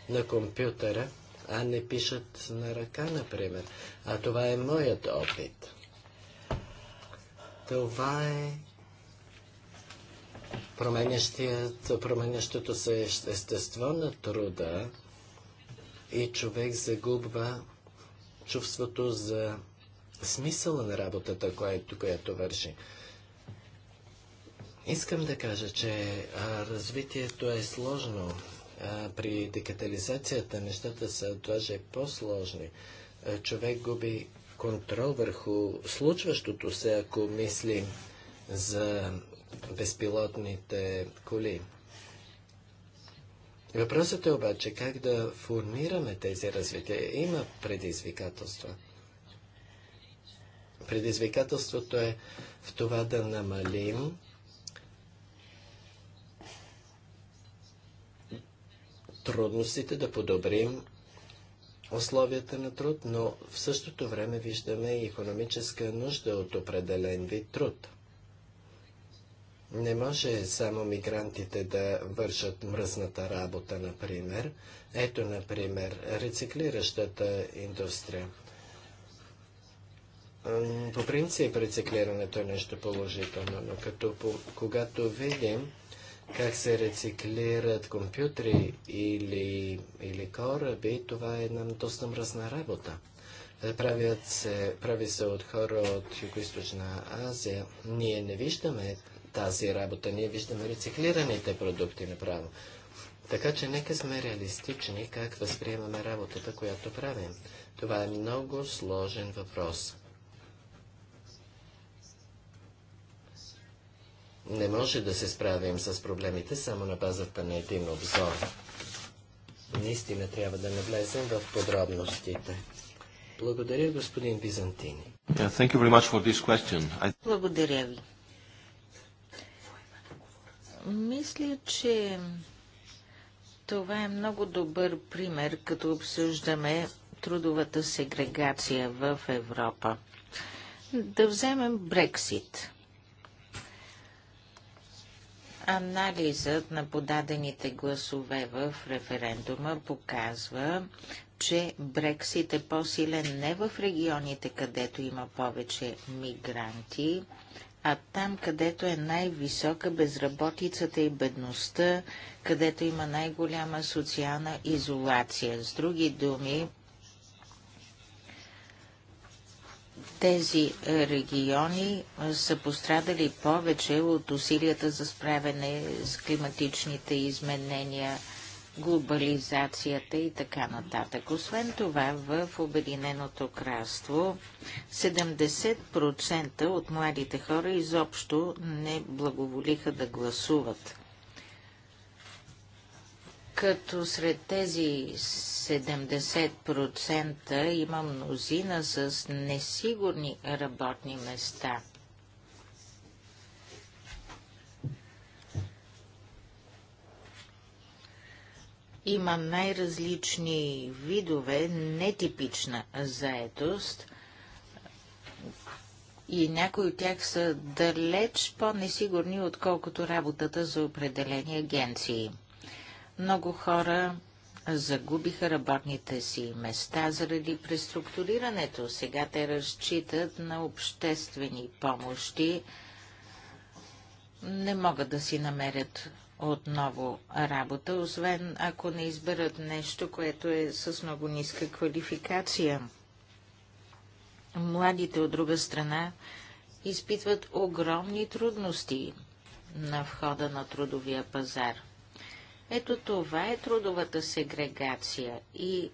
на компютъра, а не пишат на ръка, например. А това е моят опит. Това е променящото се естество на труда и човек загубва чувството за смисъла на работата, която, която върши. Искам да кажа, че развитието е сложно. А, при декатализацията нещата са даже по-сложни. човек губи контрол върху случващото се, ако мислим за безпилотните коли. Въпросът е обаче как да формираме тези развития. Има предизвикателства. Предизвикателството е в това да намалим трудностите, да подобрим условията на труд, но в същото време виждаме и економическа нужда от определен вид труд. Не може само мигрантите да вършат мръсната работа, например. Ето, например, рециклиращата индустрия. По принцип, рециклирането е нещо положително, но като когато видим, как се рециклират компютри или, или кораби, това е една доста мръсна работа. Е, правят се, прави се от хора от Юго-Источна Азия. Ние не виждаме тази работа, ние виждаме рециклираните продукти направо. Така че нека сме реалистични как възприемаме работата, която правим. Това е много сложен въпрос. Не може да се справим с проблемите само на базата на един обзор. Наистина трябва да навлезем в подробностите. Благодаря, господин Византини. Yeah, I... Благодаря ви. Мисля, че това е много добър пример, като обсъждаме трудовата сегрегация в Европа. Да вземем Брексит. Анализът на подадените гласове в референдума показва, че Брексит е по-силен не в регионите, където има повече мигранти, а там, където е най-висока безработицата и бедността, където има най-голяма социална изолация. С други думи, Тези е, региони е, са пострадали повече от усилията за справяне с климатичните изменения, глобализацията и така нататък. Освен това, в Обединеното кралство 70% от младите хора изобщо не благоволиха да гласуват като сред тези 70% има мнозина с несигурни работни места. Има най-различни видове нетипична заетост и някои от тях са далеч по-несигурни, отколкото работата за определени агенции. Много хора загубиха работните си места заради преструктурирането. Сега те разчитат на обществени помощи. Не могат да си намерят отново работа, освен ако не изберат нещо, което е с много ниска квалификация. Младите от друга страна изпитват огромни трудности на входа на трудовия пазар. Ето това е трудовата сегрегация и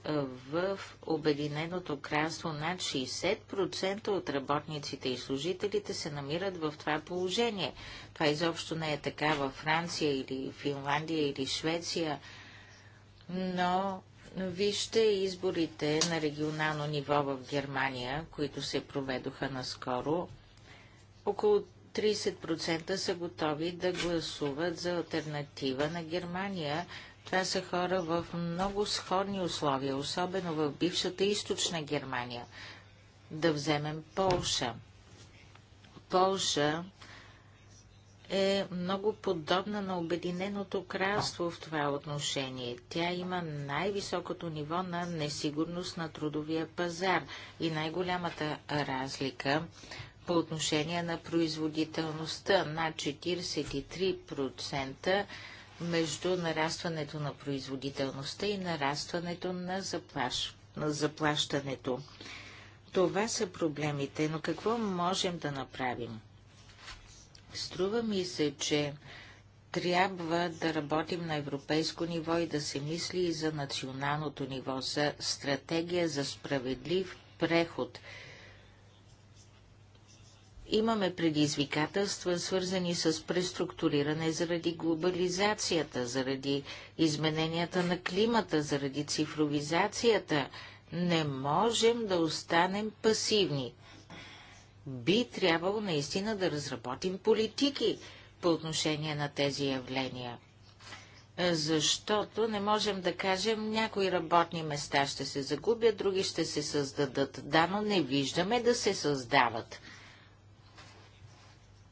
в Обединеното кралство над 60% от работниците и служителите се намират в това положение. Това изобщо не е така във Франция или Финландия или Швеция, но вижте изборите на регионално ниво в Германия, които се проведоха наскоро. Около 30% са готови да гласуват за альтернатива на Германия. Това са хора в много сходни условия, особено в бившата източна Германия. Да вземем Полша. Полша е много подобна на Обединеното кралство в това отношение. Тя има най-високото ниво на несигурност на трудовия пазар и най-голямата разлика по отношение на производителността на 43% между нарастването на производителността и нарастването на, заплаш... на заплащането. Това са проблемите, но какво можем да направим? Струва ми се, че трябва да работим на европейско ниво и да се мисли и за националното ниво, за стратегия за справедлив преход – Имаме предизвикателства, свързани с преструктуриране заради глобализацията, заради измененията на климата, заради цифровизацията. Не можем да останем пасивни. Би трябвало наистина да разработим политики по отношение на тези явления защото не можем да кажем, някои работни места ще се загубят, други ще се създадат. Да, но не виждаме да се създават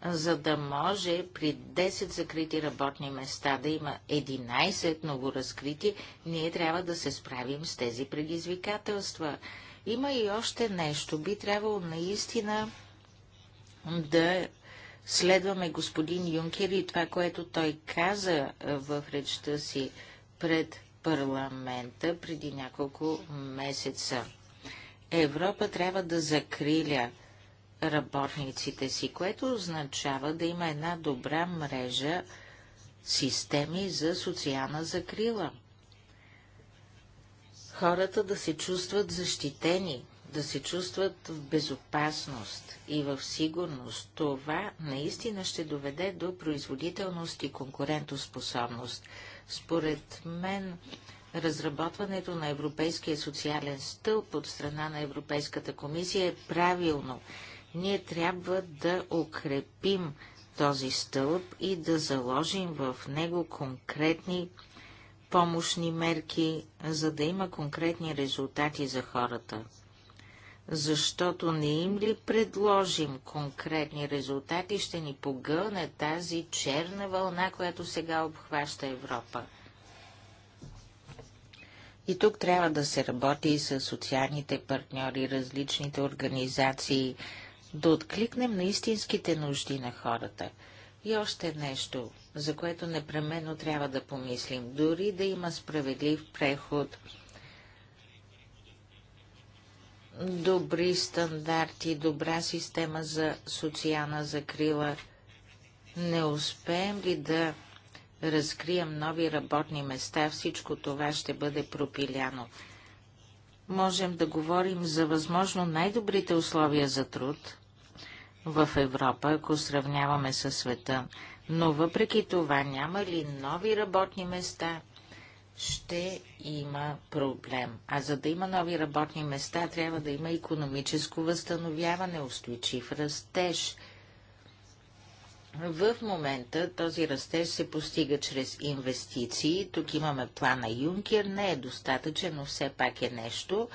за да може при 10 закрити работни места да има 11 новоразкрити, ние трябва да се справим с тези предизвикателства. Има и още нещо. Би трябвало наистина да следваме господин Юнкер и това, което той каза в речта си пред парламента преди няколко месеца. Европа трябва да закриля работниците си, което означава да има една добра мрежа системи за социална закрила. Хората да се чувстват защитени, да се чувстват в безопасност и в сигурност. Това наистина ще доведе до производителност и конкурентоспособност. Според мен, разработването на Европейския социален стълб от страна на Европейската комисия е правилно ние трябва да укрепим този стълб и да заложим в него конкретни помощни мерки, за да има конкретни резултати за хората. Защото не им ли предложим конкретни резултати, ще ни погълне тази черна вълна, която сега обхваща Европа. И тук трябва да се работи и с социалните партньори, различните организации, да откликнем на истинските нужди на хората. И още нещо, за което непременно трябва да помислим, дори да има справедлив преход, добри стандарти, добра система за социална закрила. Не успеем ли да разкрием нови работни места, всичко това ще бъде пропиляно. Можем да говорим за възможно най-добрите условия за труд, в Европа, ако сравняваме със света. Но въпреки това, няма ли нови работни места, ще има проблем. А за да има нови работни места, трябва да има економическо възстановяване, устойчив растеж. В момента този растеж се постига чрез инвестиции. Тук имаме плана Юнкер. Не е достатъчен, но все пак е нещо.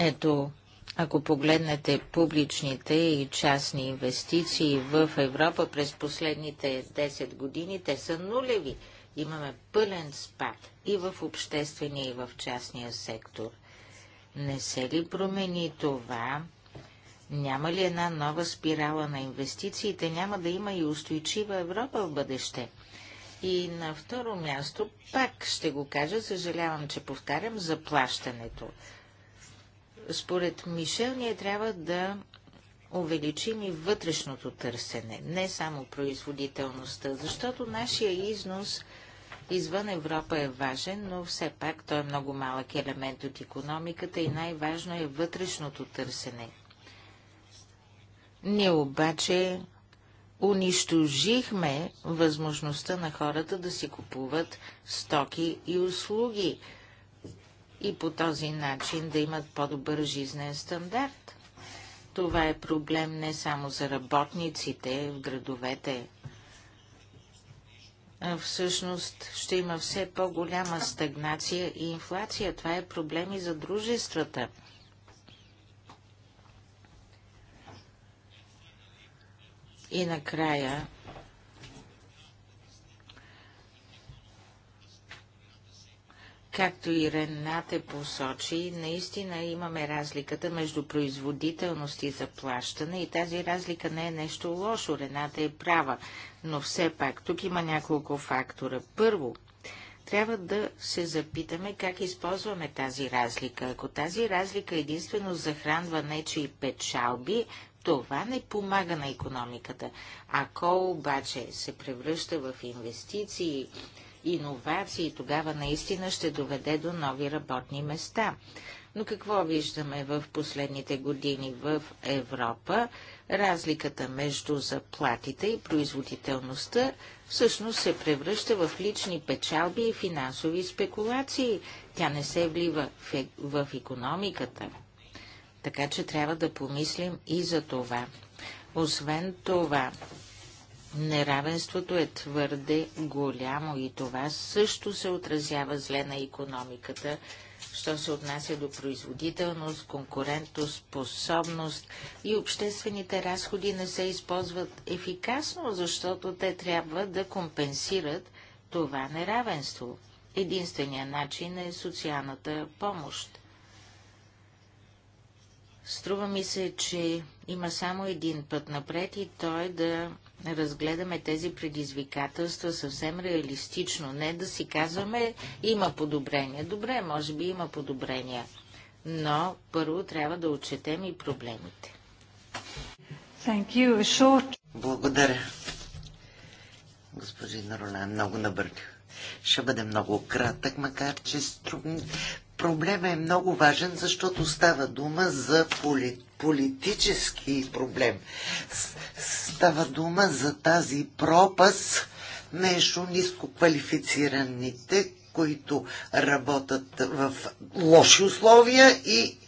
Ето, ако погледнете публичните и частни инвестиции в Европа през последните 10 години, те са нулеви. Имаме пълен спад и в обществения, и в частния сектор. Не се ли промени това? Няма ли една нова спирала на инвестициите? Няма да има и устойчива Европа в бъдеще. И на второ място, пак ще го кажа, съжалявам, че повтарям, заплащането. Според Мишел ние трябва да увеличим и вътрешното търсене, не само производителността, защото нашия износ извън Европа е важен, но все пак той е много малък елемент от економиката и най-важно е вътрешното търсене. Ние обаче унищожихме възможността на хората да си купуват стоки и услуги и по този начин да имат по-добър жизнен стандарт. Това е проблем не само за работниците в градовете. Всъщност ще има все по-голяма стагнация и инфлация. Това е проблем и за дружествата. И накрая Както и Рената посочи, наистина имаме разликата между производителност и заплащане и тази разлика не е нещо лошо. Рената е права, но все пак тук има няколко фактора. Първо, трябва да се запитаме как използваме тази разлика. Ако тази разлика единствено захранва нечи печалби, това не помага на економиката. Ако обаче се превръща в инвестиции, иновации, тогава наистина ще доведе до нови работни места. Но какво виждаме в последните години в Европа? Разликата между заплатите и производителността всъщност се превръща в лични печалби и финансови спекулации. Тя не се влива в, е, в економиката. Така че трябва да помислим и за това. Освен това, Неравенството е твърде голямо и това също се отразява зле на економиката, що се отнася до производителност, конкурентоспособност и обществените разходи не се използват ефикасно, защото те трябва да компенсират това неравенство. Единственият начин е социалната помощ. Струва ми се, че има само един път напред и той е да разгледаме тези предизвикателства съвсем реалистично. Не да си казваме, има подобрения. Добре, може би има подобрения. Но първо трябва да отчетем и проблемите. Благодаря. Господин Ролан, много набърках. Ще бъде много кратък, макар че струм проблема е много важен, защото става дума за полит, политически проблем. Става дума за тази пропаст между нискоквалифицираните, които работят в лоши условия и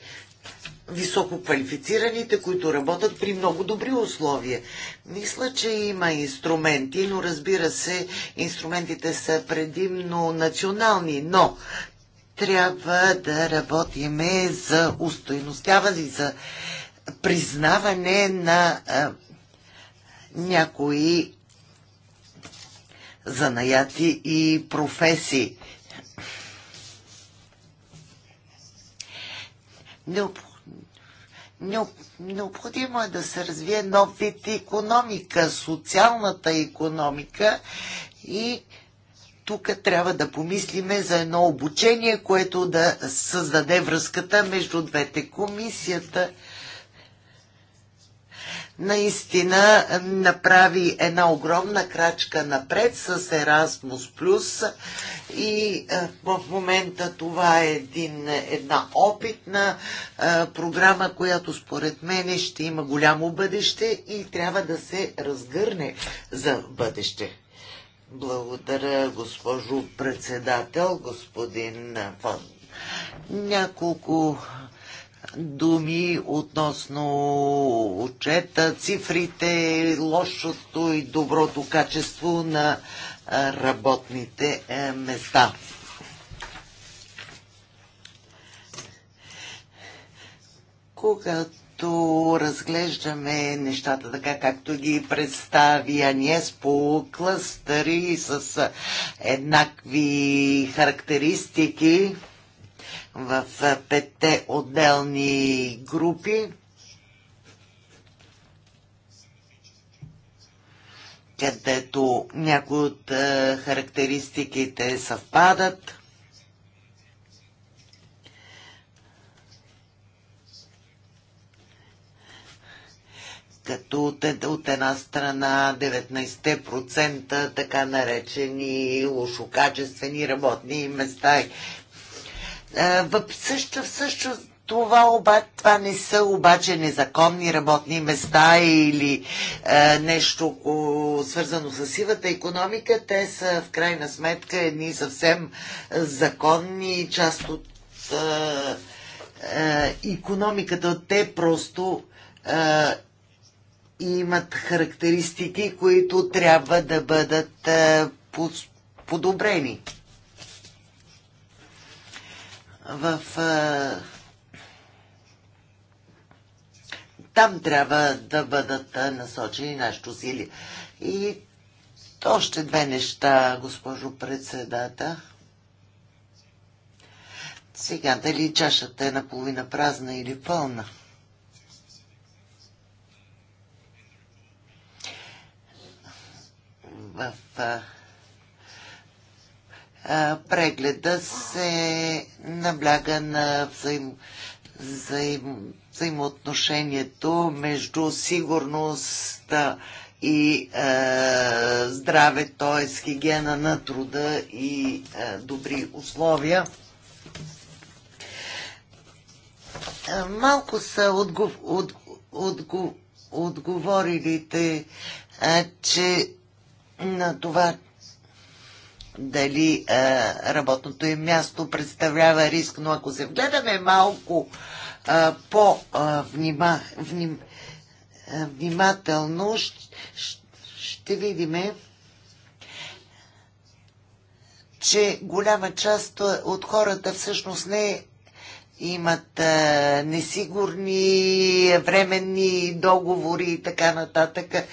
висококвалифицираните, които работят при много добри условия. Мисля, че има инструменти, но разбира се, инструментите са предимно национални, но трябва да работиме за устойностяване, за признаване на а, някои занаяти и професии. Необ... Необ... Необходимо е да се развие нов вид економика, социалната економика и тук трябва да помислиме за едно обучение, което да създаде връзката между двете. Комисията наистина направи една огромна крачка напред с Erasmus Plus и в момента това е един, една опитна програма, която според мен ще има голямо бъдеще и трябва да се разгърне за бъдеще. Благодаря, госпожо председател, господин Фон. Няколко думи относно отчета, цифрите, лошото и доброто качество на работните е, места. Когато когато разглеждаме нещата така, както ги представи Аньес по клъстъри с еднакви характеристики в петте отделни групи, където някои от е, характеристиките съвпадат – като от, е- от една страна 19% така наречени лошокачествени работни места. Е, в също, също това, оба, това не са обаче незаконни работни места или е, нещо о, свързано с сивата економика. Те са в крайна сметка едни съвсем законни част от е, е, економиката. Те просто е, имат характеристики, които трябва да бъдат е, подобрени. В е, там трябва да бъдат е, насочени нашите усилия. И още две неща, госпожо председател. Сега, дали чашата е наполовина празна или пълна? в прегледа се набляга на взаим, взаим, взаимоотношението между сигурност и а, здраве, т.е. хигиена на труда и а, добри условия. Малко са отговорилите, че на това, дали а, е, работното им място представлява риск, но ако се вгледаме малко е, по-внимателно, е, вним, ще, ще видиме, че голяма част от хората всъщност не имат а, несигурни временни договори и така нататък.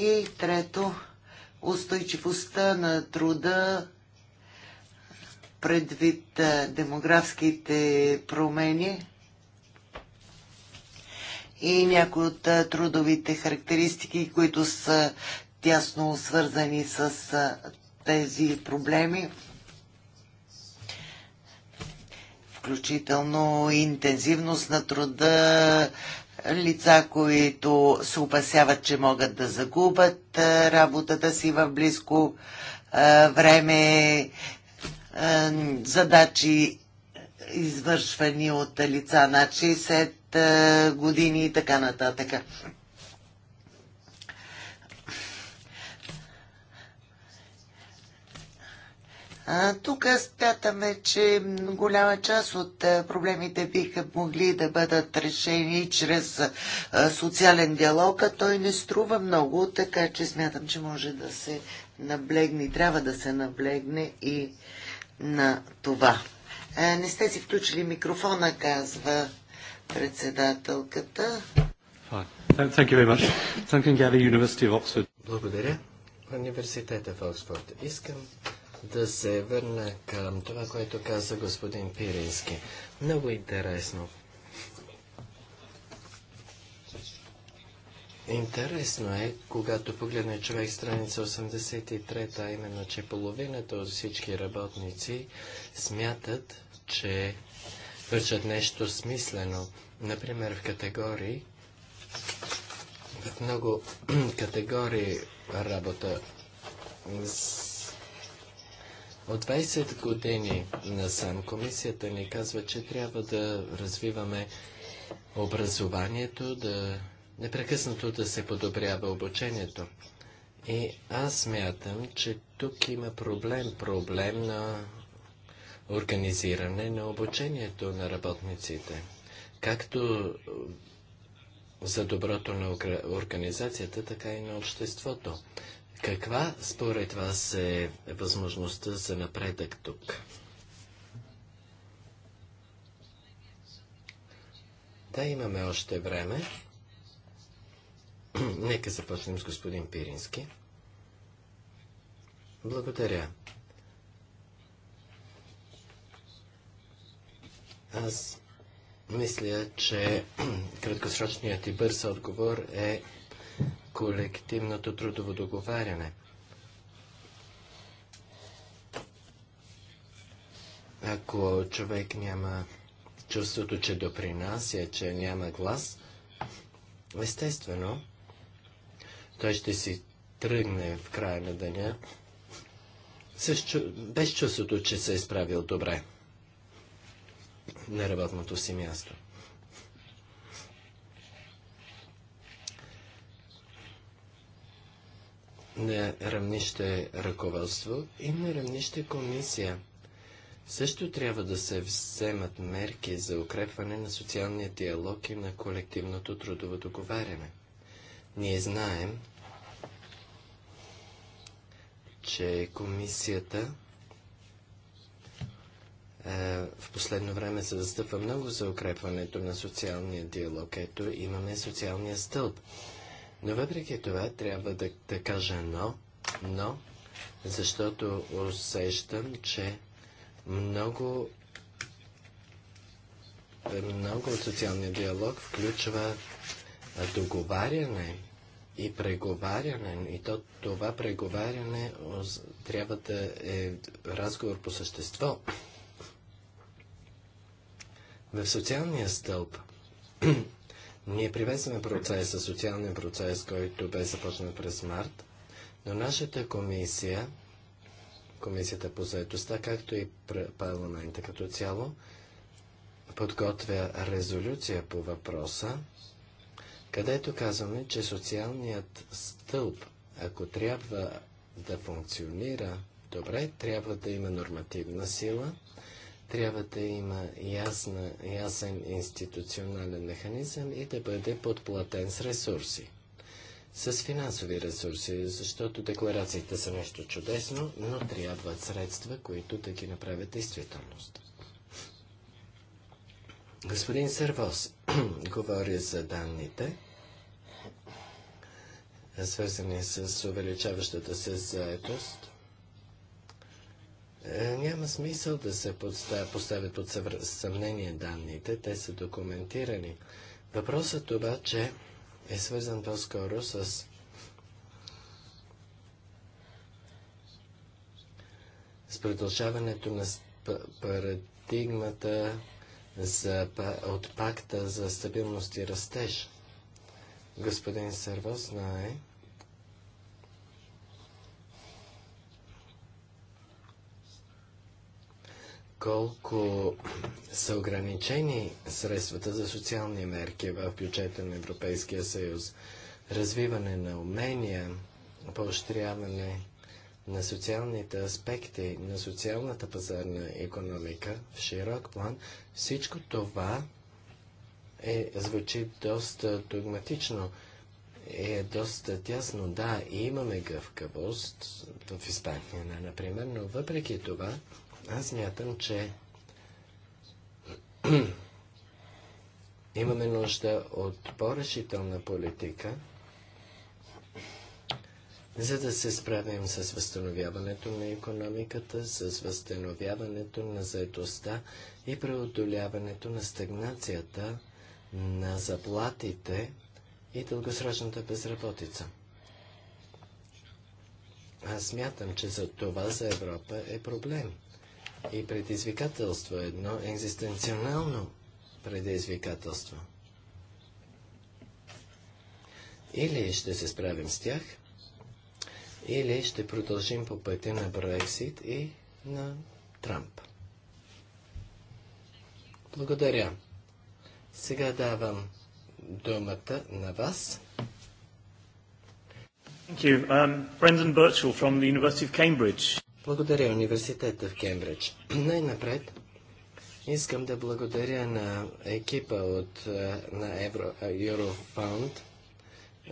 И трето, устойчивостта на труда предвид демографските промени и някои от трудовите характеристики, които са тясно свързани с тези проблеми, включително интензивност на труда, лица, които се опасяват, че могат да загубят работата си в близко време, задачи извършвани от лица на 60 години и така нататък. Тук смятаме, че голяма част от проблемите биха могли да бъдат решени чрез социален диалог, а той не струва много, така че смятам, че може да се наблегне и трябва да се наблегне и на това. Не сте си включили микрофона, казва председателката. Благодаря. Университета в Оксфорд. Искам да се върна към това, което каза господин Пирински. Много интересно. Интересно е, когато погледне човек страница 83, а именно, че половината от всички работници смятат, че вършат нещо смислено. Например, в категории, в много [CLEARS THROAT] категории работа от 20 години насам комисията ни казва, че трябва да развиваме образованието, да непрекъснато да се подобрява обучението. И аз мятам, че тук има проблем, проблем на организиране на обучението на работниците. Както за доброто на организацията, така и на обществото. Каква според вас е възможността за напредък тук? Да, имаме още време. [CLEARS THROAT] Нека започнем с господин Пирински. Благодаря. Аз мисля, че [CLEARS THROAT] краткосрочният и бърз отговор е колективното трудово договаряне. Ако човек няма чувството, че допринася, че няма глас, естествено, той ще си тръгне в края на деня без чувството, че се е справил добре на работното си място. на равнище ръководство и на равнище комисия. Също трябва да се вземат мерки за укрепване на социалния диалог и на колективното трудово договаряне. Ние знаем, че комисията е, в последно време се застъпва много за укрепването на социалния диалог. Ето имаме социалния стълб. Но въпреки това трябва да, да кажа но, но, защото усещам, че много много от социалния диалог включва договаряне и преговаряне. И то, това преговаряне трябва да е разговор по същество. В социалния стълб ние приветстваме процеса, социалния процес, който бе започнат през март, но нашата комисия, комисията по заедостта, както и парламента като цяло, подготвя резолюция по въпроса, където казваме, че социалният стълб, ако трябва да функционира добре, трябва да има нормативна сила – трябва да има ясна, ясен институционален механизъм и да бъде подплатен с ресурси. С финансови ресурси, защото декларациите са нещо чудесно, но трябват средства, които да ги направят действителност. Господин Сервос [CLEARS THROAT] говори за данните, свързани с увеличаващата се заетост. Е, няма смисъл да се поставят под съмнение данните, те са документирани. Въпросът обаче е свързан по-скоро с с продължаването на парадигмата за, от пакта за стабилност и растеж. Господин Серво знае, колко са ограничени средствата за социални мерки в бюджета на Европейския съюз. Развиване на умения, поощряване на социалните аспекти на социалната пазарна економика в широк план, всичко това е, звучи доста догматично, е доста тясно. Да, имаме гъвкавост в Испания, например, но въпреки това аз мятам, че [CLEARS THROAT] имаме нужда от по-решителна политика, за да се справим с възстановяването на економиката, с възстановяването на заедостта и преодоляването на стагнацията на заплатите и дългосрочната безработица. Аз смятам, че за това за Европа е проблем и предизвикателство, едно екзистенционално предизвикателство. Или ще се справим с тях, или ще продължим по пътя на Брексит и на Трамп. Благодаря. Сега давам думата на вас. Thank you. Um, Brendan Birchall from the University of Cambridge. Благодаря университета в Кембридж. [CLEARS THROAT] Най-напред искам да благодаря на екипа от, на Евро, Eurofound.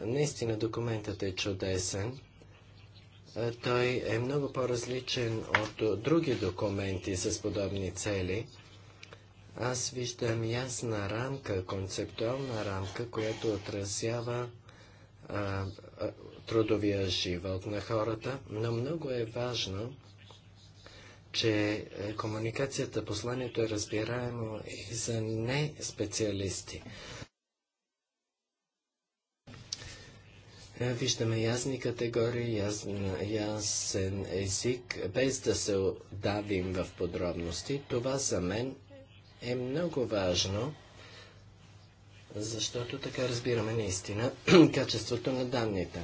Наистина документът е чудесен. Той е много по-различен от други документи с подобни цели. Аз виждам ясна рамка, концептуална рамка, която отразява а, трудовия живот на хората, но много е важно че е, комуникацията, посланието е разбираемо и за не специалисти. Е, виждаме ясни категории, ясен, ясен език, без да се давим в подробности. Това за мен е много важно, защото така разбираме наистина [CLEARS THROAT] качеството на данните.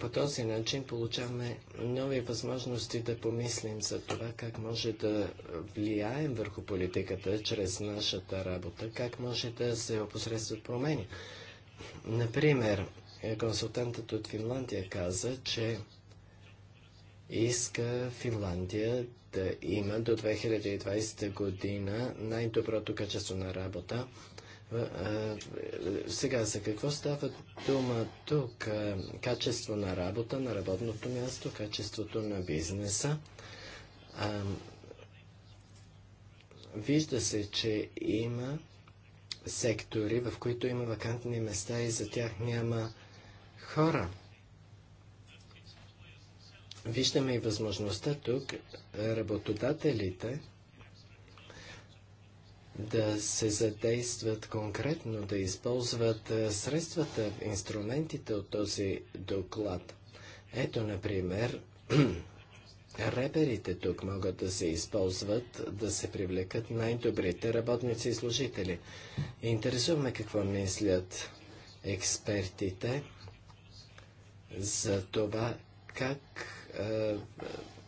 По този начин получаваме нови възможности да помислим за това как може да влияем върху политиката чрез нашата работа, как може да се опосредстват промени. Например, консултантът от Финландия каза, че иска Финландия да има до 2020 година най-доброто качество на работа сега, за какво става дума тук? Качество на работа, на работното място, качеството на бизнеса. Вижда се, че има сектори, в които има вакантни места и за тях няма хора. Виждаме и възможността тук работодателите да се задействат конкретно, да използват е, средствата, инструментите от този доклад. Ето, например, [CLEARS THROAT] Реперите тук могат да се използват, да се привлекат най-добрите работници и служители. Интересуваме какво мислят експертите за това как е,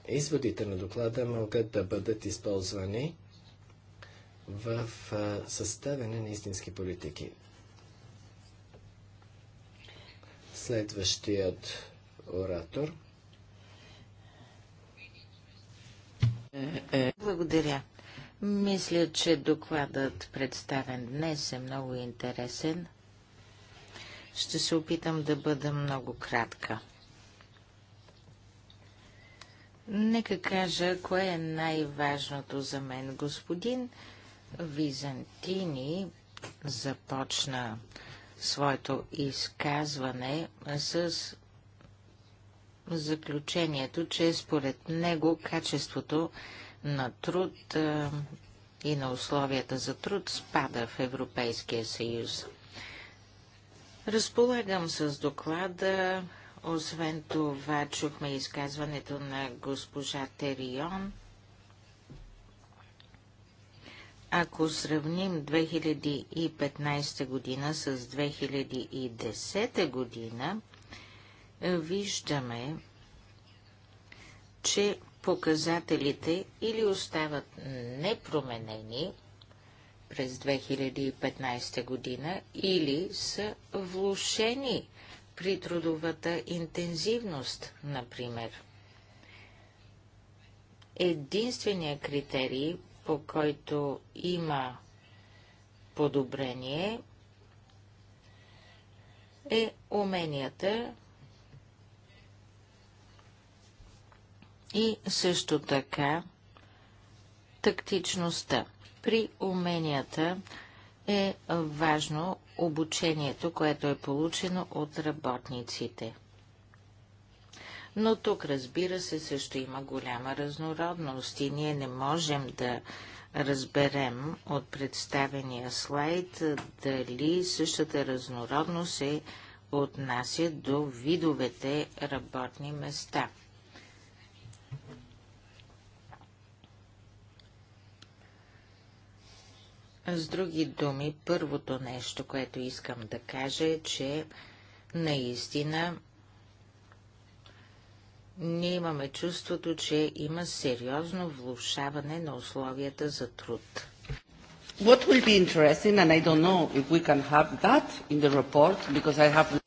изводите на доклада могат да бъдат използвани в съставяне на истински политики. Следващият оратор. Благодаря. Мисля, че докладът представен днес е много интересен. Ще се опитам да бъда много кратка. Нека кажа, кое е най-важното за мен. Господин Византини започна своето изказване с заключението, че според него качеството на труд и на условията за труд спада в Европейския съюз. Разполагам с доклада. Освен това, чухме изказването на госпожа Терион – Ако сравним 2015 година с 2010 година, виждаме, че показателите или остават непроменени през 2015 година, или са влушени при трудовата интензивност, например. Единственият критерий, по който има подобрение, е уменията и също така тактичността. При уменията е важно обучението, което е получено от работниците но тук разбира се също има голяма разнородност и ние не можем да разберем от представения слайд дали същата разнородност се отнася до видовете работни места. С други думи, първото нещо, което искам да кажа е, че наистина ние имаме чувството, че има сериозно влушаване на условията за труд. What will be interesting, and I don't know if we can have that in the report, because I have...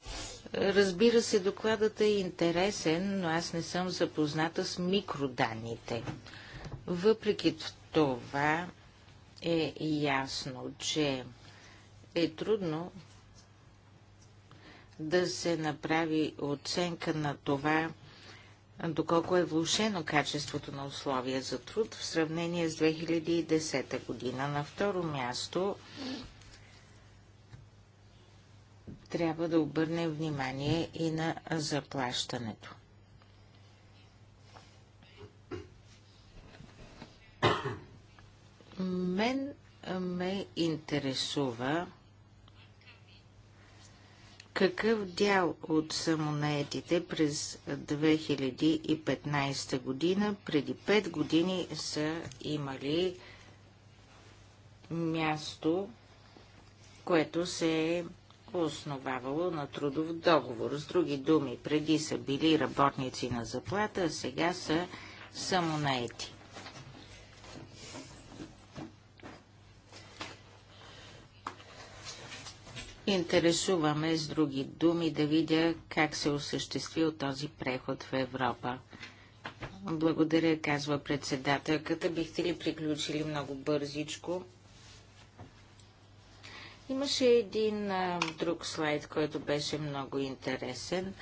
Разбира се, докладът е интересен, но аз не съм запозната с микроданните. Въпреки това е ясно, че е трудно да се направи оценка на това, доколко е влушено качеството на условия за труд в сравнение с 2010 година. На второ място трябва да обърнем внимание и на заплащането. Мен ме интересува какъв дял от самонаетите през 2015 година, преди 5 години, са имали място, което се е основавало на трудов договор. С други думи, преди са били работници на заплата, а сега са самонаети. интересуваме с други думи да видя как се осъществил този преход в Европа. Благодаря, казва председателката. Бихте ли приключили много бързичко? Имаше един а, друг слайд, който беше много интересен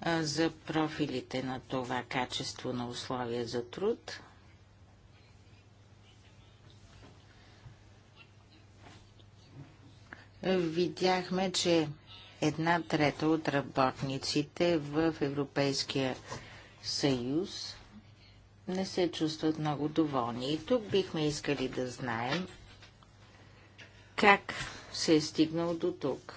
а, за профилите на това качество на условия за труд. видяхме, че една трета от работниците в Европейския съюз не се чувстват много доволни. И тук бихме искали да знаем как се е стигнал до тук.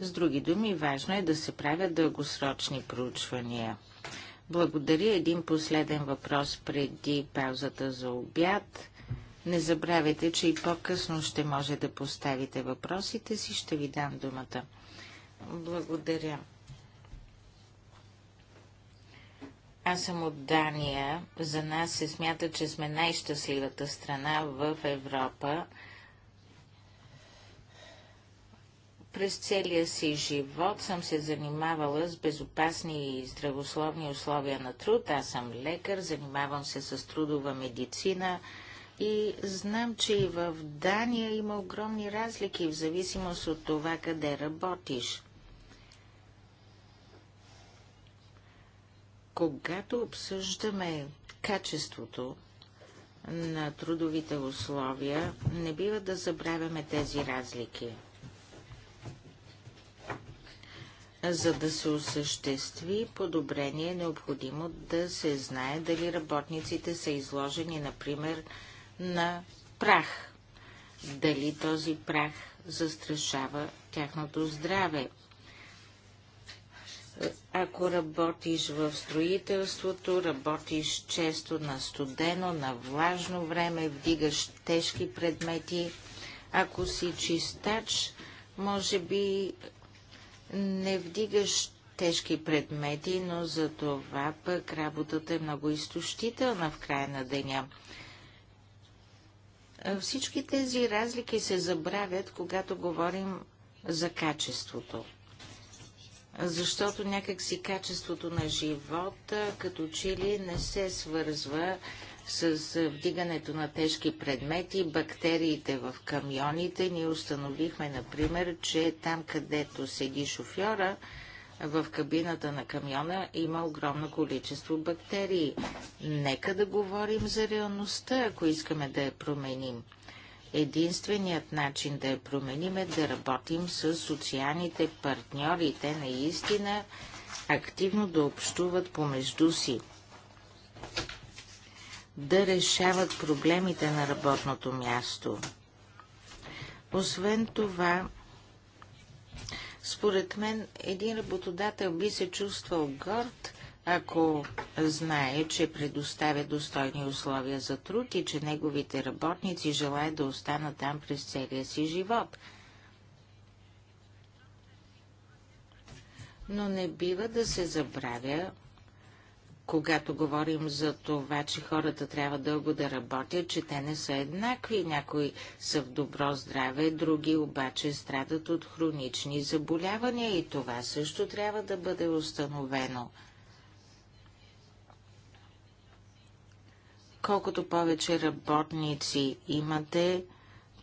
С други думи, важно е да се правят дългосрочни проучвания. Благодаря. Един последен въпрос преди паузата за обяд. Не забравяйте, че и по-късно ще може да поставите въпросите си. Ще ви дам думата. Благодаря. Аз съм от Дания. За нас се смята, че сме най-щастливата страна в Европа. През целия си живот съм се занимавала с безопасни и здравословни условия на труд. Аз съм лекар, занимавам се с трудова медицина, и знам, че и в Дания има огромни разлики в зависимост от това къде работиш. Когато обсъждаме качеството на трудовите условия, не бива да забравяме тези разлики. За да се осъществи подобрение, е необходимо да се знае дали работниците са изложени, например, на прах. Дали този прах застрашава тяхното здраве? Ако работиш в строителството, работиш често на студено, на влажно време, вдигаш тежки предмети. Ако си чистач, може би не вдигаш тежки предмети, но за това пък работата е много изтощителна в края на деня. Е, всички тези разлики се забравят, когато говорим за качеството. Защото някакси качеството на живота като че ли не се свързва с е, вдигането на тежки предмети, бактериите в камионите. Ние установихме, например, че там, където седи шофьора, в кабината на камиона има огромно количество бактерии. Нека да говорим за реалността, ако искаме да я променим. Единственият начин да я променим е да работим с социалните партньори. Те наистина активно да общуват помежду си, да решават проблемите на работното място. Освен това, според мен един работодател би се чувствал горд, ако знае, че предоставя достойни условия за труд и че неговите работници желаят да останат там през целия си живот. Но не бива да се забравя, когато говорим за това, че хората трябва дълго да работят, че те не са еднакви. Някои са в добро здраве, други обаче страдат от хронични заболявания и това също трябва да бъде установено. Колкото повече работници имате,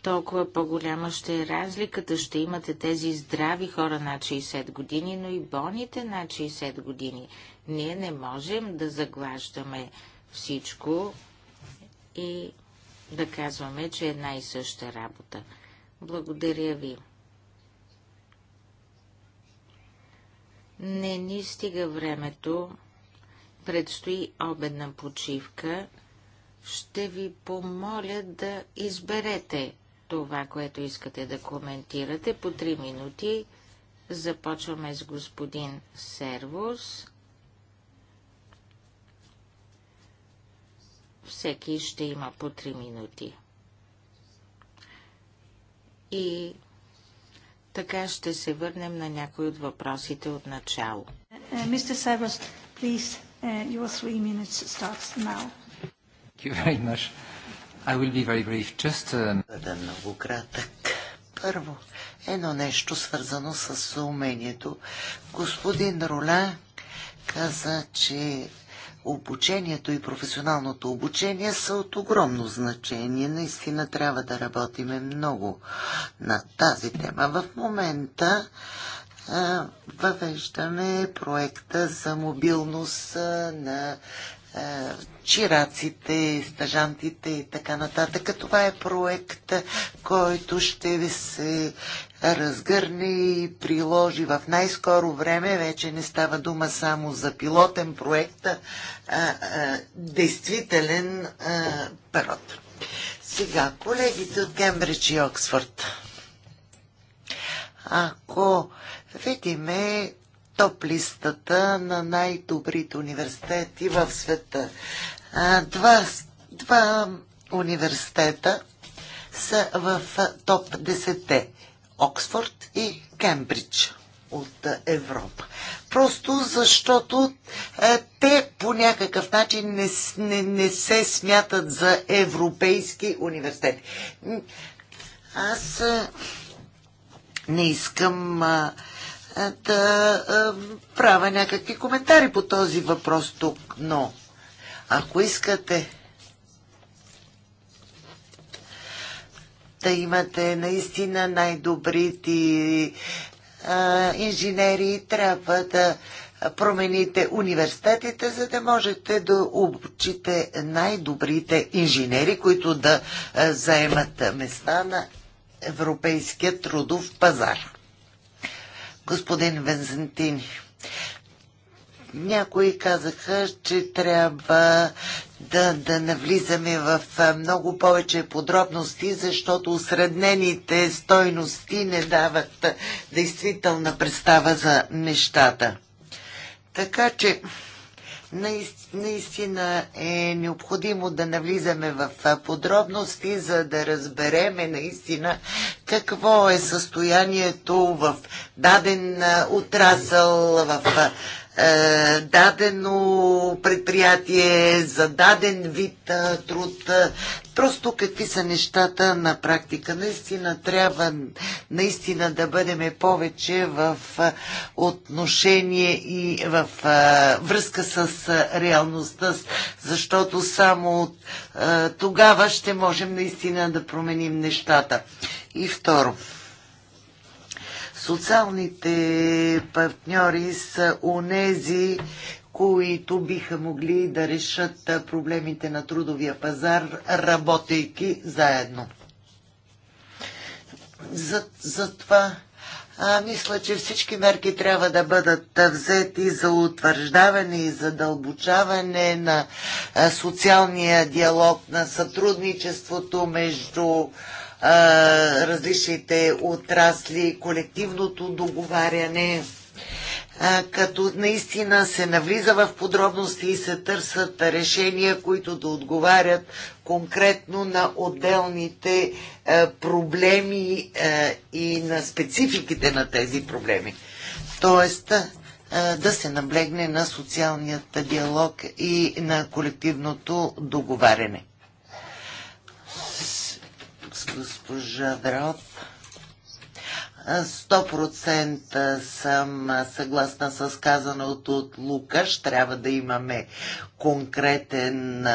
толкова по-голяма ще е разликата. Ще имате тези здрави хора над 60 години, но и болните над 60 години. Ние не можем да заглаждаме всичко и да казваме, че е една и съща работа. Благодаря ви. Не ни стига времето. Предстои обедна почивка. Ще ви помоля да изберете това, което искате да коментирате по три минути. Започваме с господин Сервус. Всеки ще има по 3 минути. И така ще се върнем на някои от въпросите от начало. Uh, uh, Mr. please, uh, your three minutes starts now. Thank you very much. I will be very brief. Just, много кратък. Първо, едно нещо свързано с умението. Господин Роля каза, че обучението и професионалното обучение са от огромно значение. Наистина трябва да работиме много на тази тема. В момента въвеждаме проекта за мобилност на е, чираците, стажантите и така нататък. Това е проект, който ще се разгърне и приложи в най-скоро време. Вече не става дума само за пилотен проект, а, а действителен а, парод. Сега, колегите от Кембридж и Оксфорд. Ако видиме топ листата на най-добрите университети в света. Два, два университета са в топ 10 Оксфорд и Кембридж от Европа. Просто защото е, те по някакъв начин не, не, не се смятат за европейски университети. Аз е, не искам а, е, да е, правя някакви коментари по този въпрос тук, но ако искате да имате наистина най-добрите е, инженери, трябва да промените университетите, за да можете да обучите най-добрите инженери, които да заемат места на европейския трудов пазар господин Вензентини. Някои казаха, че трябва да, да навлизаме в много повече подробности, защото осреднените стойности не дават действителна представа за нещата. Така че Наистина е необходимо да навлизаме в подробности, за да разбереме наистина какво е състоянието в даден отрасъл, в е, дадено предприятие, за даден вид е, труд. Е, просто какви са нещата на практика. Наистина трябва наистина да бъдем повече в отношение и в връзка с реалността, защото само тогава ще можем наистина да променим нещата. И второ, Социалните партньори са унези, които биха могли да решат проблемите на трудовия пазар, работейки заедно. За, за това а, мисля, че всички мерки трябва да бъдат взети за утвърждаване и задълбочаване на социалния диалог, на сътрудничеството между различните отрасли, колективното договаряне, като наистина се навлиза в подробности и се търсят решения, които да отговарят конкретно на отделните проблеми и на спецификите на тези проблеми. Тоест, да се наблегне на социалният диалог и на колективното договаряне госпожа Дроп. 100% съм съгласна с казаното от Лукаш. Трябва да имаме конкретен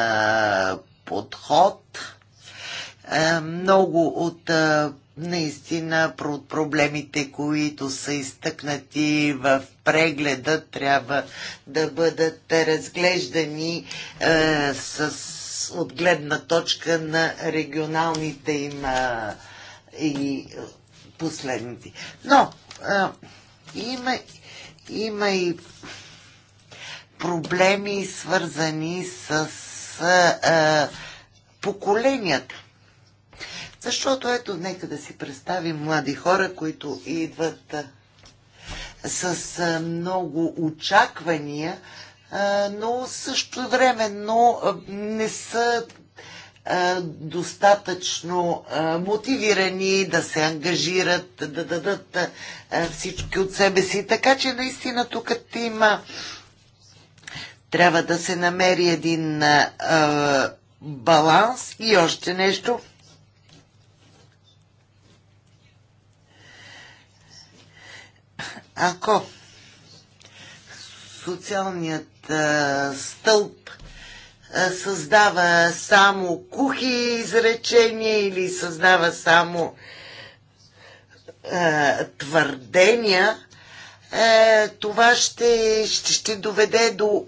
подход. Много от наистина проблемите, които са изтъкнати в прегледа, трябва да бъдат разглеждани с от гледна точка на регионалните им а, и последните. Но а, има, има и проблеми, свързани с а, поколенията. Защото ето, нека да си представим млади хора, които идват а, с а, много очаквания но също времено не са достатъчно мотивирани да се ангажират, да дадат всички от себе си. Така че наистина тук има трябва да се намери един баланс и още нещо. Ако социалният стълб създава само кухи изречения или създава само твърдения, е, това ще, ще, ще доведе до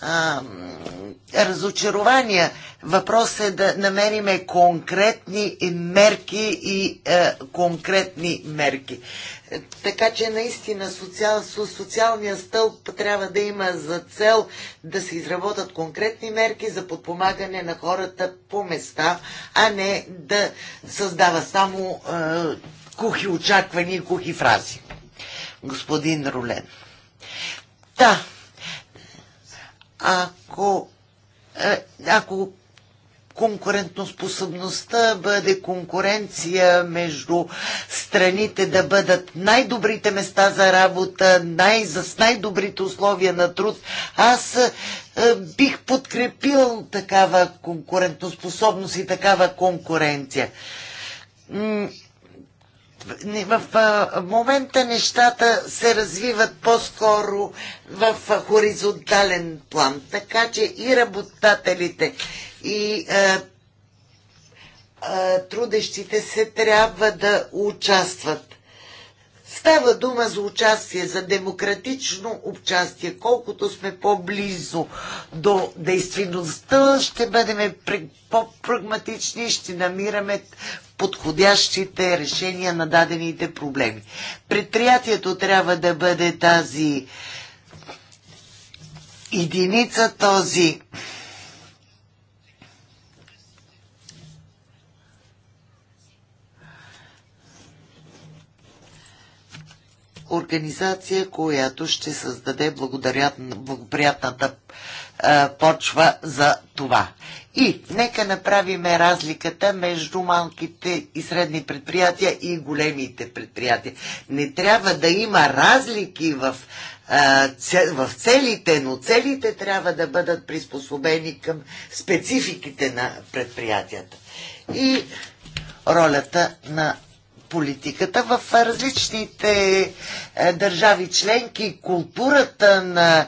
а, разочарования. Въпрос е да намериме конкретни мерки и а, е, конкретни мерки. Така че наистина социал, социалния стълб трябва да има за цел да се изработат конкретни мерки за подпомагане на хората по места, а не да създава само е, кухи очаквания и кухи фрази. Господин Рулен. Да, ако, е, ако конкурентоспособността бъде конкуренция между страните да бъдат най-добрите места за работа, най- с най-добрите условия на труд. Аз е, бих подкрепил такава конкурентоспособност и такава конкуренция в момента нещата се развиват по-скоро в хоризонтален план. Така че и работодателите, и а, а, трудещите се трябва да участват. Става дума за участие, за демократично участие. Колкото сме по-близо до действителността, ще бъдем по-прагматични и ще намираме подходящите решения на дадените проблеми. Предприятието трябва да бъде тази единица, този организация, която ще създаде благоприятната е, почва за това. И нека направим разликата между малките и средни предприятия и големите предприятия. Не трябва да има разлики в, е, в целите, но целите трябва да бъдат приспособени към спецификите на предприятията. И ролята на политиката в различните е, държави членки, културата на е,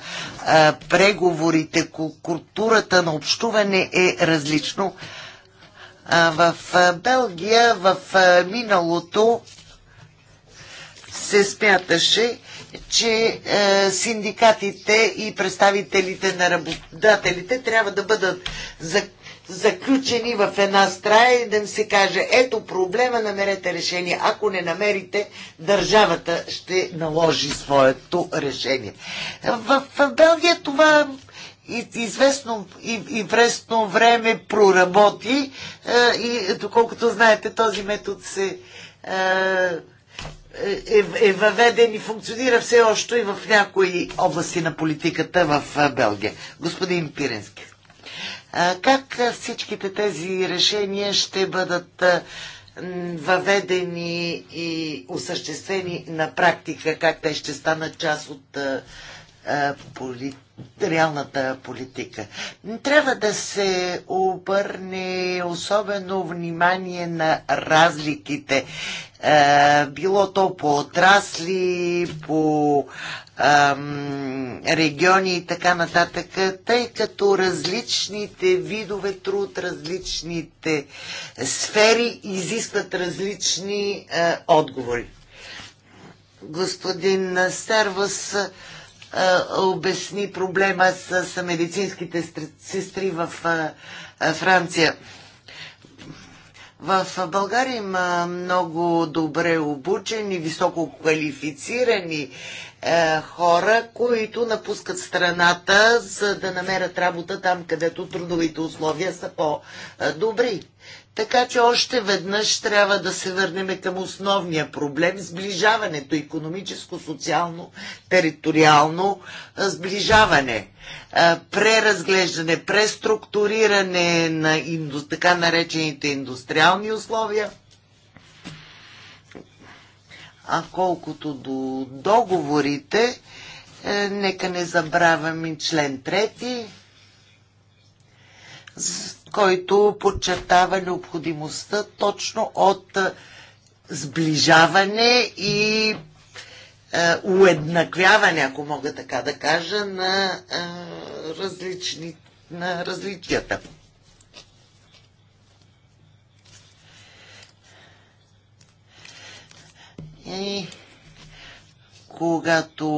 преговорите, културата на общуване е различно. В е, Белгия в миналото се смяташе, че синдикатите и представителите на работодателите трябва да бъдат за, заключени в една страя и да им се каже ето проблема, намерете решение. Ако не намерите, държавата ще наложи своето решение. В, в Белгия това известно, известно време проработи е, и доколкото знаете, този метод се е е, е, е въведен и функционира все още и в някои области на политиката в Белгия. Господин Пиренски. Как всичките тези решения ще бъдат въведени и осъществени на практика, как те ще станат част от реалната политика. Трябва да се обърне особено внимание на разликите, било то по отрасли, по региони и така нататък, тъй като различните видове труд, различните сфери изискват различни а, отговори. Господин Сервас а, обясни проблема с, с медицинските сестри в а, Франция. В България има много добре обучени, високо квалифицирани е, хора, които напускат страната, за да намерят работа там, където трудовите условия са по-добри. Така че още веднъж трябва да се върнем към основния проблем сближаването, економическо, социално, териториално е, сближаване, е, преразглеждане, преструктуриране на така наречените индустриални условия а колкото до договорите, е, нека не забравяме член 3, който подчертава необходимостта точно от е, сближаване и е, уеднаквяване, ако мога така да кажа, на, е, различни, на различията. И е, когато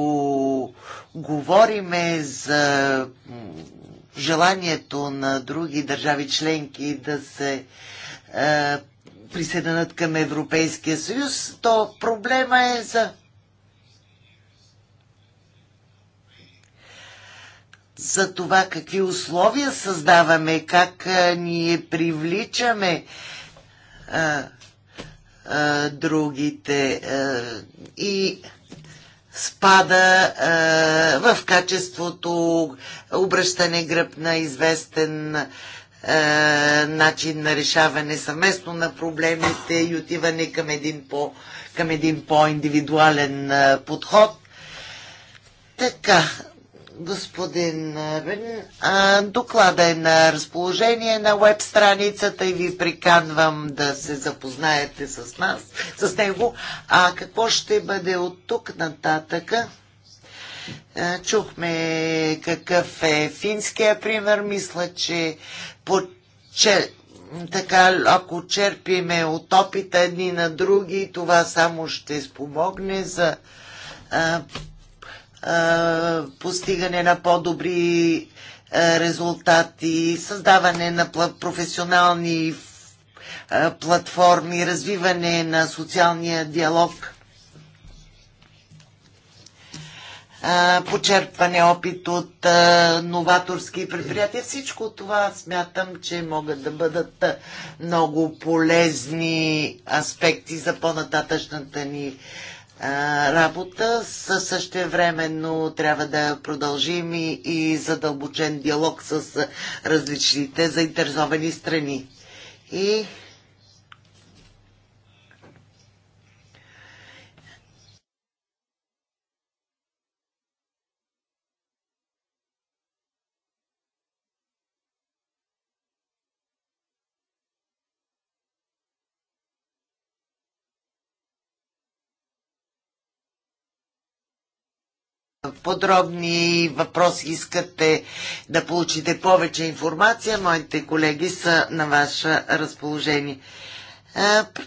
говориме за желанието на други държави членки да се е, присъединят към Европейския съюз, то проблема е за за това какви условия създаваме, как е, ние привличаме е, а, другите а, и спада а, в качеството, обръщане гръб на известен а, начин на решаване съвместно на проблемите и отиване към един, по, към един по-индивидуален подход. Така, господин Рен, Доклада е на разположение на веб страницата и ви приканвам да се запознаете с нас, с него. А какво ще бъде от тук нататъка? Чухме какъв е финския пример. Мисля, че по че, така, ако черпиме от опита едни на други, това само ще спомогне за постигане на по-добри резултати, създаване на професионални платформи, развиване на социалния диалог, почерпване опит от новаторски предприятия. Всичко това смятам, че могат да бъдат много полезни аспекти за по-нататъчната ни работа. Същевременно трябва да продължим и, и задълбочен диалог с различните заинтересовани страни. И подробни въпроси искате да получите повече информация, моите колеги са на ваше разположение. Е,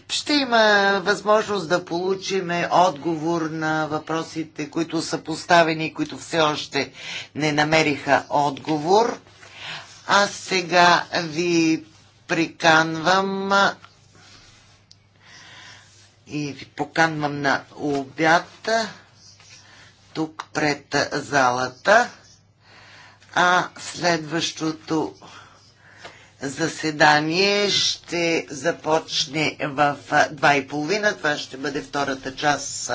ще има възможност да получим отговор на въпросите, които са поставени и които все още не намериха отговор. Аз сега ви приканвам и ви поканвам на обята тук пред залата, а следващото заседание ще започне в 2.30. Това ще бъде втората част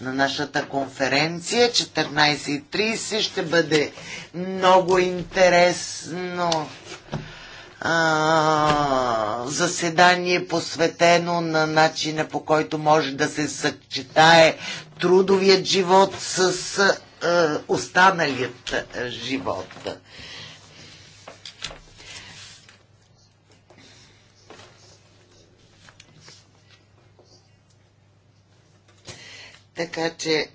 на нашата конференция. 14.30 ще бъде много интересно а, заседание посветено на начина по който може да се съчетае трудовият живот с а, останалият живот. Така че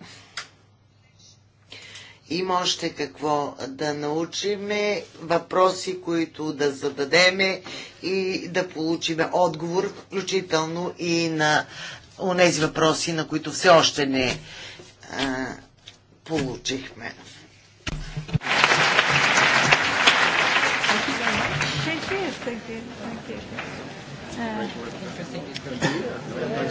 има още какво да научиме, въпроси, които да зададеме и да получиме отговор, включително и на у нези въпроси, на които все още не а, получихме. Thank you. Thank you. Thank you. Uh,